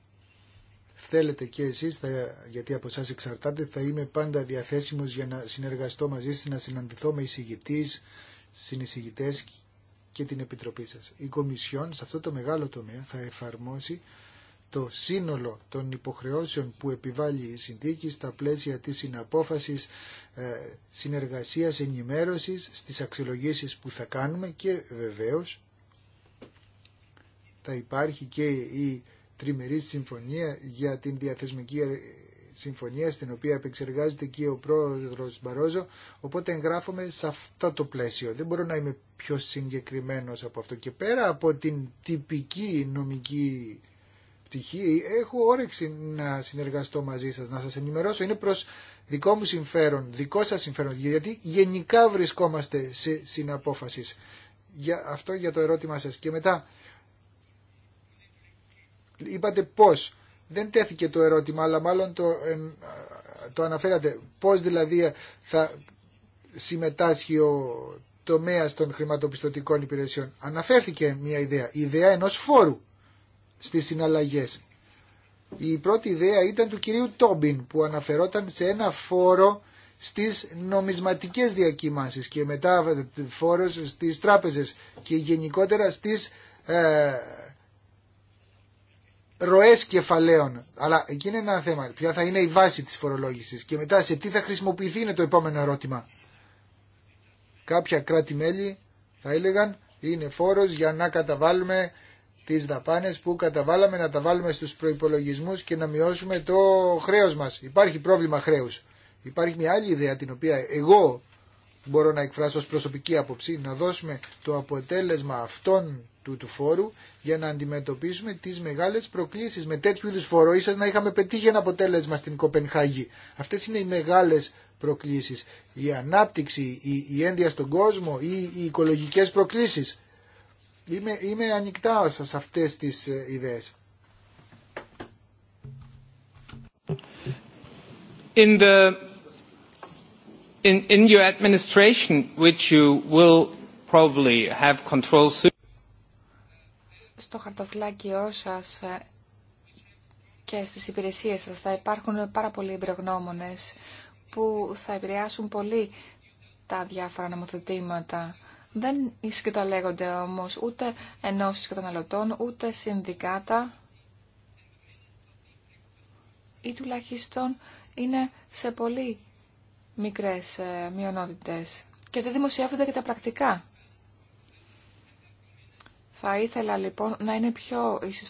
θέλετε και εσείς, θα, γιατί από εσάς εξαρτάται, θα είμαι πάντα διαθέσιμος για να συνεργαστώ μαζί σας, να συναντηθώ με εισηγητής, συνεισηγητές και την Επιτροπή σας. Η Κομισιόν σε αυτό το μεγάλο τομέα θα εφαρμόσει το σύνολο των υποχρεώσεων που επιβάλλει η συνθήκη στα πλαίσια της συναπόφασης ε, συνεργασίας ενημέρωσης στις αξιολογήσεις που θα κάνουμε και βεβαίως θα υπάρχει και η τριμερή συμφωνία για την διαθεσμική συμφωνία στην οποία επεξεργάζεται και ο πρόεδρος Μπαρόζο οπότε εγγράφομαι σε αυτό το πλαίσιο δεν μπορώ να είμαι πιο συγκεκριμένος από αυτό και πέρα από την τυπική νομική πτυχή έχω όρεξη να συνεργαστώ μαζί σας να σας ενημερώσω είναι προς δικό μου συμφέρον, δικό σας συμφέρον γιατί γενικά βρισκόμαστε σε συναπόφαση για αυτό για το ερώτημα σας και μετά Είπατε πώς. Δεν τέθηκε το ερώτημα, αλλά μάλλον το, το αναφέρατε. Πώς δηλαδή θα συμμετάσχει ο τομέας των χρηματοπιστωτικών υπηρεσιών. Αναφέρθηκε μια ιδέα. Η ιδέα ενός φόρου στις συναλλαγές. Η πρώτη ιδέα ήταν του κυρίου Τόμπιν που αναφερόταν σε ένα φόρο στις νομισματικές διακύμανσεις και μετά ε, φόρο στις τράπεζες και γενικότερα στις ε, ροές κεφαλαίων. Αλλά εκεί είναι ένα θέμα. Ποια θα είναι η βάση τη φορολόγησης και μετά σε τι θα χρησιμοποιηθεί είναι το επόμενο ερώτημα. Κάποια κράτη-μέλη θα έλεγαν είναι φόρο για να καταβάλουμε τι δαπάνε που καταβάλαμε να τα βάλουμε στου προπολογισμού και να μειώσουμε το χρέο μα. Υπάρχει πρόβλημα χρέου. Υπάρχει μια άλλη ιδέα την οποία εγώ μπορώ να εκφράσω ως προσωπική άποψη, να δώσουμε το αποτέλεσμα αυτών του, του φόρου για να αντιμετωπίσουμε τις μεγάλες προκλήσεις. Με τέτοιου είδους φόρο ίσως να είχαμε πετύχει ένα αποτέλεσμα στην Κοπενχάγη. Αυτές είναι οι μεγάλες προκλήσεις. Η ανάπτυξη, η, η ένδυα στον κόσμο ή οι, οικολογικέ οικολογικές προκλήσεις. Είμαι, ανοιχτά σε αυτές τις ε, ιδέες. In the στο χαρτοφυλάκιό σας ε, και στις υπηρεσίες σας θα υπάρχουν πάρα πολλοί εμπειρογνώμονες που θα επηρεάσουν πολύ τα διάφορα νομοθετήματα. Δεν συγκαταλέγονται όμως ούτε ενώσεις καταναλωτών, ούτε συνδικάτα ή τουλάχιστον είναι σε πολύ μικρές ε, μειονότητες και δεν δημοσιεύονται και τα πρακτικά. Θα ήθελα λοιπόν να είναι πιο ίσως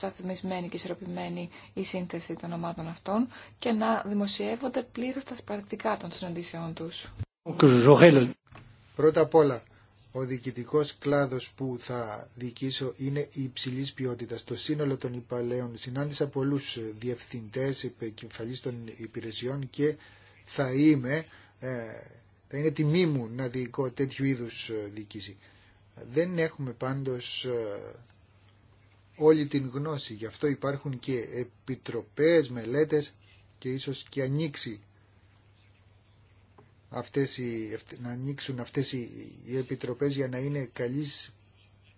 και ισορροπημένη η σύνθεση των ομάδων αυτών και να δημοσιεύονται πλήρως τα πρακτικά των συναντήσεών τους. Πρώτα απ' όλα, ο διοικητικό κλάδος που θα διοικήσω είναι υψηλή ποιότητα. Το σύνολο των υπαλλέων συνάντησα πολλούς διευθυντέ, επικεφαλεί των υπηρεσιών και θα είμαι ε, θα είναι τιμή μου να διοικώ τέτοιου είδους ε, διοίκηση. Δεν έχουμε πάντως ε, όλη την γνώση. Γι' αυτό υπάρχουν και επιτροπές, μελέτες και ίσως και ανοίξει αυτές οι, να ανοίξουν αυτές οι, επιτροπές για να είναι καλής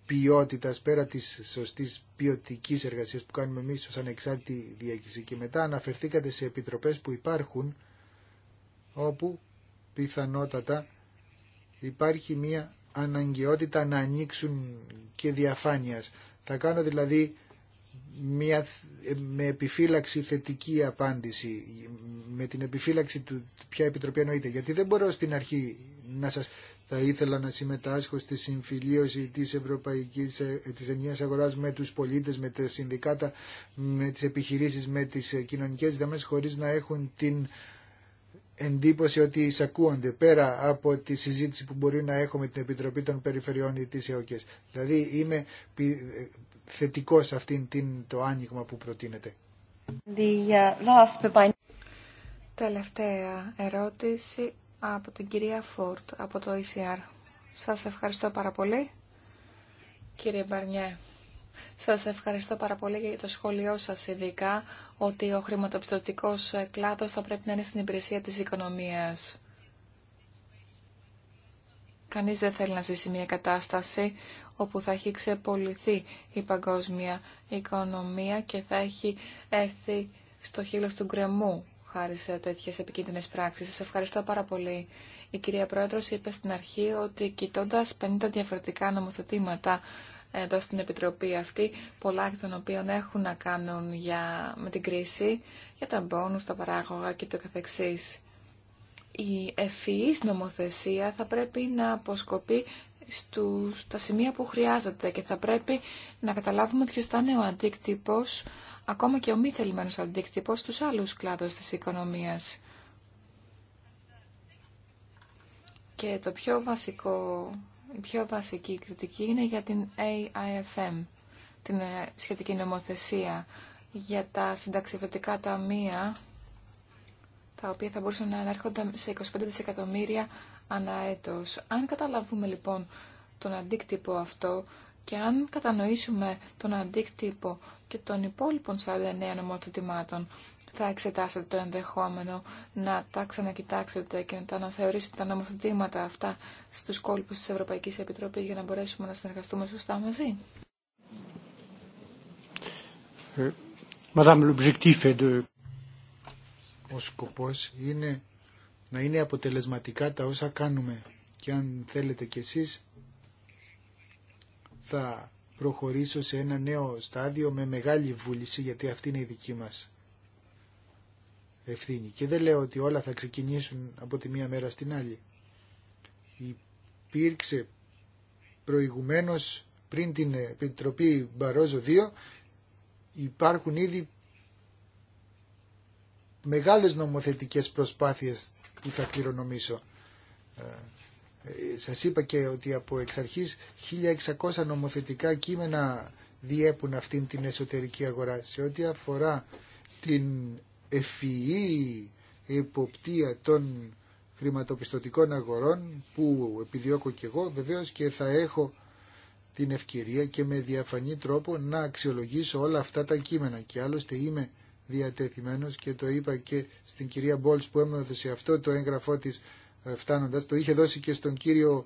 ποιότητας πέρα της σωστής ποιοτικής εργασίας που κάνουμε εμείς ως ανεξάρτητη διοίκηση. Και μετά αναφερθήκατε σε επιτροπές που υπάρχουν όπου πιθανότατα υπάρχει μια αναγκαιότητα να ανοίξουν και διαφάνειας. Θα κάνω δηλαδή μια, με επιφύλαξη θετική απάντηση, με την επιφύλαξη του ποια επιτροπή εννοείται. Γιατί δεν μπορώ στην αρχή να σας... Θα ήθελα να συμμετάσχω στη συμφιλίωση της Ευρωπαϊκής ε, της Ενιαίας Αγοράς με τους πολίτες, με τα συνδικάτα, με τις επιχειρήσεις, με τις κοινωνικές δαμές χωρίς να έχουν την εντύπωση ότι εισακούονται πέρα από τη συζήτηση που μπορεί να έχω με την Επιτροπή των Περιφερειών ή της ΕΟΚΕΣ. Δηλαδή είμαι θετικός αυτήν την, το άνοιγμα που προτείνεται. The, uh, Τελευταία ερώτηση από την κυρία Φόρτ από το ECR. Σας ευχαριστώ πάρα πολύ. Κύριε Μπαρνιέ, σας ευχαριστώ πάρα πολύ για το σχόλιο σας, ειδικά ότι ο χρηματοπιστωτικός κλάδος θα πρέπει να είναι στην υπηρεσία της οικονομίας. Κανείς δεν θέλει να ζήσει μια κατάσταση όπου θα έχει ξεπολυθεί η παγκόσμια οικονομία και θα έχει έρθει στο χείλος του γκρεμού χάρη σε τέτοιες επικίνδυνες πράξεις. Σας ευχαριστώ πάρα πολύ. Η κυρία Πρόεδρος είπε στην αρχή ότι κοιτώντας 50 διαφορετικά νομοθετήματα εδώ στην Επιτροπή αυτή, πολλά εκ των οποίων έχουν να κάνουν για, με την κρίση, για τα μπόνους, τα παράγωγα και το καθεξής. Η ευφυής νομοθεσία θα πρέπει να αποσκοπεί στους, τα σημεία που χρειάζεται και θα πρέπει να καταλάβουμε ποιος θα είναι ο αντίκτυπος, ακόμα και ο μη θελημένος αντίκτυπος, στους άλλους κλάδους της οικονομίας. Και το πιο βασικό η πιο βασική κριτική είναι για την AIFM, την ε, σχετική νομοθεσία για τα συνταξιδοτικά ταμεία, τα οποία θα μπορούσαν να ανέρχονται σε 25 δισεκατομμύρια ανά έτος. Αν καταλαβούμε λοιπόν τον αντίκτυπο αυτό και αν κατανοήσουμε τον αντίκτυπο και των υπόλοιπων 49 νομοθετημάτων, θα εξετάσετε το ενδεχόμενο να τα ξανακοιτάξετε και να τα αναθεωρήσετε τα νομοθετήματα αυτά στους κόλπους της Ευρωπαϊκής Επιτροπής για να μπορέσουμε να συνεργαστούμε σωστά μαζί. Ε, Ο σκοπός είναι να είναι αποτελεσματικά τα όσα κάνουμε και αν θέλετε κι εσείς θα προχωρήσω σε ένα νέο στάδιο με μεγάλη βούληση γιατί αυτή είναι η δική μας ευθύνη. Και δεν λέω ότι όλα θα ξεκινήσουν από τη μία μέρα στην άλλη. Υπήρξε προηγουμένως πριν την Επιτροπή Μπαρόζο 2 υπάρχουν ήδη μεγάλες νομοθετικές προσπάθειες που θα κληρονομήσω. Ε, σας είπα και ότι από εξ αρχής 1600 νομοθετικά κείμενα διέπουν αυτήν την εσωτερική αγορά. Σε ό,τι αφορά την ευφυή υποπτία των χρηματοπιστωτικών αγορών που επιδιώκω και εγώ βεβαίως και θα έχω την ευκαιρία και με διαφανή τρόπο να αξιολογήσω όλα αυτά τα κείμενα και άλλωστε είμαι διατεθειμένος και το είπα και στην κυρία Μπόλς που έμεινε σε αυτό το έγγραφό της ε, φτάνοντας το είχε δώσει και στον κύριο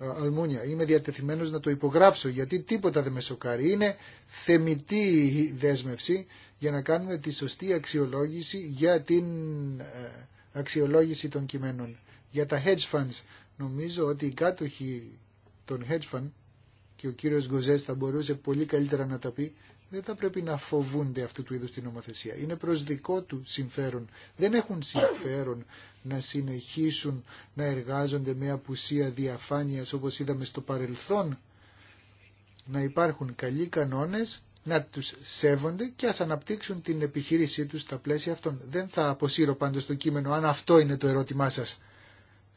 Αλμούνια. Είμαι διατεθειμένος να το υπογράψω γιατί τίποτα δεν με σοκάρει. Είναι θεμητή η δέσμευση για να κάνουμε τη σωστή αξιολόγηση για την ε, αξιολόγηση των κειμένων. Για τα hedge funds νομίζω ότι οι κάτοχοι των hedge fund και ο κύριος Γκοζές θα μπορούσε πολύ καλύτερα να τα πει δεν θα πρέπει να φοβούνται αυτού του είδους την νομοθεσία. Είναι προς δικό του συμφέρον. Δεν έχουν συμφέρον να συνεχίσουν να εργάζονται με απουσία διαφάνειας όπως είδαμε στο παρελθόν, να υπάρχουν καλοί κανόνες, να τους σέβονται και ας αναπτύξουν την επιχείρησή τους στα πλαίσια αυτών. Δεν θα αποσύρω πάντως το κείμενο αν αυτό είναι το ερώτημά σας.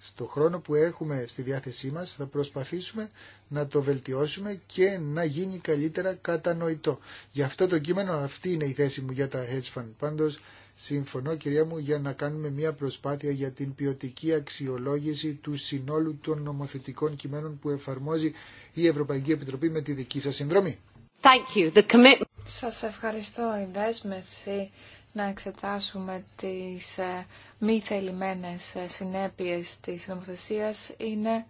Στο χρόνο που έχουμε στη διάθεσή μας θα προσπαθήσουμε να το βελτιώσουμε και να γίνει καλύτερα κατανοητό. Γι' αυτό το κείμενο αυτή είναι η θέση μου για τα hedge fund. Πάντως Συμφωνώ κυρία μου για να κάνουμε μια προσπάθεια για την ποιοτική αξιολόγηση του συνόλου των νομοθετικών κειμένων που εφαρμόζει η Ευρωπαϊκή Επιτροπή με τη δική σας συνδρομή. Thank Σας ευχαριστώ. Η δέσμευση να εξετάσουμε τις ε, μη θελημένες ε, συνέπειες της νομοθεσίας είναι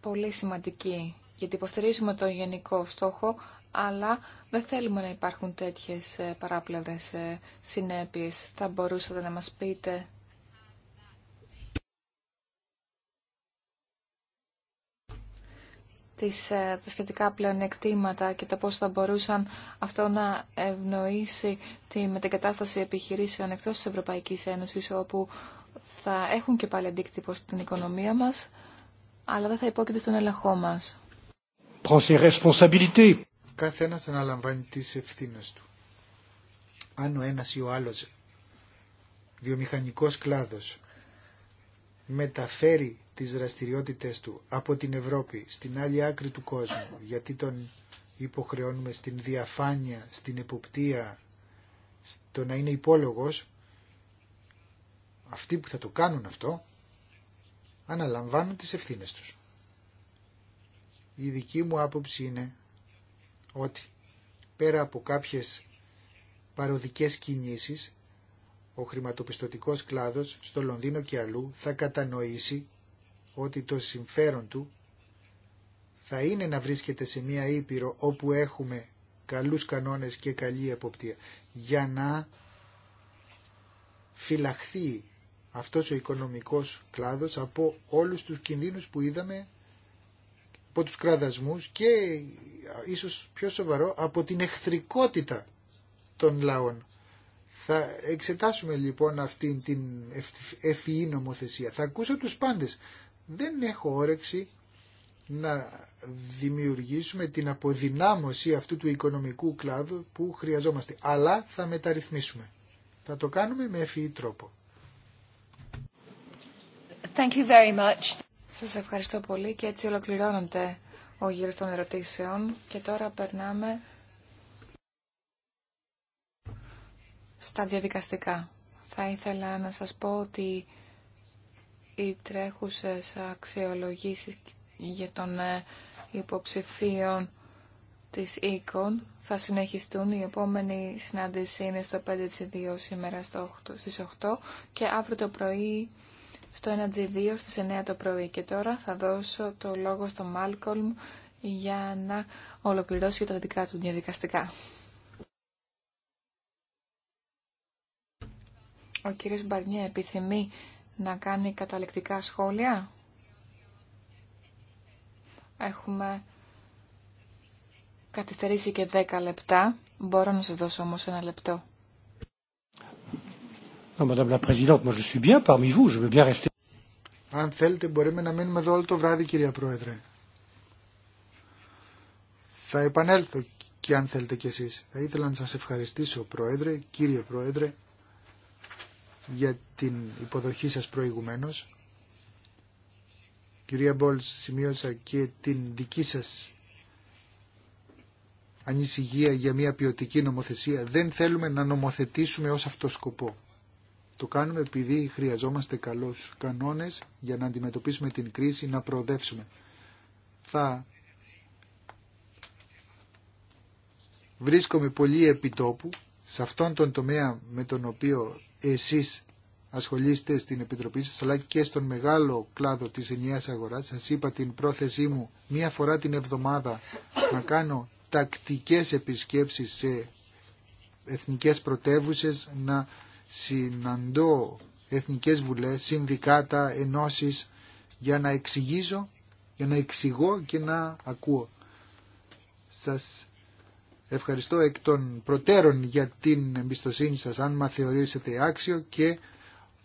πολύ σημαντική γιατί υποστηρίζουμε τον γενικό στόχο αλλά δεν θέλουμε να υπάρχουν τέτοιες ε, παράπλευρες ε, συνέπειες. Θα μπορούσατε να μας πείτε τις, ε, τα σχετικά πλεονεκτήματα και το πώς θα μπορούσαν αυτό να ευνοήσει τη μετεγκατάσταση επιχειρήσεων εκτός της Ευρωπαϊκής Ένωσης, όπου θα έχουν και πάλι αντίκτυπο στην οικονομία μας, αλλά δεν θα υπόκειται στον έλεγχό μας κάθε ένας αναλαμβάνει τις ευθύνες του. Αν ο ένας ή ο άλλος βιομηχανικός κλάδος μεταφέρει τις δραστηριότητες του από την Ευρώπη στην άλλη άκρη του κόσμου, γιατί τον υποχρεώνουμε στην διαφάνεια, στην εποπτεία, στο να είναι υπόλογος, αυτοί που θα το κάνουν αυτό, αναλαμβάνουν τις ευθύνες τους. Η δική μου άποψη είναι ότι πέρα από κάποιες παροδικές κινήσεις, ο χρηματοπιστωτικός κλάδος στο Λονδίνο και αλλού θα κατανοήσει ότι το συμφέρον του θα είναι να βρίσκεται σε μία ήπειρο όπου έχουμε καλούς κανόνες και καλή εποπτεία για να φυλαχθεί αυτός ο οικονομικός κλάδος από όλους τους κινδύνους που είδαμε από τους κραδασμούς και ίσως πιο σοβαρό από την εχθρικότητα των λαών. Θα εξετάσουμε λοιπόν αυτή την ευφυή νομοθεσία. Θα ακούσω τους πάντες. Δεν έχω όρεξη να δημιουργήσουμε την αποδυνάμωση αυτού του οικονομικού κλάδου που χρειαζόμαστε. Αλλά θα μεταρρυθμίσουμε. Θα το κάνουμε με ευφυή τρόπο. Thank you σας ευχαριστώ πολύ και έτσι ολοκληρώνονται ο γύρος των ερωτήσεων και τώρα περνάμε στα διαδικαστικά. Θα ήθελα να σας πω ότι οι τρέχουσες αξιολογήσεις για τον ε, υποψηφίων της ΕΚΟΝ θα συνεχιστούν. Η επόμενη συνάντηση είναι στο 5-2 σήμερα στις 8 και αύριο το πρωί στο 1G2 στις 9 το πρωί. Και τώρα θα δώσω το λόγο στον Μάλκολμ για να ολοκληρώσει τα δικά του διαδικαστικά. Ο κύριος Μπαρνιέ επιθυμεί να κάνει καταληκτικά σχόλια. Έχουμε καθυστερήσει και 10 λεπτά. Μπορώ να σας δώσω όμως ένα λεπτό. Αν θέλετε μπορούμε να μείνουμε εδώ όλο το βράδυ κυρία Πρόεδρε. Θα επανέλθω και αν θέλετε κι εσείς. Θα ήθελα να σας ευχαριστήσω Πρόεδρε, κύριε Πρόεδρε, για την υποδοχή σας προηγουμένως. Κυρία Μπόλς, σημείωσα και την δική σας ανησυχία για μια ποιοτική νομοθεσία. Δεν θέλουμε να νομοθετήσουμε ως αυτό σκοπό. Το κάνουμε επειδή χρειαζόμαστε καλούς κανόνες για να αντιμετωπίσουμε την κρίση, να προοδεύσουμε. Θα βρίσκομαι πολύ επιτόπου σε αυτόν τον τομέα με τον οποίο εσείς ασχολείστε στην Επιτροπή σας αλλά και στον μεγάλο κλάδο της ενιαίας αγοράς. Σας είπα την πρόθεσή μου μία φορά την εβδομάδα να κάνω τακτικές επισκέψεις σε εθνικές πρωτεύουσες, να συναντώ εθνικές βουλές, συνδικάτα, ενώσεις για να εξηγήσω, για να εξηγώ και να ακούω. Σας ευχαριστώ εκ των προτέρων για την εμπιστοσύνη σας αν μα θεωρήσετε άξιο και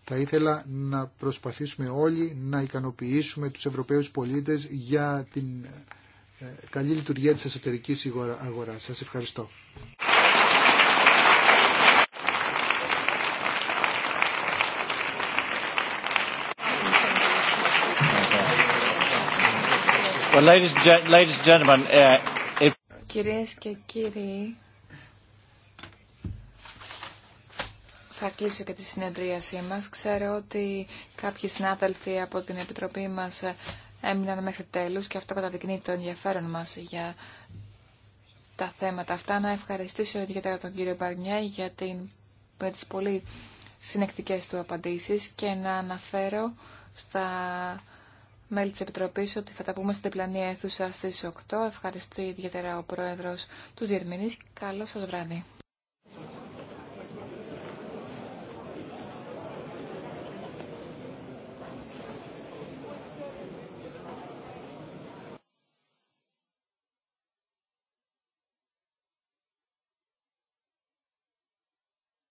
θα ήθελα να προσπαθήσουμε όλοι να ικανοποιήσουμε τους Ευρωπαίους πολίτες για την ε, καλή λειτουργία της εσωτερικής αγοράς. Σας ευχαριστώ. Uh, Κυρίες και κύριοι, θα κλείσω και τη συνεδρίασή μας. Ξέρω ότι κάποιοι συνάδελφοι από την Επιτροπή μας ε, έμειναν μέχρι τέλους και αυτό καταδεικνύει το ενδιαφέρον μας για τα θέματα αυτά. Να ευχαριστήσω ιδιαίτερα τον κύριο Μπαρνιά για την, τις πολύ συνεκτικές του απαντήσεις και να αναφέρω στα μέλη της Επιτροπής ότι θα τα πούμε στην τεπλανή αίθουσα στις 8. Ευχαριστώ ιδιαίτερα ο Πρόεδρος του Διερμηνής. Καλό σας βράδυ.